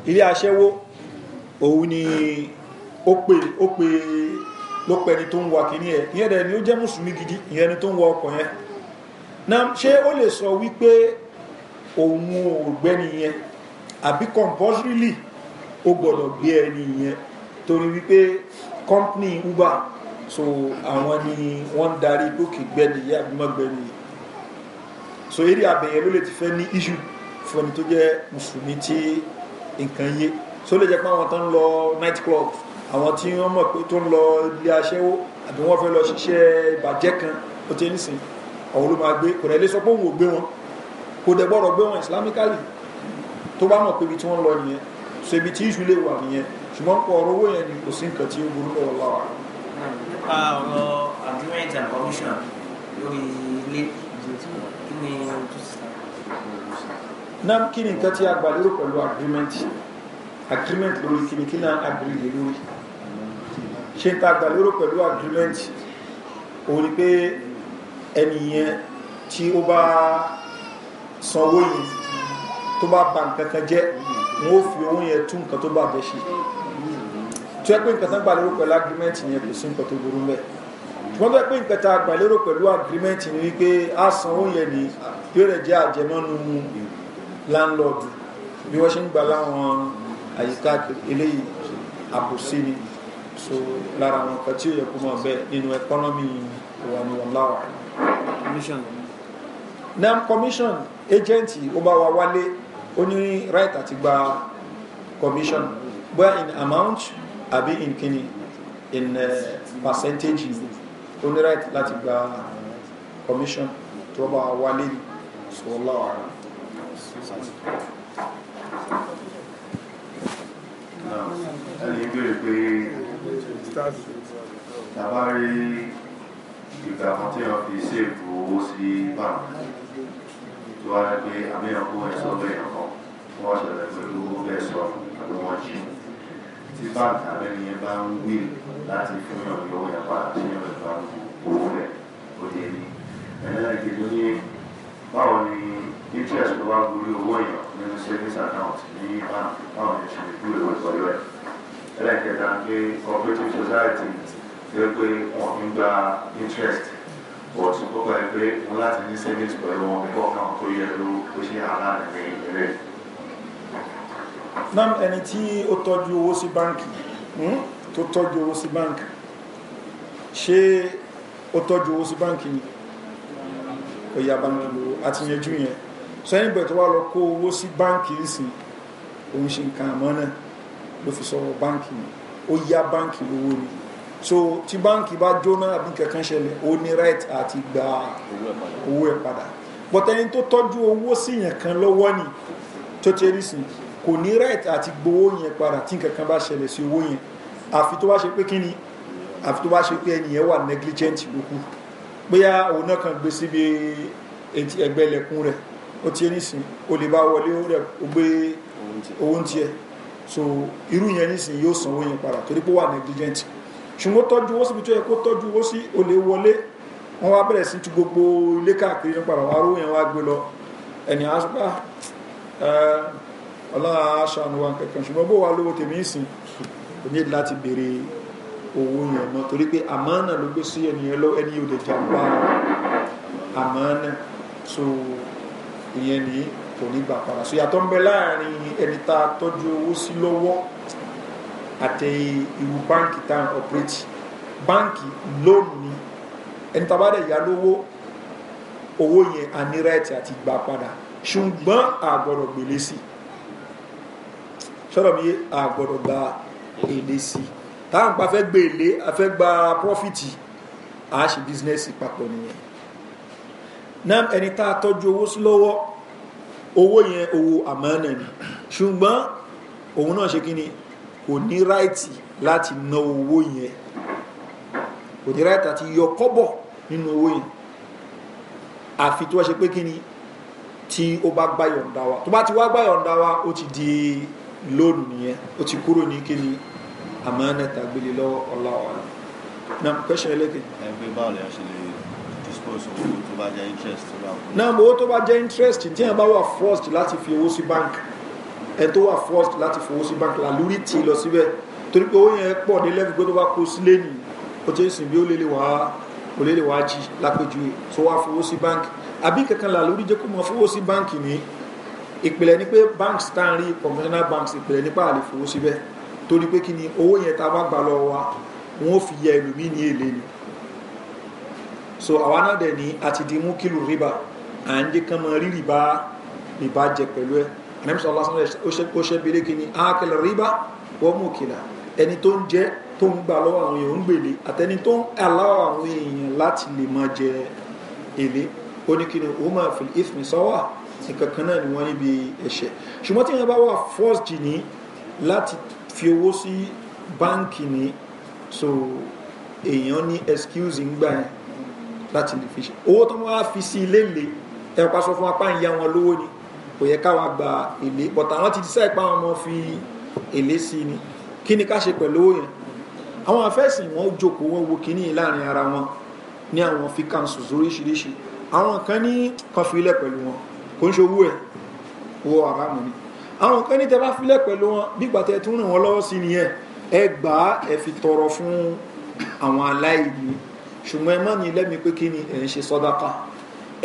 S1: ilé aṣẹ́wó òun ni ó pè ó pè ló pẹ ẹni tó ń wa kìíní ẹ ìyẹn dẹ̀ ni ó jẹ́ mùsùlùmí gidi ìyẹn ni tó ń wa ọkọ̀ yẹn náà ṣé ó lè sọ wípé òun ò gbẹ́ni yẹn àbí compulsorily ó gbọ́dọ̀ gbé ẹni yẹn torí wípé company uber so àwọn ni wọ́n ń darí gòkè gbẹ́ni yá àbímọ́gbẹ́ni yìí so eré abẹ̀yẹ ló lè ti fẹ́ ní issue fún ẹni tó jẹ́ mùsùlùmí tí nǹkan yé so lè jẹ́ pé àwọn tó ń lọ night club àwọn tí wọ́n mọ̀ pé tó ń lọ ilé aṣẹ́wó àbí wọ́n fẹ́ lọ ṣiṣẹ́ ìbàjẹ́ kan ó ti ń sìn àwọn ló máa gbé kò dẹ̀ lè sọ pé òun ò gbé wọn kò dẹ̀ gbọ́dọ̀ gbé wọn islamically tó bá mọ̀ pé ibi tí wọ́n lọ nìyẹn so ibi tí issue lè wà nìyẹn ṣùgbọ́n pọ̀ ọ̀rọ̀ owó yẹn ni kò sí nǹkan tí ó burú lọ́wọ́
S2: nípa ọ̀rọ̀ agreement and commission lórí ilé
S1: kí ni ojú sísá. náà kí ni nǹkan tí a gbà lérò pẹ̀lú agreement agreement lórí kíni kí náà agree lé lórí ṣe ń ta gbà lérò pẹ̀lú agreement òun ni pé ẹnìyẹn tí ó bá sanwó yìí tó bá ba nǹkan kan jẹ́ wọn ó fi owó yẹn tún nǹkan tó bá bẹ́ ṣe tó yẹ pé nǹkan tán gbà pẹ̀lú agreement yẹn kò sí nǹkan tó burú mbẹ̀ ṣùgbọ́n tó yẹ pé nǹkan tá pẹ̀lú agreement ni wípé a san owó ni yóò rẹ̀ jẹ́ àjẹmọ́nu landlord bí wọ́n ṣe ń gbà láwọn àyíká eléyìí àbòsí ni so lára àwọn kan tí ó yẹ kó máa bẹ nínú ẹkọ́nọ́mì wa ni wọ́n láwà nam commission agent ó bá wa wálé ó ní right àti gba commission bóyá in amount àbí nkíni in eh, percentage ó ní right láti gba commission tó bá wálé sọ́lá ọ̀rọ̀.
S4: ẹni béèrè pé tàbá rí ìgbà kan tí wọ́n fi ṣèèbù owó sí báńkì tó wá rẹ pé àmì ọkọ ẹ̀sọ́ bẹ́ẹ̀ kan wọ́n ṣẹlẹ̀ pẹ̀lú owó bẹ́ẹ̀ sọ àbí wọ́n jí tí báńkì abẹ́rẹ́ yẹn bá ń wíìlì láti fún yàn ní owó yẹn padà sí yàn nípa owó rẹ̀ ó lè ní. ẹlẹ́dẹ̀ẹ́dẹ́ ló ní báwo ni interest ló wá gorí owó yàn nínú savings account ní báńkì báwo ni ṣe lè dúró ìwé pẹ̀lú ẹ̀. ẹlẹ́kẹta ń pé cooperative society ṣe pé wọn ń gba interest bọ̀ tí kò gbà pé wọn láti ní savings pẹ̀lú wọn kí ọkàn tó yẹ ló ṣe àlàyé rẹ̀
S1: nam ẹni tí ó tọ́jú owó sí báńkì hmm, tó tọ́jú owó sí báńkì ṣé ó tọ́jú owó sí báńkì ni ó yá báńkì lówó àti yẹjú yẹn sọ ẹni bẹ̀rẹ̀ tó wá lọ kó owó sí báńkì ìsìn òun ṣe nǹkan àmọ́ náà ló fi sọ̀rọ̀ báńkì ni ó yá báńkì lówó ni so tí báńkì bá jóná àbí kankan ṣẹlẹ̀ ó ní right àti gba owó ẹ̀ padà bọ̀tẹ́ni tó tọ́jú owó sí yẹn kan lọ́wọ́ ni tó ti rí sìn kò ní right àti gbowó yẹn padà tí nǹkankan bá ṣẹlẹ̀ sí owó yẹn àfi tó bá ṣe pé kíni àfi tó bá ṣe pé ẹni yẹn wà negligent lókù bóyá òun náà kàn gbé síbi ẹgbẹ́ ilẹ̀kùn rẹ̀ ó ti nísìn o lè bá wọlé ó rẹ̀ ó gbé owó ń tiẹ̀ so irú yẹn nísìn yóò sanwó yẹn padà torí pé wà negligent ṣùgbọ́n tọ́jú owó síbi tó yẹ kó tọ́jú owó sí o lè wọlé wọ́n wá bẹ̀rẹ̀ sí tu gbogbo ilé káàkiri nípa àwọn arúgbó yẹn wá gbé lọ ẹni àásùpá ẹ̀ẹ́ ah, ọlọ́run aṣàánú wa kankan ṣùgbọ́n bó wa lówó tèmi ń sìn kò ní láti béèrè owó yẹn mọ́ torí pé àmánà ló gbé sí ẹnìyẹn lọ ẹni yóò lè jàmbá àmánà so ìyẹn ni kò ní gbà padà so yàtọ̀ ń bẹ láàrin ẹni tá a tọ́jú owó sí lọ́wọ́ àti irú báǹkì tá à ń ọ̀pẹ́rẹ́tì báǹkì lónìí ẹni tá bá dẹ̀ yá lówó owó yẹn a àti gbà padà ṣùgbọ́n a gbọ́dọ̀ sí i sọ̀rọ̀ mi a gbọ́dọ̀ gba èlé sí i tá à ń pa fẹ́ gbé èlé a fẹ́ gba pọ́fìtì a ṣe bísínẹ́sì papọ̀ nìyẹn náà ẹni tá a tọ́jú owó sí lọ́wọ́ owó yẹn owó àmánà ni ṣùgbọ́n òun náà ṣe kí ni kò ní ráìtì láti ná owó yẹn kò ní ráìtì àti yọ kọ́bọ̀ nínú owó yẹn àfi tó wá ṣe pé kí ni tí ó bá gbá yọ̀ǹda wa tó bá ti wá gbá yọ̀ǹda wa ó ti di lóònù nìyẹn ó ti kúrò ní kíni àmánà tàgbélé lọ́wọ́ ọláwà na pẹ́ṣẹ̀ ẹlẹ́kẹ̀. ẹgbẹ́ báwo lè ṣe lè dispose owó tó bá jẹ́ interest tó bá náà owó tó bá jẹ́ interest tí wọ́n bá wà forced láti fi owó sí bank ẹ tó wà forced láti fowó sí bank làlúrí tì lọ síbẹ̀ torí pé owó yẹn pọ̀ ní lẹ́fù gbé tó bá kó sílé nìyí ó ti sìn bí ó lè lè wá ó lè lè wá jí lápèjúwe tó wà fowó sí bank àbí kankan làlúrí jẹ́ kó mọ fowó sí bank nìyí ìpìlẹ̀ ni pé banks tá ń rí conventional banks ìpìlẹ̀ nípa àlè fowó síbẹ̀ torí pé kí ni owó yẹn tá a bá gbà lọ wa wọn ò fi yẹ ẹlòmíì ní èlé ni so àwa náà dẹ̀ ní àti di mú kìlù rìbá à ń jẹ́ kán mọ rí rìbá rìbá jẹ pẹ̀lú ẹ̀ ànàmì sọ lásán rẹ̀ ó ṣe bèrè kí ni àákẹ́lẹ̀ rìbá wọ́n mú kìlà ẹni tó ń jẹ́ tó ń gbà lọ́wọ́ àwọn èèyàn ń gbèlè àtẹni tó ń aláwọ̀ àwọn èèyàn láti lè máa jẹ èlé ó ní kí ni òun máa fi ìfìmí sọ́wọ́ nǹkan kan náà ni wọ́n níbi ẹ̀ṣẹ̀ ṣùgbọ́n tí wọ́n bá wà first ní láti fi owó sí báǹkì ní so èèyàn ní excuse ńgbà yẹn láti lè fi ṣe owó tó wá fi sí ilé ìlé ẹ pa sọ fún apá ìyá wọn lówó ni kò yẹ káwa gba èlé but àwọn ti dísẹ́ ìpá wọn mọ́ fi èlé sí ni kí ni ká ṣe pẹ̀lú owó yẹn àwọn afẹ́sìn wọn jókòó wọn wo kíní láàrin ara wọn ní àwọn fi kàǹsù oríṣiríṣi àwọn kan ní kan fi ilẹ̀ pẹ̀lú wọn kò ń ṣe owó ẹ̀ owó àrámù ni àwọn kan ní tẹ́bá filẹ̀ pẹ̀lú wọn bígbà tẹ́ tún ràn wọ́n lọ́wọ́ sí nìyẹn ẹ gbà á ẹ fi tọrọ fún àwọn aláìní ṣùgbọ́n ẹ má ní lẹ́mi pé kí ni ẹ̀ ń ṣe sọ́dáka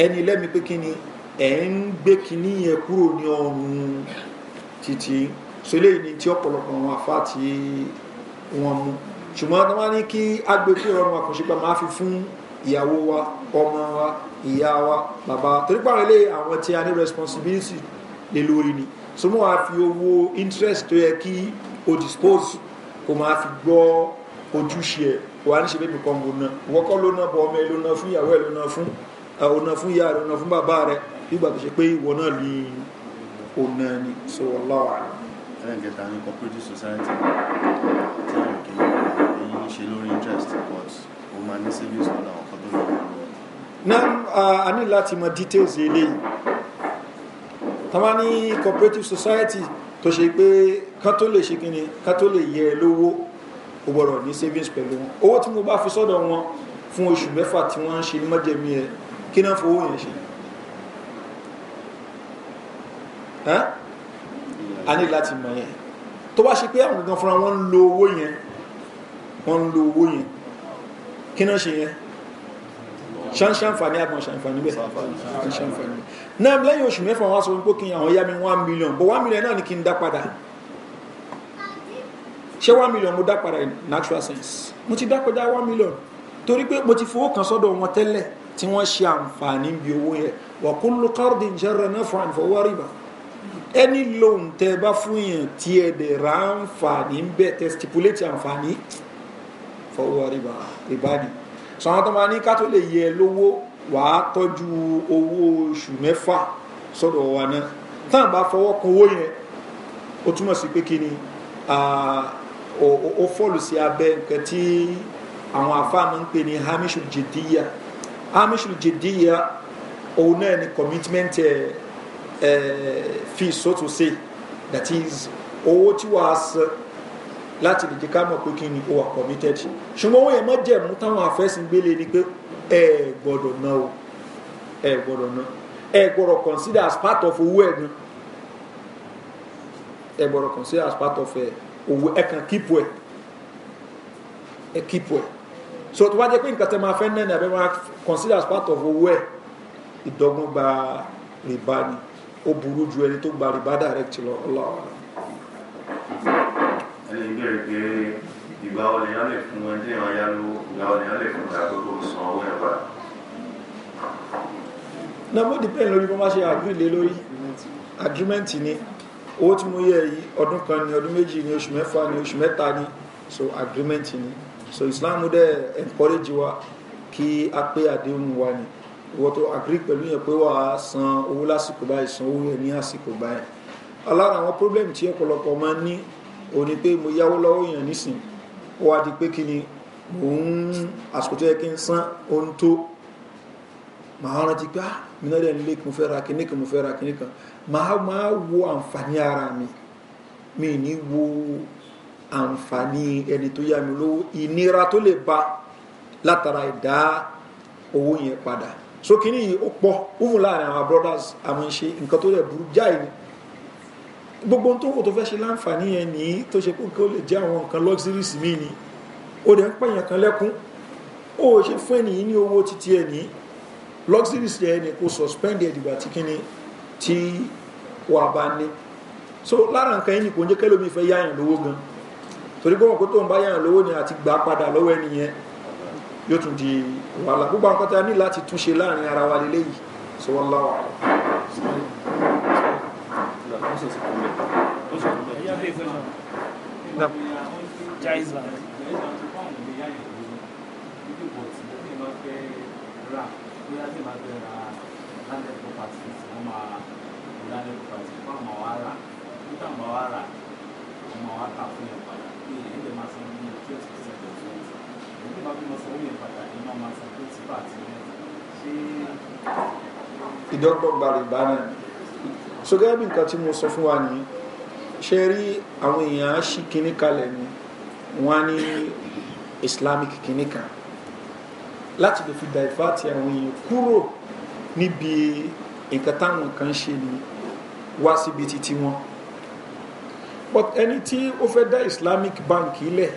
S1: ẹni lẹ́mi pé kí ni ẹ̀ ń gbé kíní yẹn kúrò ní ọrùn títí sọlẹ́ ni tí ọ̀pọ̀lọpọ̀ àwọn afá tí wọ́n mú ṣùgbọ́n wọ́n ní kí agbèkúrò ọmọ àkànṣe pa máa fi fún ìyàwó wa ọmọ wa ìyá wa bàbá torí pàrọ̀ ilé àwọn tí a ní responsibility lè lórí ni so mo wá fi owó interest tó yẹ kí o dispose kò máa fi gbọ́ ojúṣe ẹ̀ wà ní ṣe bébì kan mo ná wọ́kọ́ ló ná bọ́ ọmọ ẹ ló ná fún ìyàwó ẹ ló ná fún ọ̀nà fún ìyá rẹ̀ ọ̀nà fún bàbá rẹ̀ nígbà tó ṣe pé ìwọ náà lè ọ̀nà ni so wallahu alam. ẹ̀rìn kẹta ní cooperative society tí àwọn kì í ṣe lórí interest but ó máa ní savings lọ́dọ̀ àwọn kan tó lọ́wọ́ náà a ní láti mọ details eléyìí tàbá ní cooperative society tó ṣe pé ká tó lè ṣe kí ni ká tó lè yẹ lówó o ní savings pẹ̀lú wọn owó tí mo bá fi sọ́dọ̀ wọn fún oṣù mẹ́fà tí wọ́n ń ṣe mọ́jẹ̀mí ẹ kí náà fowó yẹn ṣe a ní láti mọ̀ yẹn tó bá ṣe pé àwọn gan fúnra wọn ń lo owó yẹn wọ́n ń lo owó yẹn kí náà ṣe yẹn ṣanṣanfani àbọn ṣanṣanfani bẹ́ẹ̀ ṣanṣanfani náà lẹ́yìn oṣù mẹ́fà wọn sọ wípé kí àwọn yá mi one million but one million náà ni kí n dá padà ṣé one million mo dá padà in natural sense mo ti dá padà one million torí pé mo ti fowó kan sọ́dọ̀ wọn tẹ́lẹ̀ tí wọ́n ṣe àǹfààní bí owó yẹn wà kó ló kárdì jẹrẹ náà fún àǹfọwọ́ rìbá ẹni lóhùn tẹ bá fún yẹn tí ẹ dẹ̀ ra àǹfààní bẹ́ẹ̀ tẹ stipulate àǹfààní fọwọ́ rìbá rìbá ni so àwọn tó máa ní ká tó lè yẹ lówó wàá tọ́jú owó oṣù mẹ́fà sọ́dọ̀ wa náà tán bá fọwọ́ kan owó yẹn ó túmọ̀ sí pé kí ni ó fọ́ọ̀lù sí abẹ́ nǹkan tí àwọn afáàmù ń pè ní hamishul jediya hamishul jediya òun náà ni commitment ẹ̀ ẹ̀ fee so to say that is owó tí wàá san láti lè jẹ́ ká mọ̀ pé kí ni ó wà committed ṣùgbọ́n wọ́n yẹ mọ́ jẹ̀mú táwọn afẹ́sìn gbélé ni pé ẹ gbọ́dọ̀ ná o ẹ gbọ́dọ̀ ná ẹ gbọ́dọ̀ consider as part of owó ẹ̀ gan ẹ gbọ́dọ̀ consider as part of owó ẹ kàn keep ẹ ẹ kíp ẹ so tó bá jẹ́ pé nǹkan tẹ́ máa fẹ́ náà ni àbẹ́ máa consider as part of owó ẹ ìdọ́gbọ́n gba rìbá ni ó burú ju ẹni tó gba rìbá direct lọ ọlọ́wọ́
S4: ní ìbéèrè pé ìgbà wo lèèyàn lè fún ẹni tí èèyàn yá lówó ìgbà wo lèèyàn lè fún ìgbà tó tó san owó yẹn padà.
S1: na mo dìpẹ́ lórí bó má ṣe àgbélé lórí agreement ni owó tí mo yẹ yìí ọdún kan ni ọdún méjì ni oṣù mẹ́fà ni oṣù mẹ́ta ni so agreement ni so Islam dẹ̀ encourage wa kí a pé àdéhùn wa ni wọ́n tó agree pẹ̀lú yẹn pé wà á san owó lásìkò báyìí san owó yẹn ní àsìkò báyìí alára àwọn problem tí ọ̀pọ̀lọpọ̀ máa ń ní ò ní pé mo yáwó lọ́wọ́ èèyàn nísìn ó wá di pé kí ni mò ń àsìkò tó yẹ kí n san ohun tó màá rántí pé ah mi náà dẹ̀ ń lé kí mo fẹ́ ra kíní kan mo fẹ́ ra kíní kan màá máa wo àǹfààní ara mi mi ní wo àǹfààní ẹni tó yá mi lówó ìnira tó lè ba látara ìdá owó yẹn padà so kíní yìí ó pọ̀ ó láàrin àwọn brothers àmọ́ ṣe nǹkan tó lè burú jáì ni gbogbo tó wò tó fẹ́ ṣe láǹfààní yẹn ní tó ṣe pé nǹkan ó lè jẹ́ àwọn nǹkan luxuries mi ni ó dẹ̀ ń pẹ̀yàn kan lẹ́kún ó ṣe fún ẹnìyí ní owó títí ẹni luxuries yẹn ni kò suspend ẹ̀dìgbà tí kíni tí wà bá ní so lára nǹkan yẹn ni kò ń jẹ́ kẹ́lómi fẹ́ yáyàn lówó gan torí gbọ́n kó tó ń bá yáyàn lówó ni àti gbà padà lọ́wọ́ ẹni yóò tún di wàhálà gbogbo àwọn kan tá a ní láti túnṣe láàrin ara wa lélẹ́yìí sọ wọ́n láwàá.
S3: No. Jaiz Bank.
S1: ìdọ́gbọ̀gba rìbá náà ṣùgbọ́n ẹbí nǹkan tí mo sọ fún wa nìyí ṣe rí àwọn èèyàn ṣí kinní kalẹ̀ ni wọ́n á ní islamic kinní kan láti lè fi dàìfàtì àwọn èèyàn kúrò níbi nǹkan táwọn kan ṣe ni wá síbi títí wọn but ẹni tí ó fẹ́ dá islamic bank ilẹ̀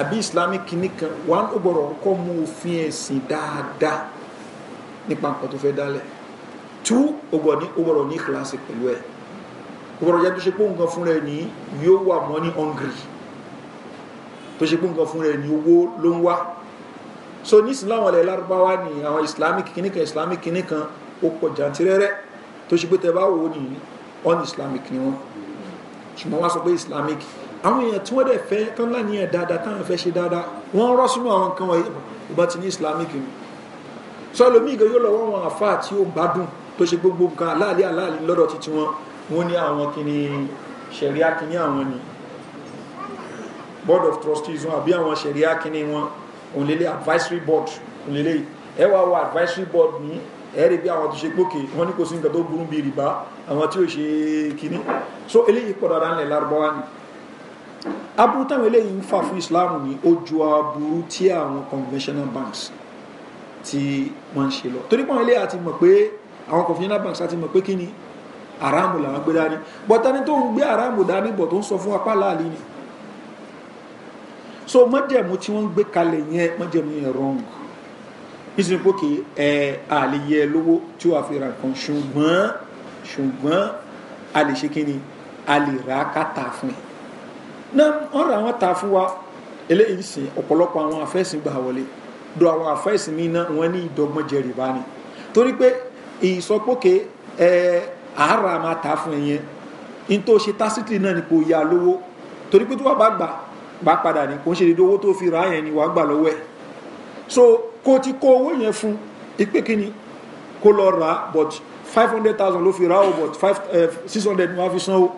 S1: àbí islamic kinní kan wọn ó gbọ́dọ̀ kọ́ mú òfin ẹ̀sìn dáadáa nípa nǹkan tó fẹ́ dálẹ̀ two ó gbọ́dọ̀ ní kíláàsì pẹ̀lú ẹ̀ gbọ́dọ̀ jẹ́ tó ṣe pé nǹkan fún rẹ̀ ní yóò wà money hungry tó ṣe pé nǹkan fún rẹ̀ ní owó ló ń wá so ní ìsìn láwọn lárúbáwá ní àwọn islamic kìíní islamic kìíní kan ó pọ̀ jàǹtìrẹ́rẹ́ tó ṣe pé tẹ bá wò ó ní un islamic ni wọn ṣùgbọ́n wọ́n sọ pé islamic àwọn èèyàn tí wọ́n dẹ̀ fẹ́ tán láníyàn dáadáa táwọn fẹ́ ṣe dáadáa wọ́n rọ́ sínú àwọn nǹkan wọ̀nyí ìbọn ti ní islamic ni sọ lómi ìgbẹ́ yóò lọ wọ́n àwọn àfáà tí ó gbádùn tó ṣe gbogbo nǹkan aláàlẹ́ aláàlẹ́ lọ́dọ̀ titi wọn wọ́n ní àwọn kìíní ṣẹ̀ríà kìíní àwọn ni board of trustees wọn àbí àwọn ṣẹ̀ríà kìíní wọn òun lélẹ̀ advisory board òun lélẹ̀ ẹ wọ advisory board ní ẹ̀rí bí àwọn tó ṣe gbókè wọ́n ní kò sí nǹkan tó burú bí rìbá àwọn tí ó ṣe kìíní so eléyìí pọ̀ dáadáa ńlẹ̀ lárúbáwá ni aburú táwọn eléyìí ń fà fún Islam ní ojú aburú tí àwọn conventional banks ti wọ́n ń ṣe lọ torí pọ̀ eléyìí àti mọ̀ pé àwọn conventional banks àti mọ̀ pé kí aramu làwọn gbé dání bọ́tá ní tó ń gbé àràmù dání bọ̀ tó ń sọ fún apá láàlì ni so mọ́jẹ̀mú tí wọ́n gbé kalẹ̀ yẹn mọ́jẹ̀mú yẹn wrong nítorí pé kì í ẹ àlè yẹ lówó tí wàá fi ra nǹkan ṣùgbọ́n ṣùgbọ́n a lè ṣe kí ni a lè ra ká ta fún ẹ náà wọ́n ra wọn ta fún wa eléyìí sìn ọ̀pọ̀lọpọ̀ àwọn afẹ́sìn gbà wọlé do àwọn afẹ́sìn mi náà wọ́n ní ìdọ́gbọ́n jẹ rìbá ni torí pé ìsọpọ̀kẹ́ ẹ̀ẹ́ àárọ̀ a máa tà á fún ẹyẹn in tó ṣe tásítì náà ni kò ya lówó torí pé tó wà bá gbà bá padà ní kò ń ṣe dédé owó tó fi ra yẹn ni wàá gbà lọ́wọ́ ẹ̀ so kó ti kó owó yẹn fún ipe kíni kó lọ rà á but five hundred thousand ló fi rà ó but five eh, six hundred ni wàá fi san ó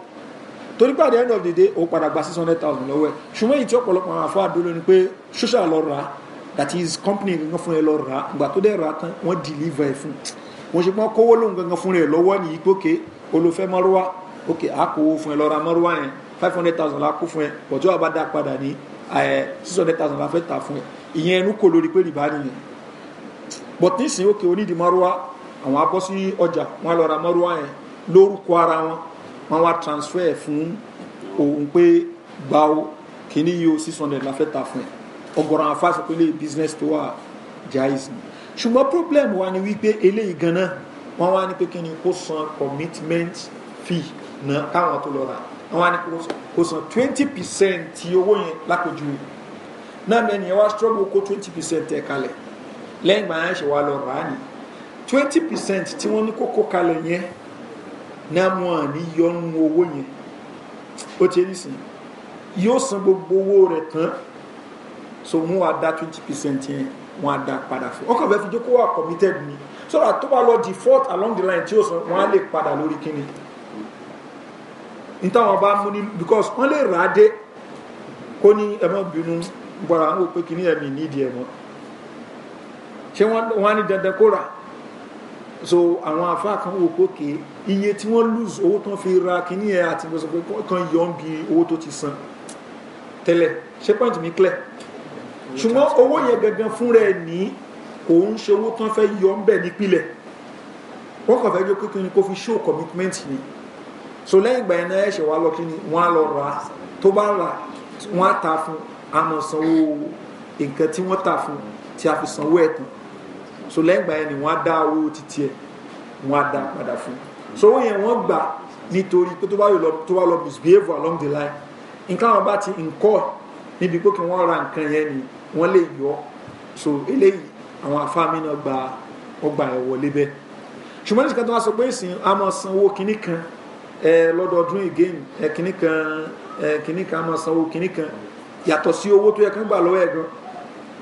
S1: torí pé at the end of the day ó padà gba six hundred thousand lọ́wọ́ ẹ̀ ṣùgbọ́n èyí tí ọ̀pọ̀lọpọ̀ àwọn afọ àdó lónìí pé social lọ rà á that is company gangan fún ẹ lọ rà á gbà tó dẹ̀ rà á tán wọ́n deliver ẹ̀ fún wọ́n ṣe pọ́n kówó lóhun gangan fún rẹ̀ lọ́wọ́ ní ìgbókè olùfẹ́ mọ́rúwá òkè àkówó fún ẹ lọ́ra mọ́rúwá yẹn five hundred thousand la kó fún ẹ pọ̀jọ́ àbá dá padà ní six hundred thousand la fẹ́ ta fún ẹ ìyẹn ẹnu kò lórí pé rìbá nìyẹn but nísìnyí òkè onídìí mọ́rúwá àwọn abọ́ sí ọjà wọn lọ́ra mọ́rúwá yẹn lórúkọ ara wọn wọn wá transfer fún òun pé gbàù kìíní yìí ó six hundred la fẹ́ ta fún ẹ ọgọ́rọ̀ àwọn afáṣọ pé lè business tó wà jáìsì ni ṣùgbọ́n problem wa ni wípé eléyìí ganan wọ́n wá ní pé kí ni kó san commitment fee na káwọn tó lọ rà wọ́n wá ní kó san twenty percent ti owó yẹn lápèjúwe náà mẹ́ni ẹ wá struggle kó twenty percent ẹ̀ kalẹ̀ lẹ́yìn gbà yẹn ṣe wá lọ rà á ní twenty percent tí wọ́n ní kó kó kalẹ̀ yẹn náà wọn à ní yọ owó yẹn ó ti ní sìn yóò san gbogbo owó rẹ̀ tán so wọn wá dá twenty percent yẹn wọn á dá padà fún ọkàn fẹ́ fi jókòó wà committed ni so that tó bá lọ default along the line tí ó sọ wọn á lè padà lórí kíni n táwọn bá mú ni because wọn lè rà á dé kó ní ẹmọ bínú gbọ́ra wọn ò pé kíní ẹ̀mí nídìí ẹ̀mọ ṣé wọn á ní dandan kó rà á so àwọn afá kan wò kókè iye tí wọ́n lose owó tán fi ra kíní ẹ̀ àti ìgbésọ̀ pé kan yọ̀ ń bi owó tó ti san tẹ́lẹ̀ ṣé point mi clear ṣùgbọ́n owó yẹn gangan fún rẹ̀ ní kò ń ṣe owó tán fẹ́ yọ ń bẹ̀ nípìnlẹ̀ wọ́n kàn fẹ́ jó kíkún ni kò fi show commitment ni so lẹ́yìn ìgbà yẹn náà ẹ̀ ṣe wá lọ kí ni wọ́n á lọ rà á tó bá rà wọ́n á ta fún àmọ́ sanwó nǹkan tí wọ́n ta fún tí a fi sanwó ẹ̀ tán so lẹ́yìn ìgbà yẹn ni wọ́n á dá owó títí ẹ̀ wọ́n á dá padà fún so owó yẹn wọ́n gbà nítorí pé tó bá yọ lọ tó bá lọ misbehave along the line nǹkan àwọn bá ti nǹkọ́ níbi pé kí wọ́n ra nǹkan yẹn ni wọ́n lè yọ so eléyìí àwọn afáàmì náà gba ọgbà ẹ̀ wọlé bẹ́ẹ̀ ṣùgbọ́n nígbà tó wá sọ pé ìsìn a máa sanwó kinní kan ẹ lọ́dọọdún again ẹ kinní kan ẹ kinní kan a máa sanwó kinní kan yàtọ̀ sí owó tó yẹ kán gbà lọ́wọ́ ẹ̀ gan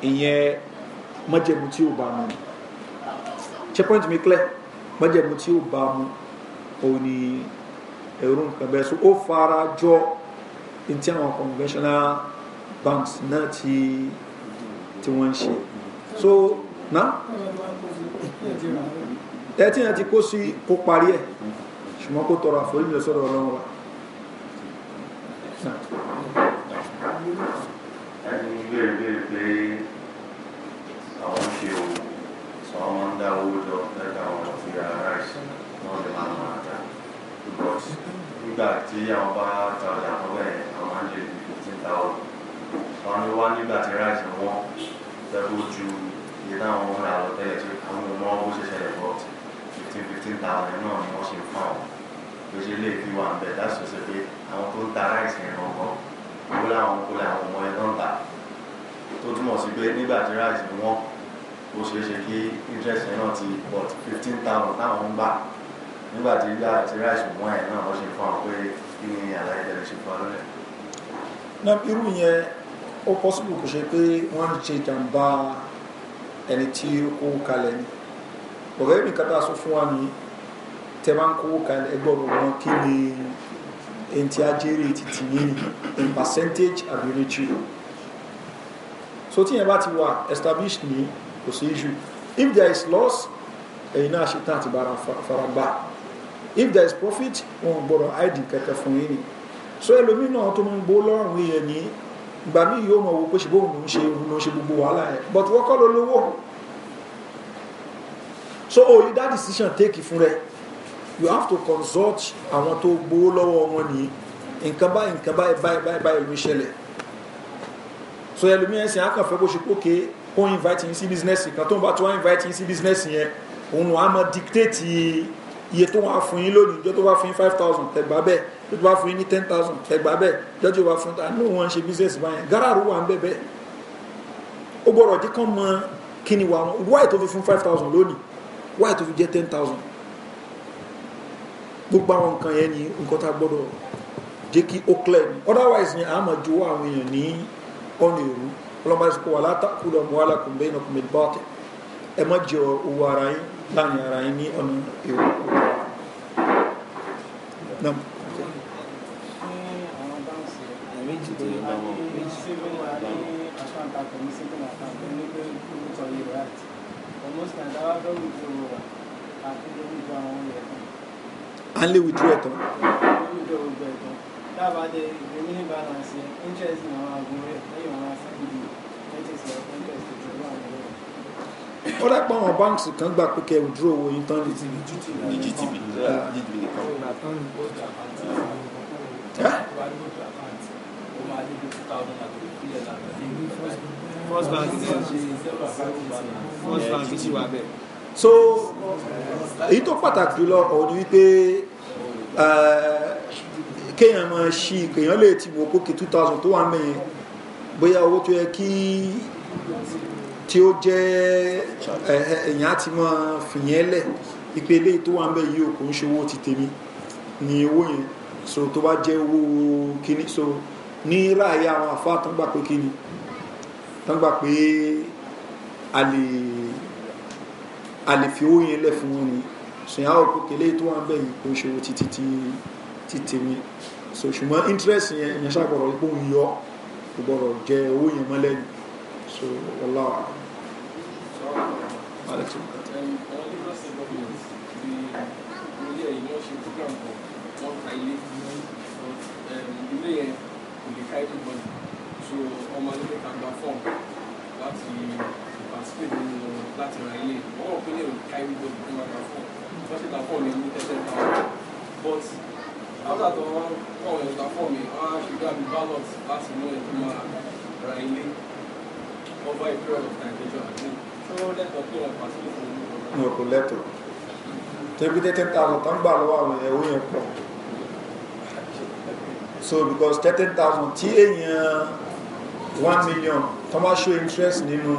S1: ìyẹn mọ́jẹ̀mú tí ò bá mu checkpoint mi clear mọ́jẹ̀mú tí ò bá mu òun ni ẹ̀rù nǹkan bẹ́ẹ̀ so ó fara jọ ntí àwọn conventional banks náà ti tí wọ́n ń ṣe so na ẹtí yẹn ti kó sí kó parí ẹ̀ ṣùgbọ́n kó tọrọ àforíjì sọ́dọ̀ ọlọ́run wa.
S4: ẹni bẹ́ẹ̀ bẹ́ẹ̀ pé àwọn ṣe òun sọ wọn ń dá owó lọ lẹ́ka wọn lọ fi ra ráìsì wọn lè máa máa ta but nígbà tí àwọn bá tajà lọ́wọ́ ẹ̀ àwọn máa ń ni wá nígbà tí ráìsì wọn tẹ́kọ̀ ju iye táwọn ń ra lọ tẹ́lẹ̀ tí àwọn ọmọ owó ṣe ṣẹlẹ̀ bọ́ fifteen fifteen thousand náà ni wọ́n ṣe ń fún àwọn gbèsè lè fi wà nbẹ láti ṣe pé àwọn tó ń ta ráìsì yẹn gbọ̀ngàn owó làwọn kó làwọn ọmọ yẹn tó ń ta tó túmọ̀ sí pé nígbà tí ráìsì wọn ó ṣeé ṣe kí interest yẹn náà ti but fifteen thousand táwọn ń gbà nígbà tí gbà tí ráìsì wọn yẹn náà wọ́n ṣe fún àwọn pé kí ni àlàyé tẹ̀lé ṣe fún wa lọ́lẹ̀.
S1: náà irú yẹn ó pọ́sibù kò ṣe pé wọ́n ń ṣe jàǹbá ẹni tí ó kó kalẹ̀ ni ọ̀rẹ́ mi kata sọ fún wa ni tẹ́ bá ń kó kalẹ̀ ẹgbọ́rọ̀ wọn kí ni ẹni tí a jèrè títí in percentage àbí ratio so tí yẹn bá ti wà established ni kò sí issue if there is loss ẹ̀yin náà ṣe tán àti bára faragbá if there is profit wọn gbọ́dọ̀ id kẹ̀kẹ́ fún yín ni so ẹlòmíràn tó ń gbó lọ́rùn yẹn ní ìgbà míì yóò mọ̀ wo pé ṣùgbọ́n òun ṣe òun ṣe gbogbo wàhálà yẹn but wọ́n kọ́ ló lówó so o that decision take fún rẹ you have to consult àwọn tó gbowó lọ́wọ́ wọn nìyí nǹkan báyìí nǹkan báyìí báyìí báyìí ló ń ṣẹlẹ̀ so ẹlòmíràn sìn akànfẹ́ bó ṣe pókè kó invite yín sí business kan tó ń bá tó wá invite yín sí business yẹn òun ló á mọ dictate yìí iye tó wà fún yín lónìí jọ́ tó bá fún yín five thousand tẹ̀gbá bẹ́ẹ̀ jọ́ tó bá fún yín ní ten thousand tẹ̀gbá bẹ́ẹ̀ jọ́ tó bá fún ta ní òun ṣe business báyẹn gáràrú wà ń bẹ́ẹ̀ bẹ́ẹ̀ ó gbọ́dọ̀ jẹ́ kán mọ kí ni wà wọn wáyé tó fi fún five thousand lónìí wáyé tó fi jẹ́ ten thousand gbogbo àwọn nǹkan yẹn ni nǹkan tá a gbọ́dọ̀ jẹ́ kí ó clear ni otherwise ni àmọ́ ju àwọn èèyàn ní ọ̀nà èrú ọlọ́mọdé sọ pé wà látàkùn lọ́mọ́ alákùnbẹ́yìn ọkùnrin bọ́ọ̀tẹ̀ ẹ má jẹ owó ara yín láàrin ara yín ní ọ̀nà èrò náà. à ń lè withdraw ẹ̀ tán.
S3: dábàá de remaining balance interest ní àwọn àgùn rẹ̀ lẹ́yìn àwọn sábìlì thirty seven interest
S1: ó dàpọ̀ àwọn báńkì kan gbà pé kẹ́ withdraw owó yín tán ní GTB ah.
S3: so èyí
S1: tó pàtàkì jùlọ ọ̀hún ni wípé eh, kéèyàn máa ṣí kéèyàn lè ti wò kókè two thousand tó wà mẹ́yìn bóyá owó tó yẹ kí tí ó jẹ́ èèyàn á ti máa fìyẹn lẹ̀ ipe eléyìí tó wà ń bẹ̀ yìí kò ń ṣe owó ti tèmi ni owó yẹn so tó bá jẹ́ owó kíní so ní ráàyè àwọn àfáà tán gbà pé kíní tán gbà pé a lè fi owó yẹn lẹ̀ fún wọn ni sèyàn àwọn òkúkè eléyìí tó wà ń bẹ̀ yìí kò ń ṣe owó ti tèmi so ṣùgbọ́n interest yẹn ìyẹn ṣàgbọ̀rọ̀ pé òun yọ kò gbọ́dọ̀ jẹ owó yẹn mọ́lẹ́nu so the alaikum.
S3: ilé yẹn kò lè ká everybody so ọmọ nílé kan gba form láti participate nínú láti ra ilé wọn rò pé lè ká everybody kí wọn gba form wọn ṣe gba form yẹn ní tẹ́tẹ́ náà but after tó wọn wọn gba form yẹn wọn á ṣe gbé àbí ballot láti mú ẹ̀kú máa ra over a period of time ẹjọ́ àti ṣọ́wọ́ lẹ́tọ̀ọ́ pé wọ́n pàṣẹ fún un.
S1: ní so because thirty thousand tí èèyàn one million tó máa show interest nínú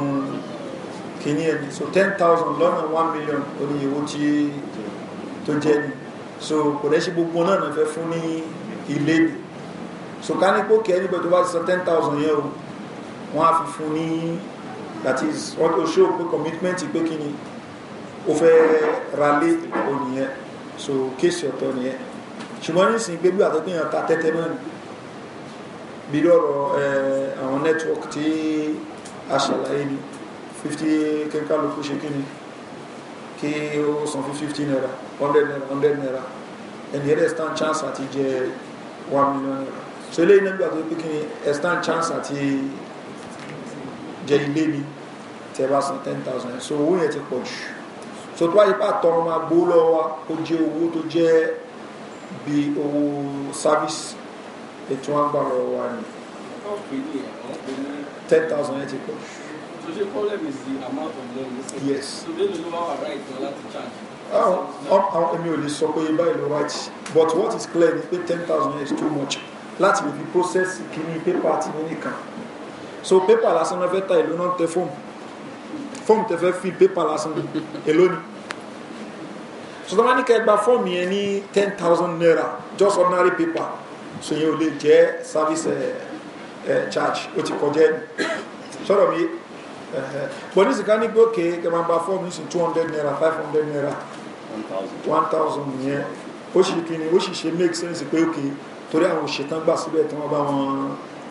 S1: kìíní ẹni so ten thousand lọ́nà one million oníyẹ̀wò tí to jẹ́ ni so kò dẹ́ ṣe gbogbo náà ní fẹ́ fún ní ilé ni so ká ní pòkè ẹni bẹ́ẹ̀ tó bá ten thousand yẹn o wọ́n á fi fún ní that is wọ́n tó ṣó pé commitment pé kí ni ó fẹ́ ralé oníyẹn so kéèsì ọ̀tọ̀ nìyẹn ṣùgbọ́n nísìnyí pé bí àtọ́kùnyàn ta tẹ́tẹ́ náà ni bí lọ́rọ̀ eh, àwọn network tí a ṣàlàyé ni fifty kẹ́kálukú ṣe kí ni kí ó san fún fifty naira hundred naira hundred naira ẹni ẹ̀rẹ́ stand chance àti jẹ one million naira so eléyìí náà bí àtọ́kùnyàn stand chance àti jẹ ilé mi tẹ́ bá san ten thousand so owó yẹn ti pọ̀ jù so tó bá yẹ pé àtọrọ máa gbó lọ́wọ́ ó jẹ́ owó tó jẹ́ bí owó service ètò wọn gbà lọ́wọ́ wa ni ten thousand yẹn ti pọ̀ jù.
S3: so the problem is the amount of loan. yes so they don't know how to write down láti charge
S1: àwọn ah, ah, ah, èmi ò lè sọ pé báyìí lọ right but what is clear ni pé ten thousand is too much láti lè fi process kìíní pépà àti mímì kan so pépà lásán náà fẹ́ ta èlò náà tẹ fóòmù fóòmù tẹ fẹ́ fi pépà lásán èlò ni sọtọ́lá ní kẹgbà fọ́ọ̀mù yẹn ní ten thousand naira just ordinary paper so yẹn ò lè jẹ́ service eh, eh, charge ó ti kọjá ẹni sọ̀rọ̀ mi pọ̀lì eh, sìkà ní gbókè kẹmà bá fọ́ọ̀mù sí two hundred naira five hundred naira one thousand yẹn ó sì kí ni ó sì ṣe make sense pé òkè torí àwọn òṣètàn gbà síbẹ̀ tí wọ́n bá wọn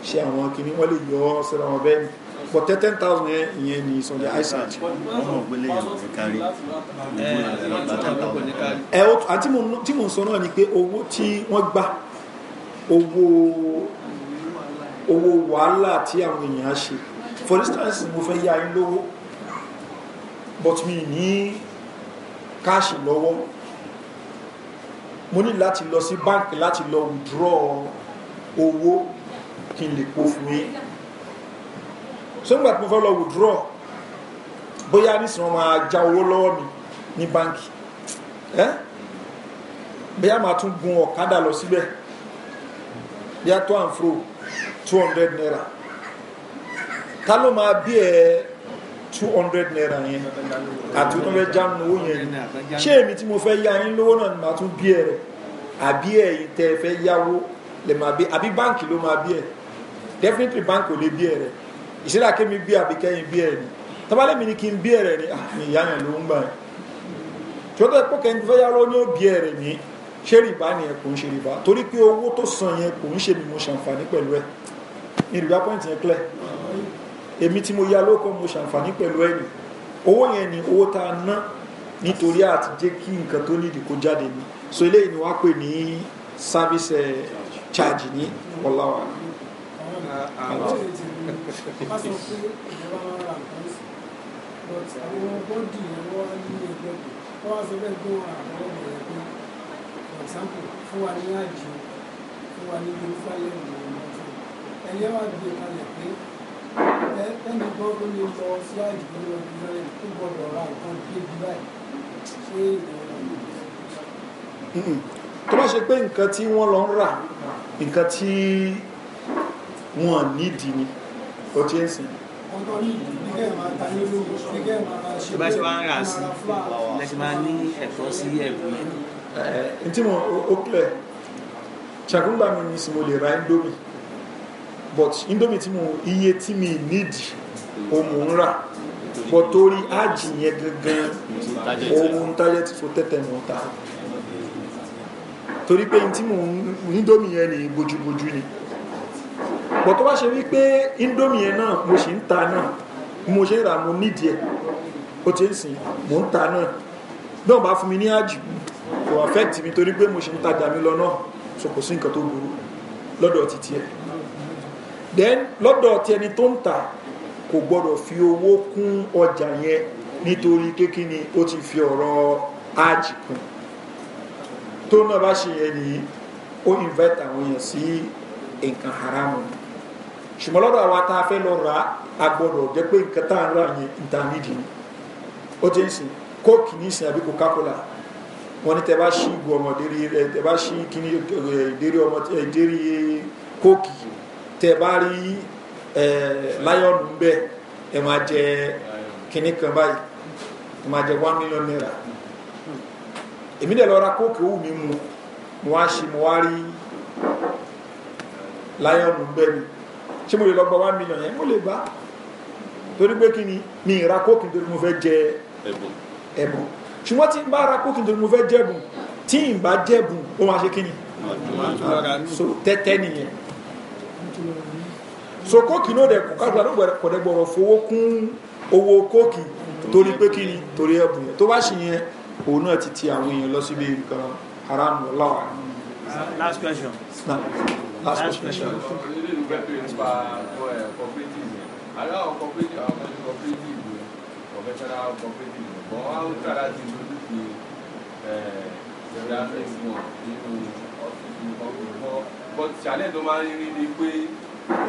S1: ṣe àwọn kìíní wọ́n lè yọ ọ́ síra wọn bẹ́ẹ̀ ni but ten ten thousand yẹn ìyẹn ni sunday isaac. ọmọ ògbélé yẹn ò ní kárí ẹ ọ àti tí mò ń sọ náà ni pé owó tí wọ́n gbà owó owó wàhálà tí àwọn èèyàn á ṣe for instance mo fẹ́ yá yín lówó but mi ní káàṣì lọ́wọ́ mo ní láti lọ sí báńkì láti lọ withdraw owó kí n lè kó fún yín sọ́ngbà tí mo fẹ́ lọ withdraw bóyá nísìnyí wọ́n máa já owó lọ́wọ́ mi ní báńkì ẹ́ bóyá máa tún gun ọ̀kadà lọ síbẹ̀ bóyá tó à two hundred naira ta ló máa bí ẹ two hundred naira yẹn àti wọ́n fẹ́ já mi owó yẹn ṣé èmi tí mo fẹ́ yá yín lówó náà ni màá tún bí ẹ rẹ̀ àbí ẹ̀yin tẹ́ ẹ fẹ́ yáwó lè máa bí àbí báńkì ló máa bí ẹ̀ definitely bank ò lè bí ẹ rẹ ìṣẹ́lá kémi bí àbí kẹ́yìn bí ẹ ni tabalẹ̀ mi ni kí n bí ẹ rẹ ni àmì ah, ìyá yẹn ló ń gbà yẹn tí ó tẹ́ fẹ́ yá lọ́wọ́ ní ó ni ṣé ni ẹ kò ń ṣe rìbá torí pé owó tó san yẹn kò ń ṣe mi mo ṣàǹfààní pẹ̀lú ẹ ní rìbá point yẹn clear èmi tí mo yá lóko mo ṣàǹfààní pẹ̀lú ẹ ni owó yẹn ni owó tá a ná nítorí àti jẹ́ kí nǹkan tó nídìí kó jáde ni so eléyìí ni wọ́n pè ní service eh, charge ní ọláwàá a tó bá ṣe pé nǹkan tí wọ́n lọ ń rà nǹkan tí wọn nídìí ni ó ti ń sìn. ọ̀dọ́ ní ìdílé máa ta nínú ìdílé máa
S2: ṣe bá ṣe wá ń rà sí ẹ ṣe máa ní ẹ̀tọ́ sí
S1: ẹ̀bù yẹn. ẹ tí mo ó kílẹ̀ ṣàkúngbà mi ni mo lè ra indomie but indomie tí mo iye tí mi nídìí o mò ń rà but torí ájì yẹn gangan ohun tájẹ́ ti so tẹ́tẹ́ mọ́ ta torí pé tí mo ń indomie yẹn ni bójúbójú ni bọ̀ tó bá ṣe wípé indomie yẹn náà mo ṣì ń ta náà mo ṣe ń rà mo nídìí ẹ̀ ó ti ń sìn mo ń ta náà náà bá fún mi ní àjù kò affect mi torí pé mo ṣe ń tajà mi lọ náà so kò sí nǹkan tó burú lọ́dọ̀ títí ẹ̀ then lọ́dọ̀ ti ẹni tó ń ta kò gbọ́dọ̀ fi owó kún ọjà yẹn nítorí kékeré ó ti fi ọ̀rọ̀ àjì kún tó náà bá ṣe yẹn nìyí ó invite àwọn èèyàn sí nǹkan haramu ni ṣùgbọ́n lọ́dọ̀ àwa tá a fẹ́ lọ ra agbọ́dọ̀ jẹ́ pé nǹkan tá à ń rà yẹn ìtànídì ni ó ti ń sìn kóòkì ní ìsìn àbí coca-cola wọ́n ní tẹ́ bá ṣí ìgò ọmọ ìdérí ẹ̀ tẹ́ bá ṣí kíní ìdérí bá rí láyọ̀nù ń bẹ̀ ẹ̀ máa jẹ kíní kan báyìí ẹ̀ máa jẹ one million naira èmi dẹ̀ lọ ra kóòkì ó wù mí mu mo wá ṣe mo wá rí láyọ̀nù ń mi ṣé mo lè lọ gba one million yẹn mo lè gbà torí pé kí ni mi ìra kókì nítorí mo fẹ́ jẹ ẹ̀bùn ṣùgbọ́n tí n bá ra kókì nítorí mo fẹ́ jẹ̀bùn tí n bá jẹ̀bùn ó máa ṣe kí ni so tẹ́tẹ́ nìyẹn so kókì náà dẹ̀ kó kájú àdúgbò rẹ̀ kọ̀dẹ̀ gbọ̀rọ̀ fowó kún owó kókì torí pé kí ni torí ẹ̀bùn yẹn tó bá ṣì yẹn òun náà ti ti àwọn èèyàn lọ síbi nǹkan haram lọ́wọ́. last question. Now last question.
S3: nípa cooperative ara àwọn cooperative àwọn ọmọdé cooperative professional cooperative bọ̀ wá ó tààrà ti lójú ti ìrìn àfẹ́sí wọn nínú ọ́fíìsì ọ̀gbọ̀n but challenge tó máa ń rí ni pé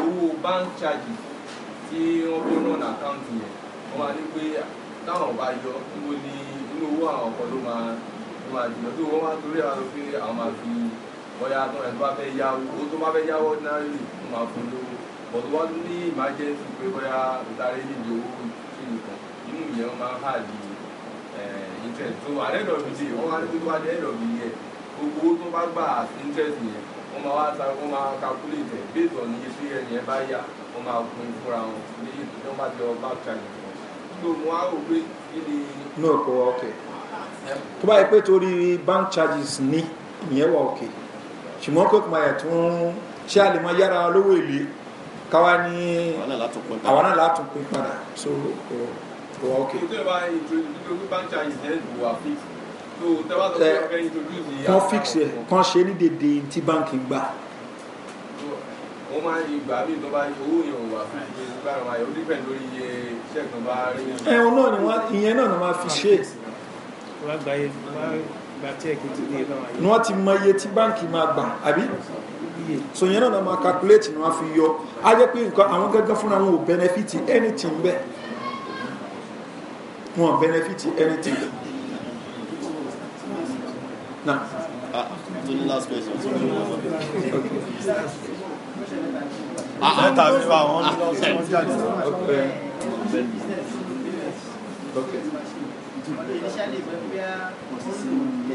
S3: owó bank charges tí wọ́n tó rán àkáǹtì yẹn wọ́n máa ní pé táwọn bá yọ owó ní inú owó àwọn ọkọ̀ ló máa jùlọ tó wọ́n máa torí àwọn pé àwọn máa fi bóyá tó ẹ̀ tó bá fẹ́ yáwó owó tó bá fẹ́ yáwó ordinary ló máa fún lówó bọ̀dọ̀ wá tún ní emergency pé bóyá ìtàrí níbi owó sí nìkan inú ìyẹn máa ń hard eh, interest tó àrẹ́dọ̀ mi dé wọ́n wá ní tó bá dé ẹ̀dọ̀ mi yẹ gbogbo owó tó bá gbà interest yẹn wọ́n máa wá sáré wọ́n máa calculate ẹ̀ based on iye sí ẹni ẹ bá yà wọ́n máa pín fúnra wọn ní ètò tí wọ́n bá jọ back charge tó
S1: mo pé torí bank charges ní ìyẹn wà òkè ṣùgbọ́n pé kùmà ẹ̀ tún ṣé a lè mọ yára lówó èlé káwa ní àwọn náà látún pín padà so kò wá òkè. ìjọba
S3: ìjọba ìjọba bank charges ẹ̀ lù wá fix so tẹ́wá tó fẹ́ introduce yìí. kan fix ẹ̀
S1: kan ṣe ní dèdè tí báńkì gbà
S3: wọ́n máa ń gbà mí tó bá owó yẹn wà fún ìgbésí bá wọn ayọ̀ nípẹ̀ lórí iye iṣẹ́ kan bá rí. ẹ̀wọ̀n náà ni wọ́n ìyẹn
S1: náà ni wọ́n fi ṣe ni wọ́n ti mọ iye tí báǹkì máa gbà àbí so yẹn náà máa calculate ni wọ́n fi yọ á jẹ́ pé nǹkan àwọn gángan fúnra wọn ò benefit anything bẹ́ẹ̀ wọn ò benefit anything bẹ́ẹ̀. now uh, to the last question. okay.
S2: Mẹ́ta
S3: fi fa àwọn ọmọ jáde. Okay. Okay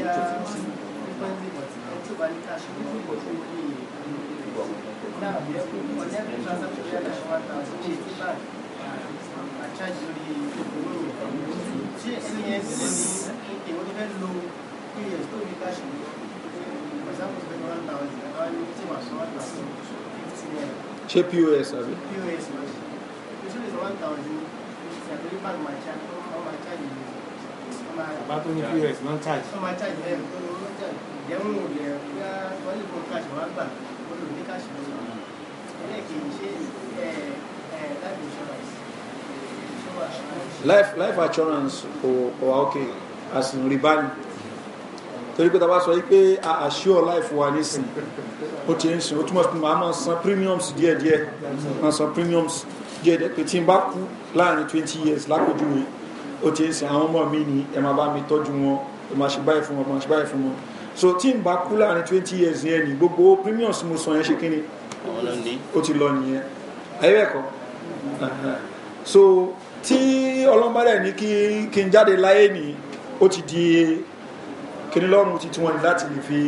S3: ṣé pos àbí. pos lọ sí. ìṣòro ìṣòro
S4: one thousand ṣàtúnyí bag máa ṣá máa ṣá yìí bá tó ní pos náà charge. wọ́n máa charge
S3: ẹ̀ tó ló ń charge ìdẹ́wọ̀n ò yẹ bóyá wọ́n lè fún cash wọ́n á gbà wọ́n lò ní cash lọ́wọ́ ẹlẹ́ẹ̀kejì ṣe life insurance.
S1: life life insurance, kò kò okay, as àsìn rìbá ni torí pé tá a bá sọ yìí pé a assure life wa nísìn ó ti ń sìn ó túmọ̀ sí pé màá máa san premiums díẹ̀díẹ̀ máa san premiums díẹ̀díẹ̀ pé tí n bá kú láàrin twenty years lápèjúwe. Like ó ti ń sin àwọn ọmọ mi ni ẹ máa bá mi tọ́jú wọn ẹ máa ṣe báyìí fún wọn ẹ máa ṣe báyìí fún wọn so tí n bá kú láàrin twenty years yẹn ni gbogbo premiums mo sọ yẹn ṣe kí ni ó ti lọ nìyẹn ayẹ́wẹ̀kọ́ so tí ọlọ́mọba rẹ̀ ní kí n jáde láyé ni ó ti di kíní lọ́rùn ti tiwọn láti lè fi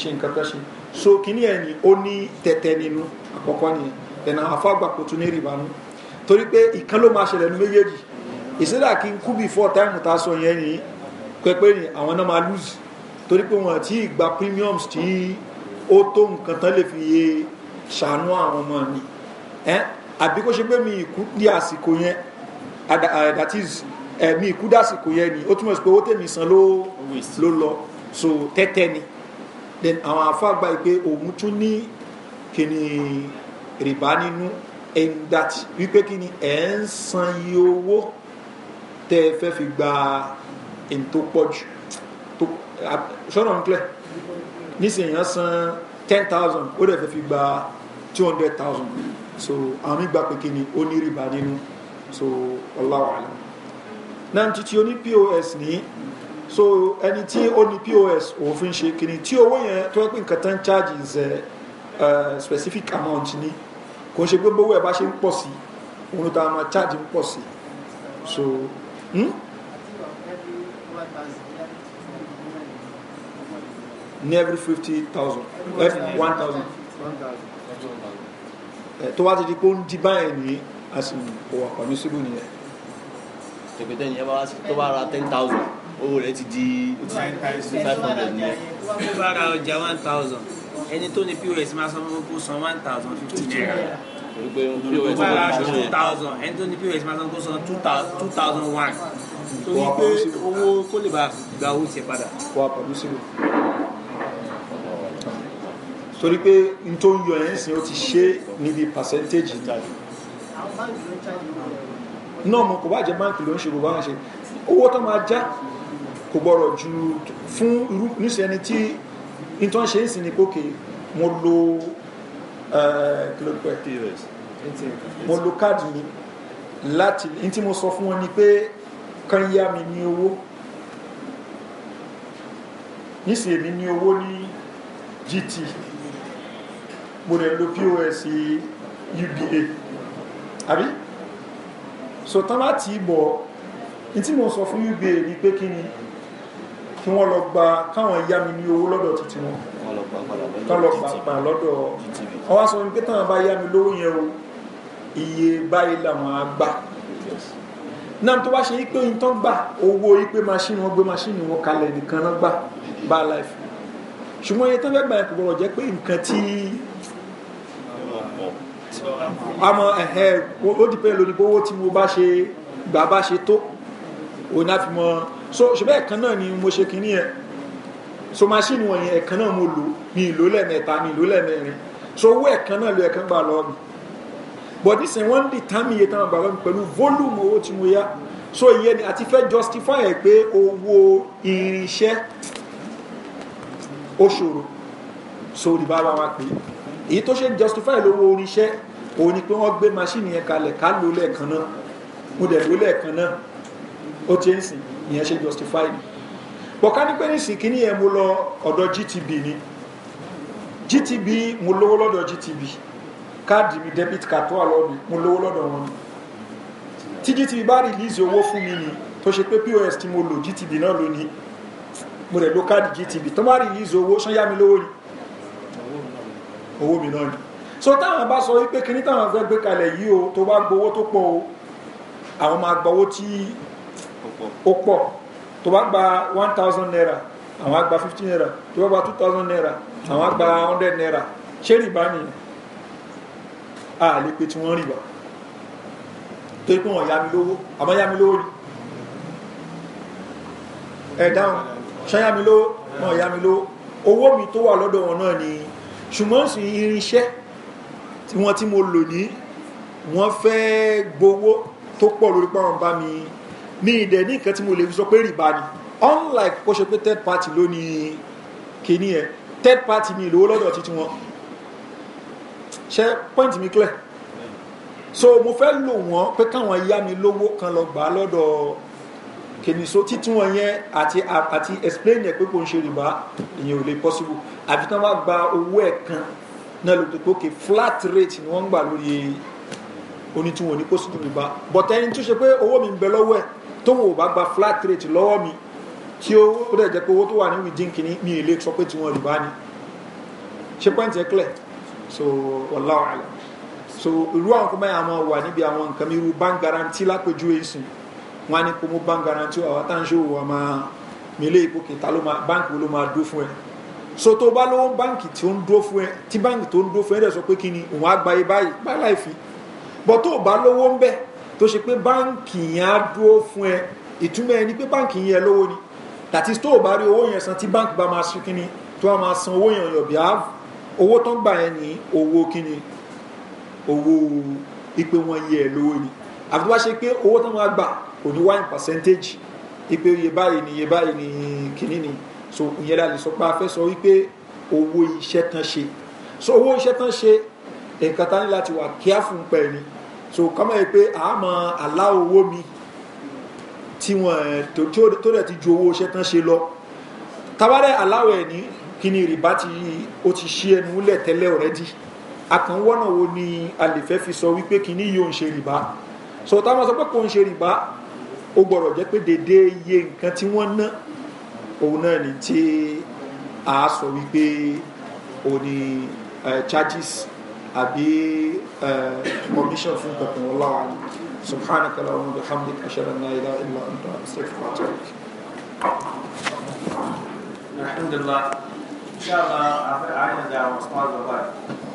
S1: ṣe nǹkan kan ṣe so kíní ẹ̀ ni ó ní tẹ̀tẹ̀ nínú àkọ́kọ́ nìyẹn ẹ̀nà àfọ́ àgbàpọ̀ tún ní rìbá torí pé ìkan ló máa ṣẹlẹ̀ nu méjèèjì ìsídà kí n kú before time ta sọ yẹn ni pẹpẹ ni àwọn náà máa lose torí pé wọn ti gba premiums tí ó tó nǹkan tán lè fi ṣàánú àwọn ọmọ mi àbí kó ṣe pé mi ìkú ní àsìkò yẹn that is mi ìkú dásìkò yẹn ni ó túmọ̀ sí pé owó tèmi san ló lọ so tẹ́tẹ́ ni then àwọn afa gba pé òun tún ní kíni rìbá nínú ẹ̀ńdàtì wípé kíni ẹ̀ ń san iye owó tẹ́ ẹ fẹ́ fi gba èyí tó pọ̀ jù tó sọ̀rọ̀ ń nísìnyí yẹn san ten thousand ó dẹ̀ fẹ́ fi gba two hundred thousand so àwọn mi gba pé kí ni ó ní rìbá nínú so wallahu alam náà títí ó ní pos ní so ẹni tí ó ní pos òun fi ń ṣe kíni tí owó yẹn tó yẹ pé nǹkan tán charge is a uh, eh, eh, specific amount ni kò ń ṣe pé bówó ẹ bá ṣe ń pọ̀ sí òun ló ta máa charge ń pọ̀ sí so Hmm? ní every fifty thousand every one thousand eh, tó bá ti di pé ó ń di báyìí ní àsìmù òwò àpàmì síbò nìyẹn.
S3: tẹ̀gbẹ́tẹ̀ ni ẹ bá tó bá ra ten thousand owó rẹ̀ ti di five
S4: hundred nìyẹn.
S2: tó bá ra ọjà one thousand ẹni tó ní pos máa san owó kó san one thousand fifty torí pé pos máa ń san two thousand ẹni tó ní pos máa san kó san two thousand one torí pé owó kó lè bá gba owó tiẹ̀ padà.
S1: wà á pẹ̀lú sílò torí pé n tó ń yọ ẹ̀ ń sìn ó ti ṣe níbi percentage ìtàgé náà mo kò bá jẹ báńkì ló ń ṣe gbogbo àwọn ṣe owó tó máa já kò gbọ́rọ̀ ju fún irú níṣẹ́ ẹni tí n tó ń ṣe ń sìn ní pókè mo lo Eh, kí ló pẹ́ mo lo káàdì mi láti n tí mo sọ fún wọn ni pé kàn yá mi ní owó nísìnyí èmi ní owó ní GT mo lè lo POS UBA àbí so tán bá ti bọ̀ n tí mo sọ fún UBA ni pé kí ni kí wọ́n lọ gba káwọn yá mi ní owó lọ́dọ̀ títí wọn
S4: tọ́lọ̀ pàpà
S1: lọ́dọ̀ ọwọ́ sọ pé tàn bá yá mi lówó yẹn o iye báyìí làwọn á gbà náà tó wá ṣe yí pé n tán gbà owó yí pé maṣíìnì wọn gbé maṣíìnì wọn kalẹ̀ nìkan náà gbà bá a láìfù ṣùgbọ́n iye tó fẹ́ gbà yẹn kò gbọ́dọ̀ jẹ́ pé nǹkan tí àmọ́ ẹ̀hẹ́ ó di pé lónìí bówó tí mo bá ṣe gbà bá ṣe tó òun náà fi mọ́ ṣùgbọ́n ẹ̀kan náà ni mo ṣe kínní yẹn so machine wọ̀nyí ẹ̀kan náà mo lò mi ìlò lẹ́ẹ̀mẹ́ta mi ìlò lẹ́ẹ̀mẹ́rin so owó ẹ̀kan náà lo ẹ̀kan gbà lọ́wọ́ mi but this one wọ́n ń determine iye táwọn gbàgbọ́ mi pẹ̀lú volume owó tí mo yá so ìyẹn ni àti fẹ́ justify ẹ̀ pé owó irinṣẹ́ ó ṣòro so rìbá wa wá pé èyí tó ṣe justify lówó irinṣẹ́ òun ni pé wọ́n gbé machine yẹn kalẹ̀ ká lò lẹ́ẹ̀kan náà mo dẹ̀ lò lẹ́ẹ̀kan náà ó ti ń sìn ìyẹn ṣe justify mi bọ̀ká ní pé ní sì kíní yẹn mo lọ ọ̀dọ̀ gtb ni gtb mo lówó lọ́dọ̀ gtb káàdì mi debit card tó wà lọ́dọ̀ mo lówó lọ́dọ̀ wọn ni tí gtb bá rìlíìsì owó fún mi ni tó ṣe pé pos tí mo lò gtb náà ló ní mo rẹ̀ ló káàdì gtb tó bá rìlíìsì owó sán yá mi lówó ni owó mi náà ni so táwọn bá sọ wípé kíní táwọn fẹ́ gbé kalẹ̀ yìí o tó bá gbowó tó pọ̀ o àwọn máa gbowó tí ó pọ̀ tó bá gba one thousand naira àwọn á gba fifteen naira tó bá gba two thousand naira àwọn á gba hundred naira ṣé rìbá nìyẹn a lè pe tí wọ́n rìbá tó yẹ pé wọ́n yá mi lówó àmọ́ yá mi lówó ni ẹ̀ dáhùn ṣé yá mi lówó wọ́n yá mi lówó owó mi tó wà lọ́dọ̀ wọn náà ni ṣùgbọ́n sì irinṣẹ́ tí wọ́n tí mo lò ní wọ́n fẹ́ gbowó tó pọ̀ lórí pàwọn bá mi mi ìdẹ̀ ní nǹkan tí mo lè sọ pé rìbá ni unlike kó ṣe pé third party ló ní kíní ẹ third party mi ìlówó lọ́dọ̀ títí wọn ṣe point mi clear so mo fẹ́ lò wọ́n pé káwọn yá mi lówó kan lọ gbà lọ́dọ̀ kìnìso títún wọn yẹn àti àti explain yẹn pé kò ń ṣe rìbá ìyẹn ò lè possible àfi tí wọn bá gba owó ẹ̀ kan náà ló pé òkè flat rate ni wọ́n ń gbà lórí onítúwọ̀n ní kó sì tún rìbá but ẹni tó ṣe pé owó mi ń bẹ lọ́wọ́ ẹ̀ tóun ò bá gba flat rate lọ́wọ́ mi tí ó ó dẹ̀ jẹ́ pé owó tó wà ní wìdí kìíní mi ì lè sọ pé tiwọn rìbá ni ṣe pẹ́ǹtì ẹ̀ clear so wallahu alam so irú àwọn kọ́mọ́ yà máa wà níbi àwọn nǹkan mi irú bank guarantee lápẹjú èsìn wọn á ní kó mú bank guarantee àwọn táǹṣe òwò àmà mi lé ipò kìta ló máa báǹkì wo ló máa dó fún ẹ so tó bá lówó báǹkì tí ó ń dó fún ẹ tí báǹkì tó ń dó fún ẹ dẹ̀ sọ pé kí ni òun á gba ibáyìí báyìí láì fi bọ́ tó bá lówó ń bẹ́ẹ̀ tó ṣe pé báǹkì yẹn á dúró fún ẹ ìtumọ̀ ẹni pé báǹkì yẹn lówó ni tàtí tó o bá rí owó yẹn san tí báǹkì bá máa ṣe kíni tó a máa san owó yẹn on your behalf owó tó ń gbà yẹn ní owó kíni owó ipe wọn yẹ ẹ lówó ni àfi tó bá ṣe pé owó tó máa gbà kò ní wáyé percentage ipe iye báyìí ni iye báyìí ni kíní ni so ìyẹn la lè sọ pé a fẹ́ sọ wípé owó iṣẹ́ tán ṣe so owó iṣẹ́ tán ṣe nǹkan tán ní láti wà kíá fún pẹ̀lú so kọ́mọ̀ yìí pé àmọ́ àlá owó mi tí wọ́n tó dẹ̀ ti ju owó iṣẹ́ tán ṣe lọ tabarẹ́ aláwọ̀ ẹ̀ ní kí ni rìbá ti ó ti ṣí ẹnu lẹ̀ tẹ́lẹ̀ ọ̀rẹ́dì àkànwọ́nà wo ni a lè fẹ́ fi sọ wípé kí ni yóò ń ṣe rìbá so táwọn sọ pé kò ń ṣe rìbá ó gbọ́dọ̀ jẹ́ pé dédé iye nǹkan tí wọ́n ná òun náà ni tí a sọ wípé òun ni eh, charges آه، سبحانك اللهم وبحمدك أشهد أن لا إله إلا أنت أستغفرك
S2: الحمد لله إن شاء الله أفر عين دعوة أصحاب الله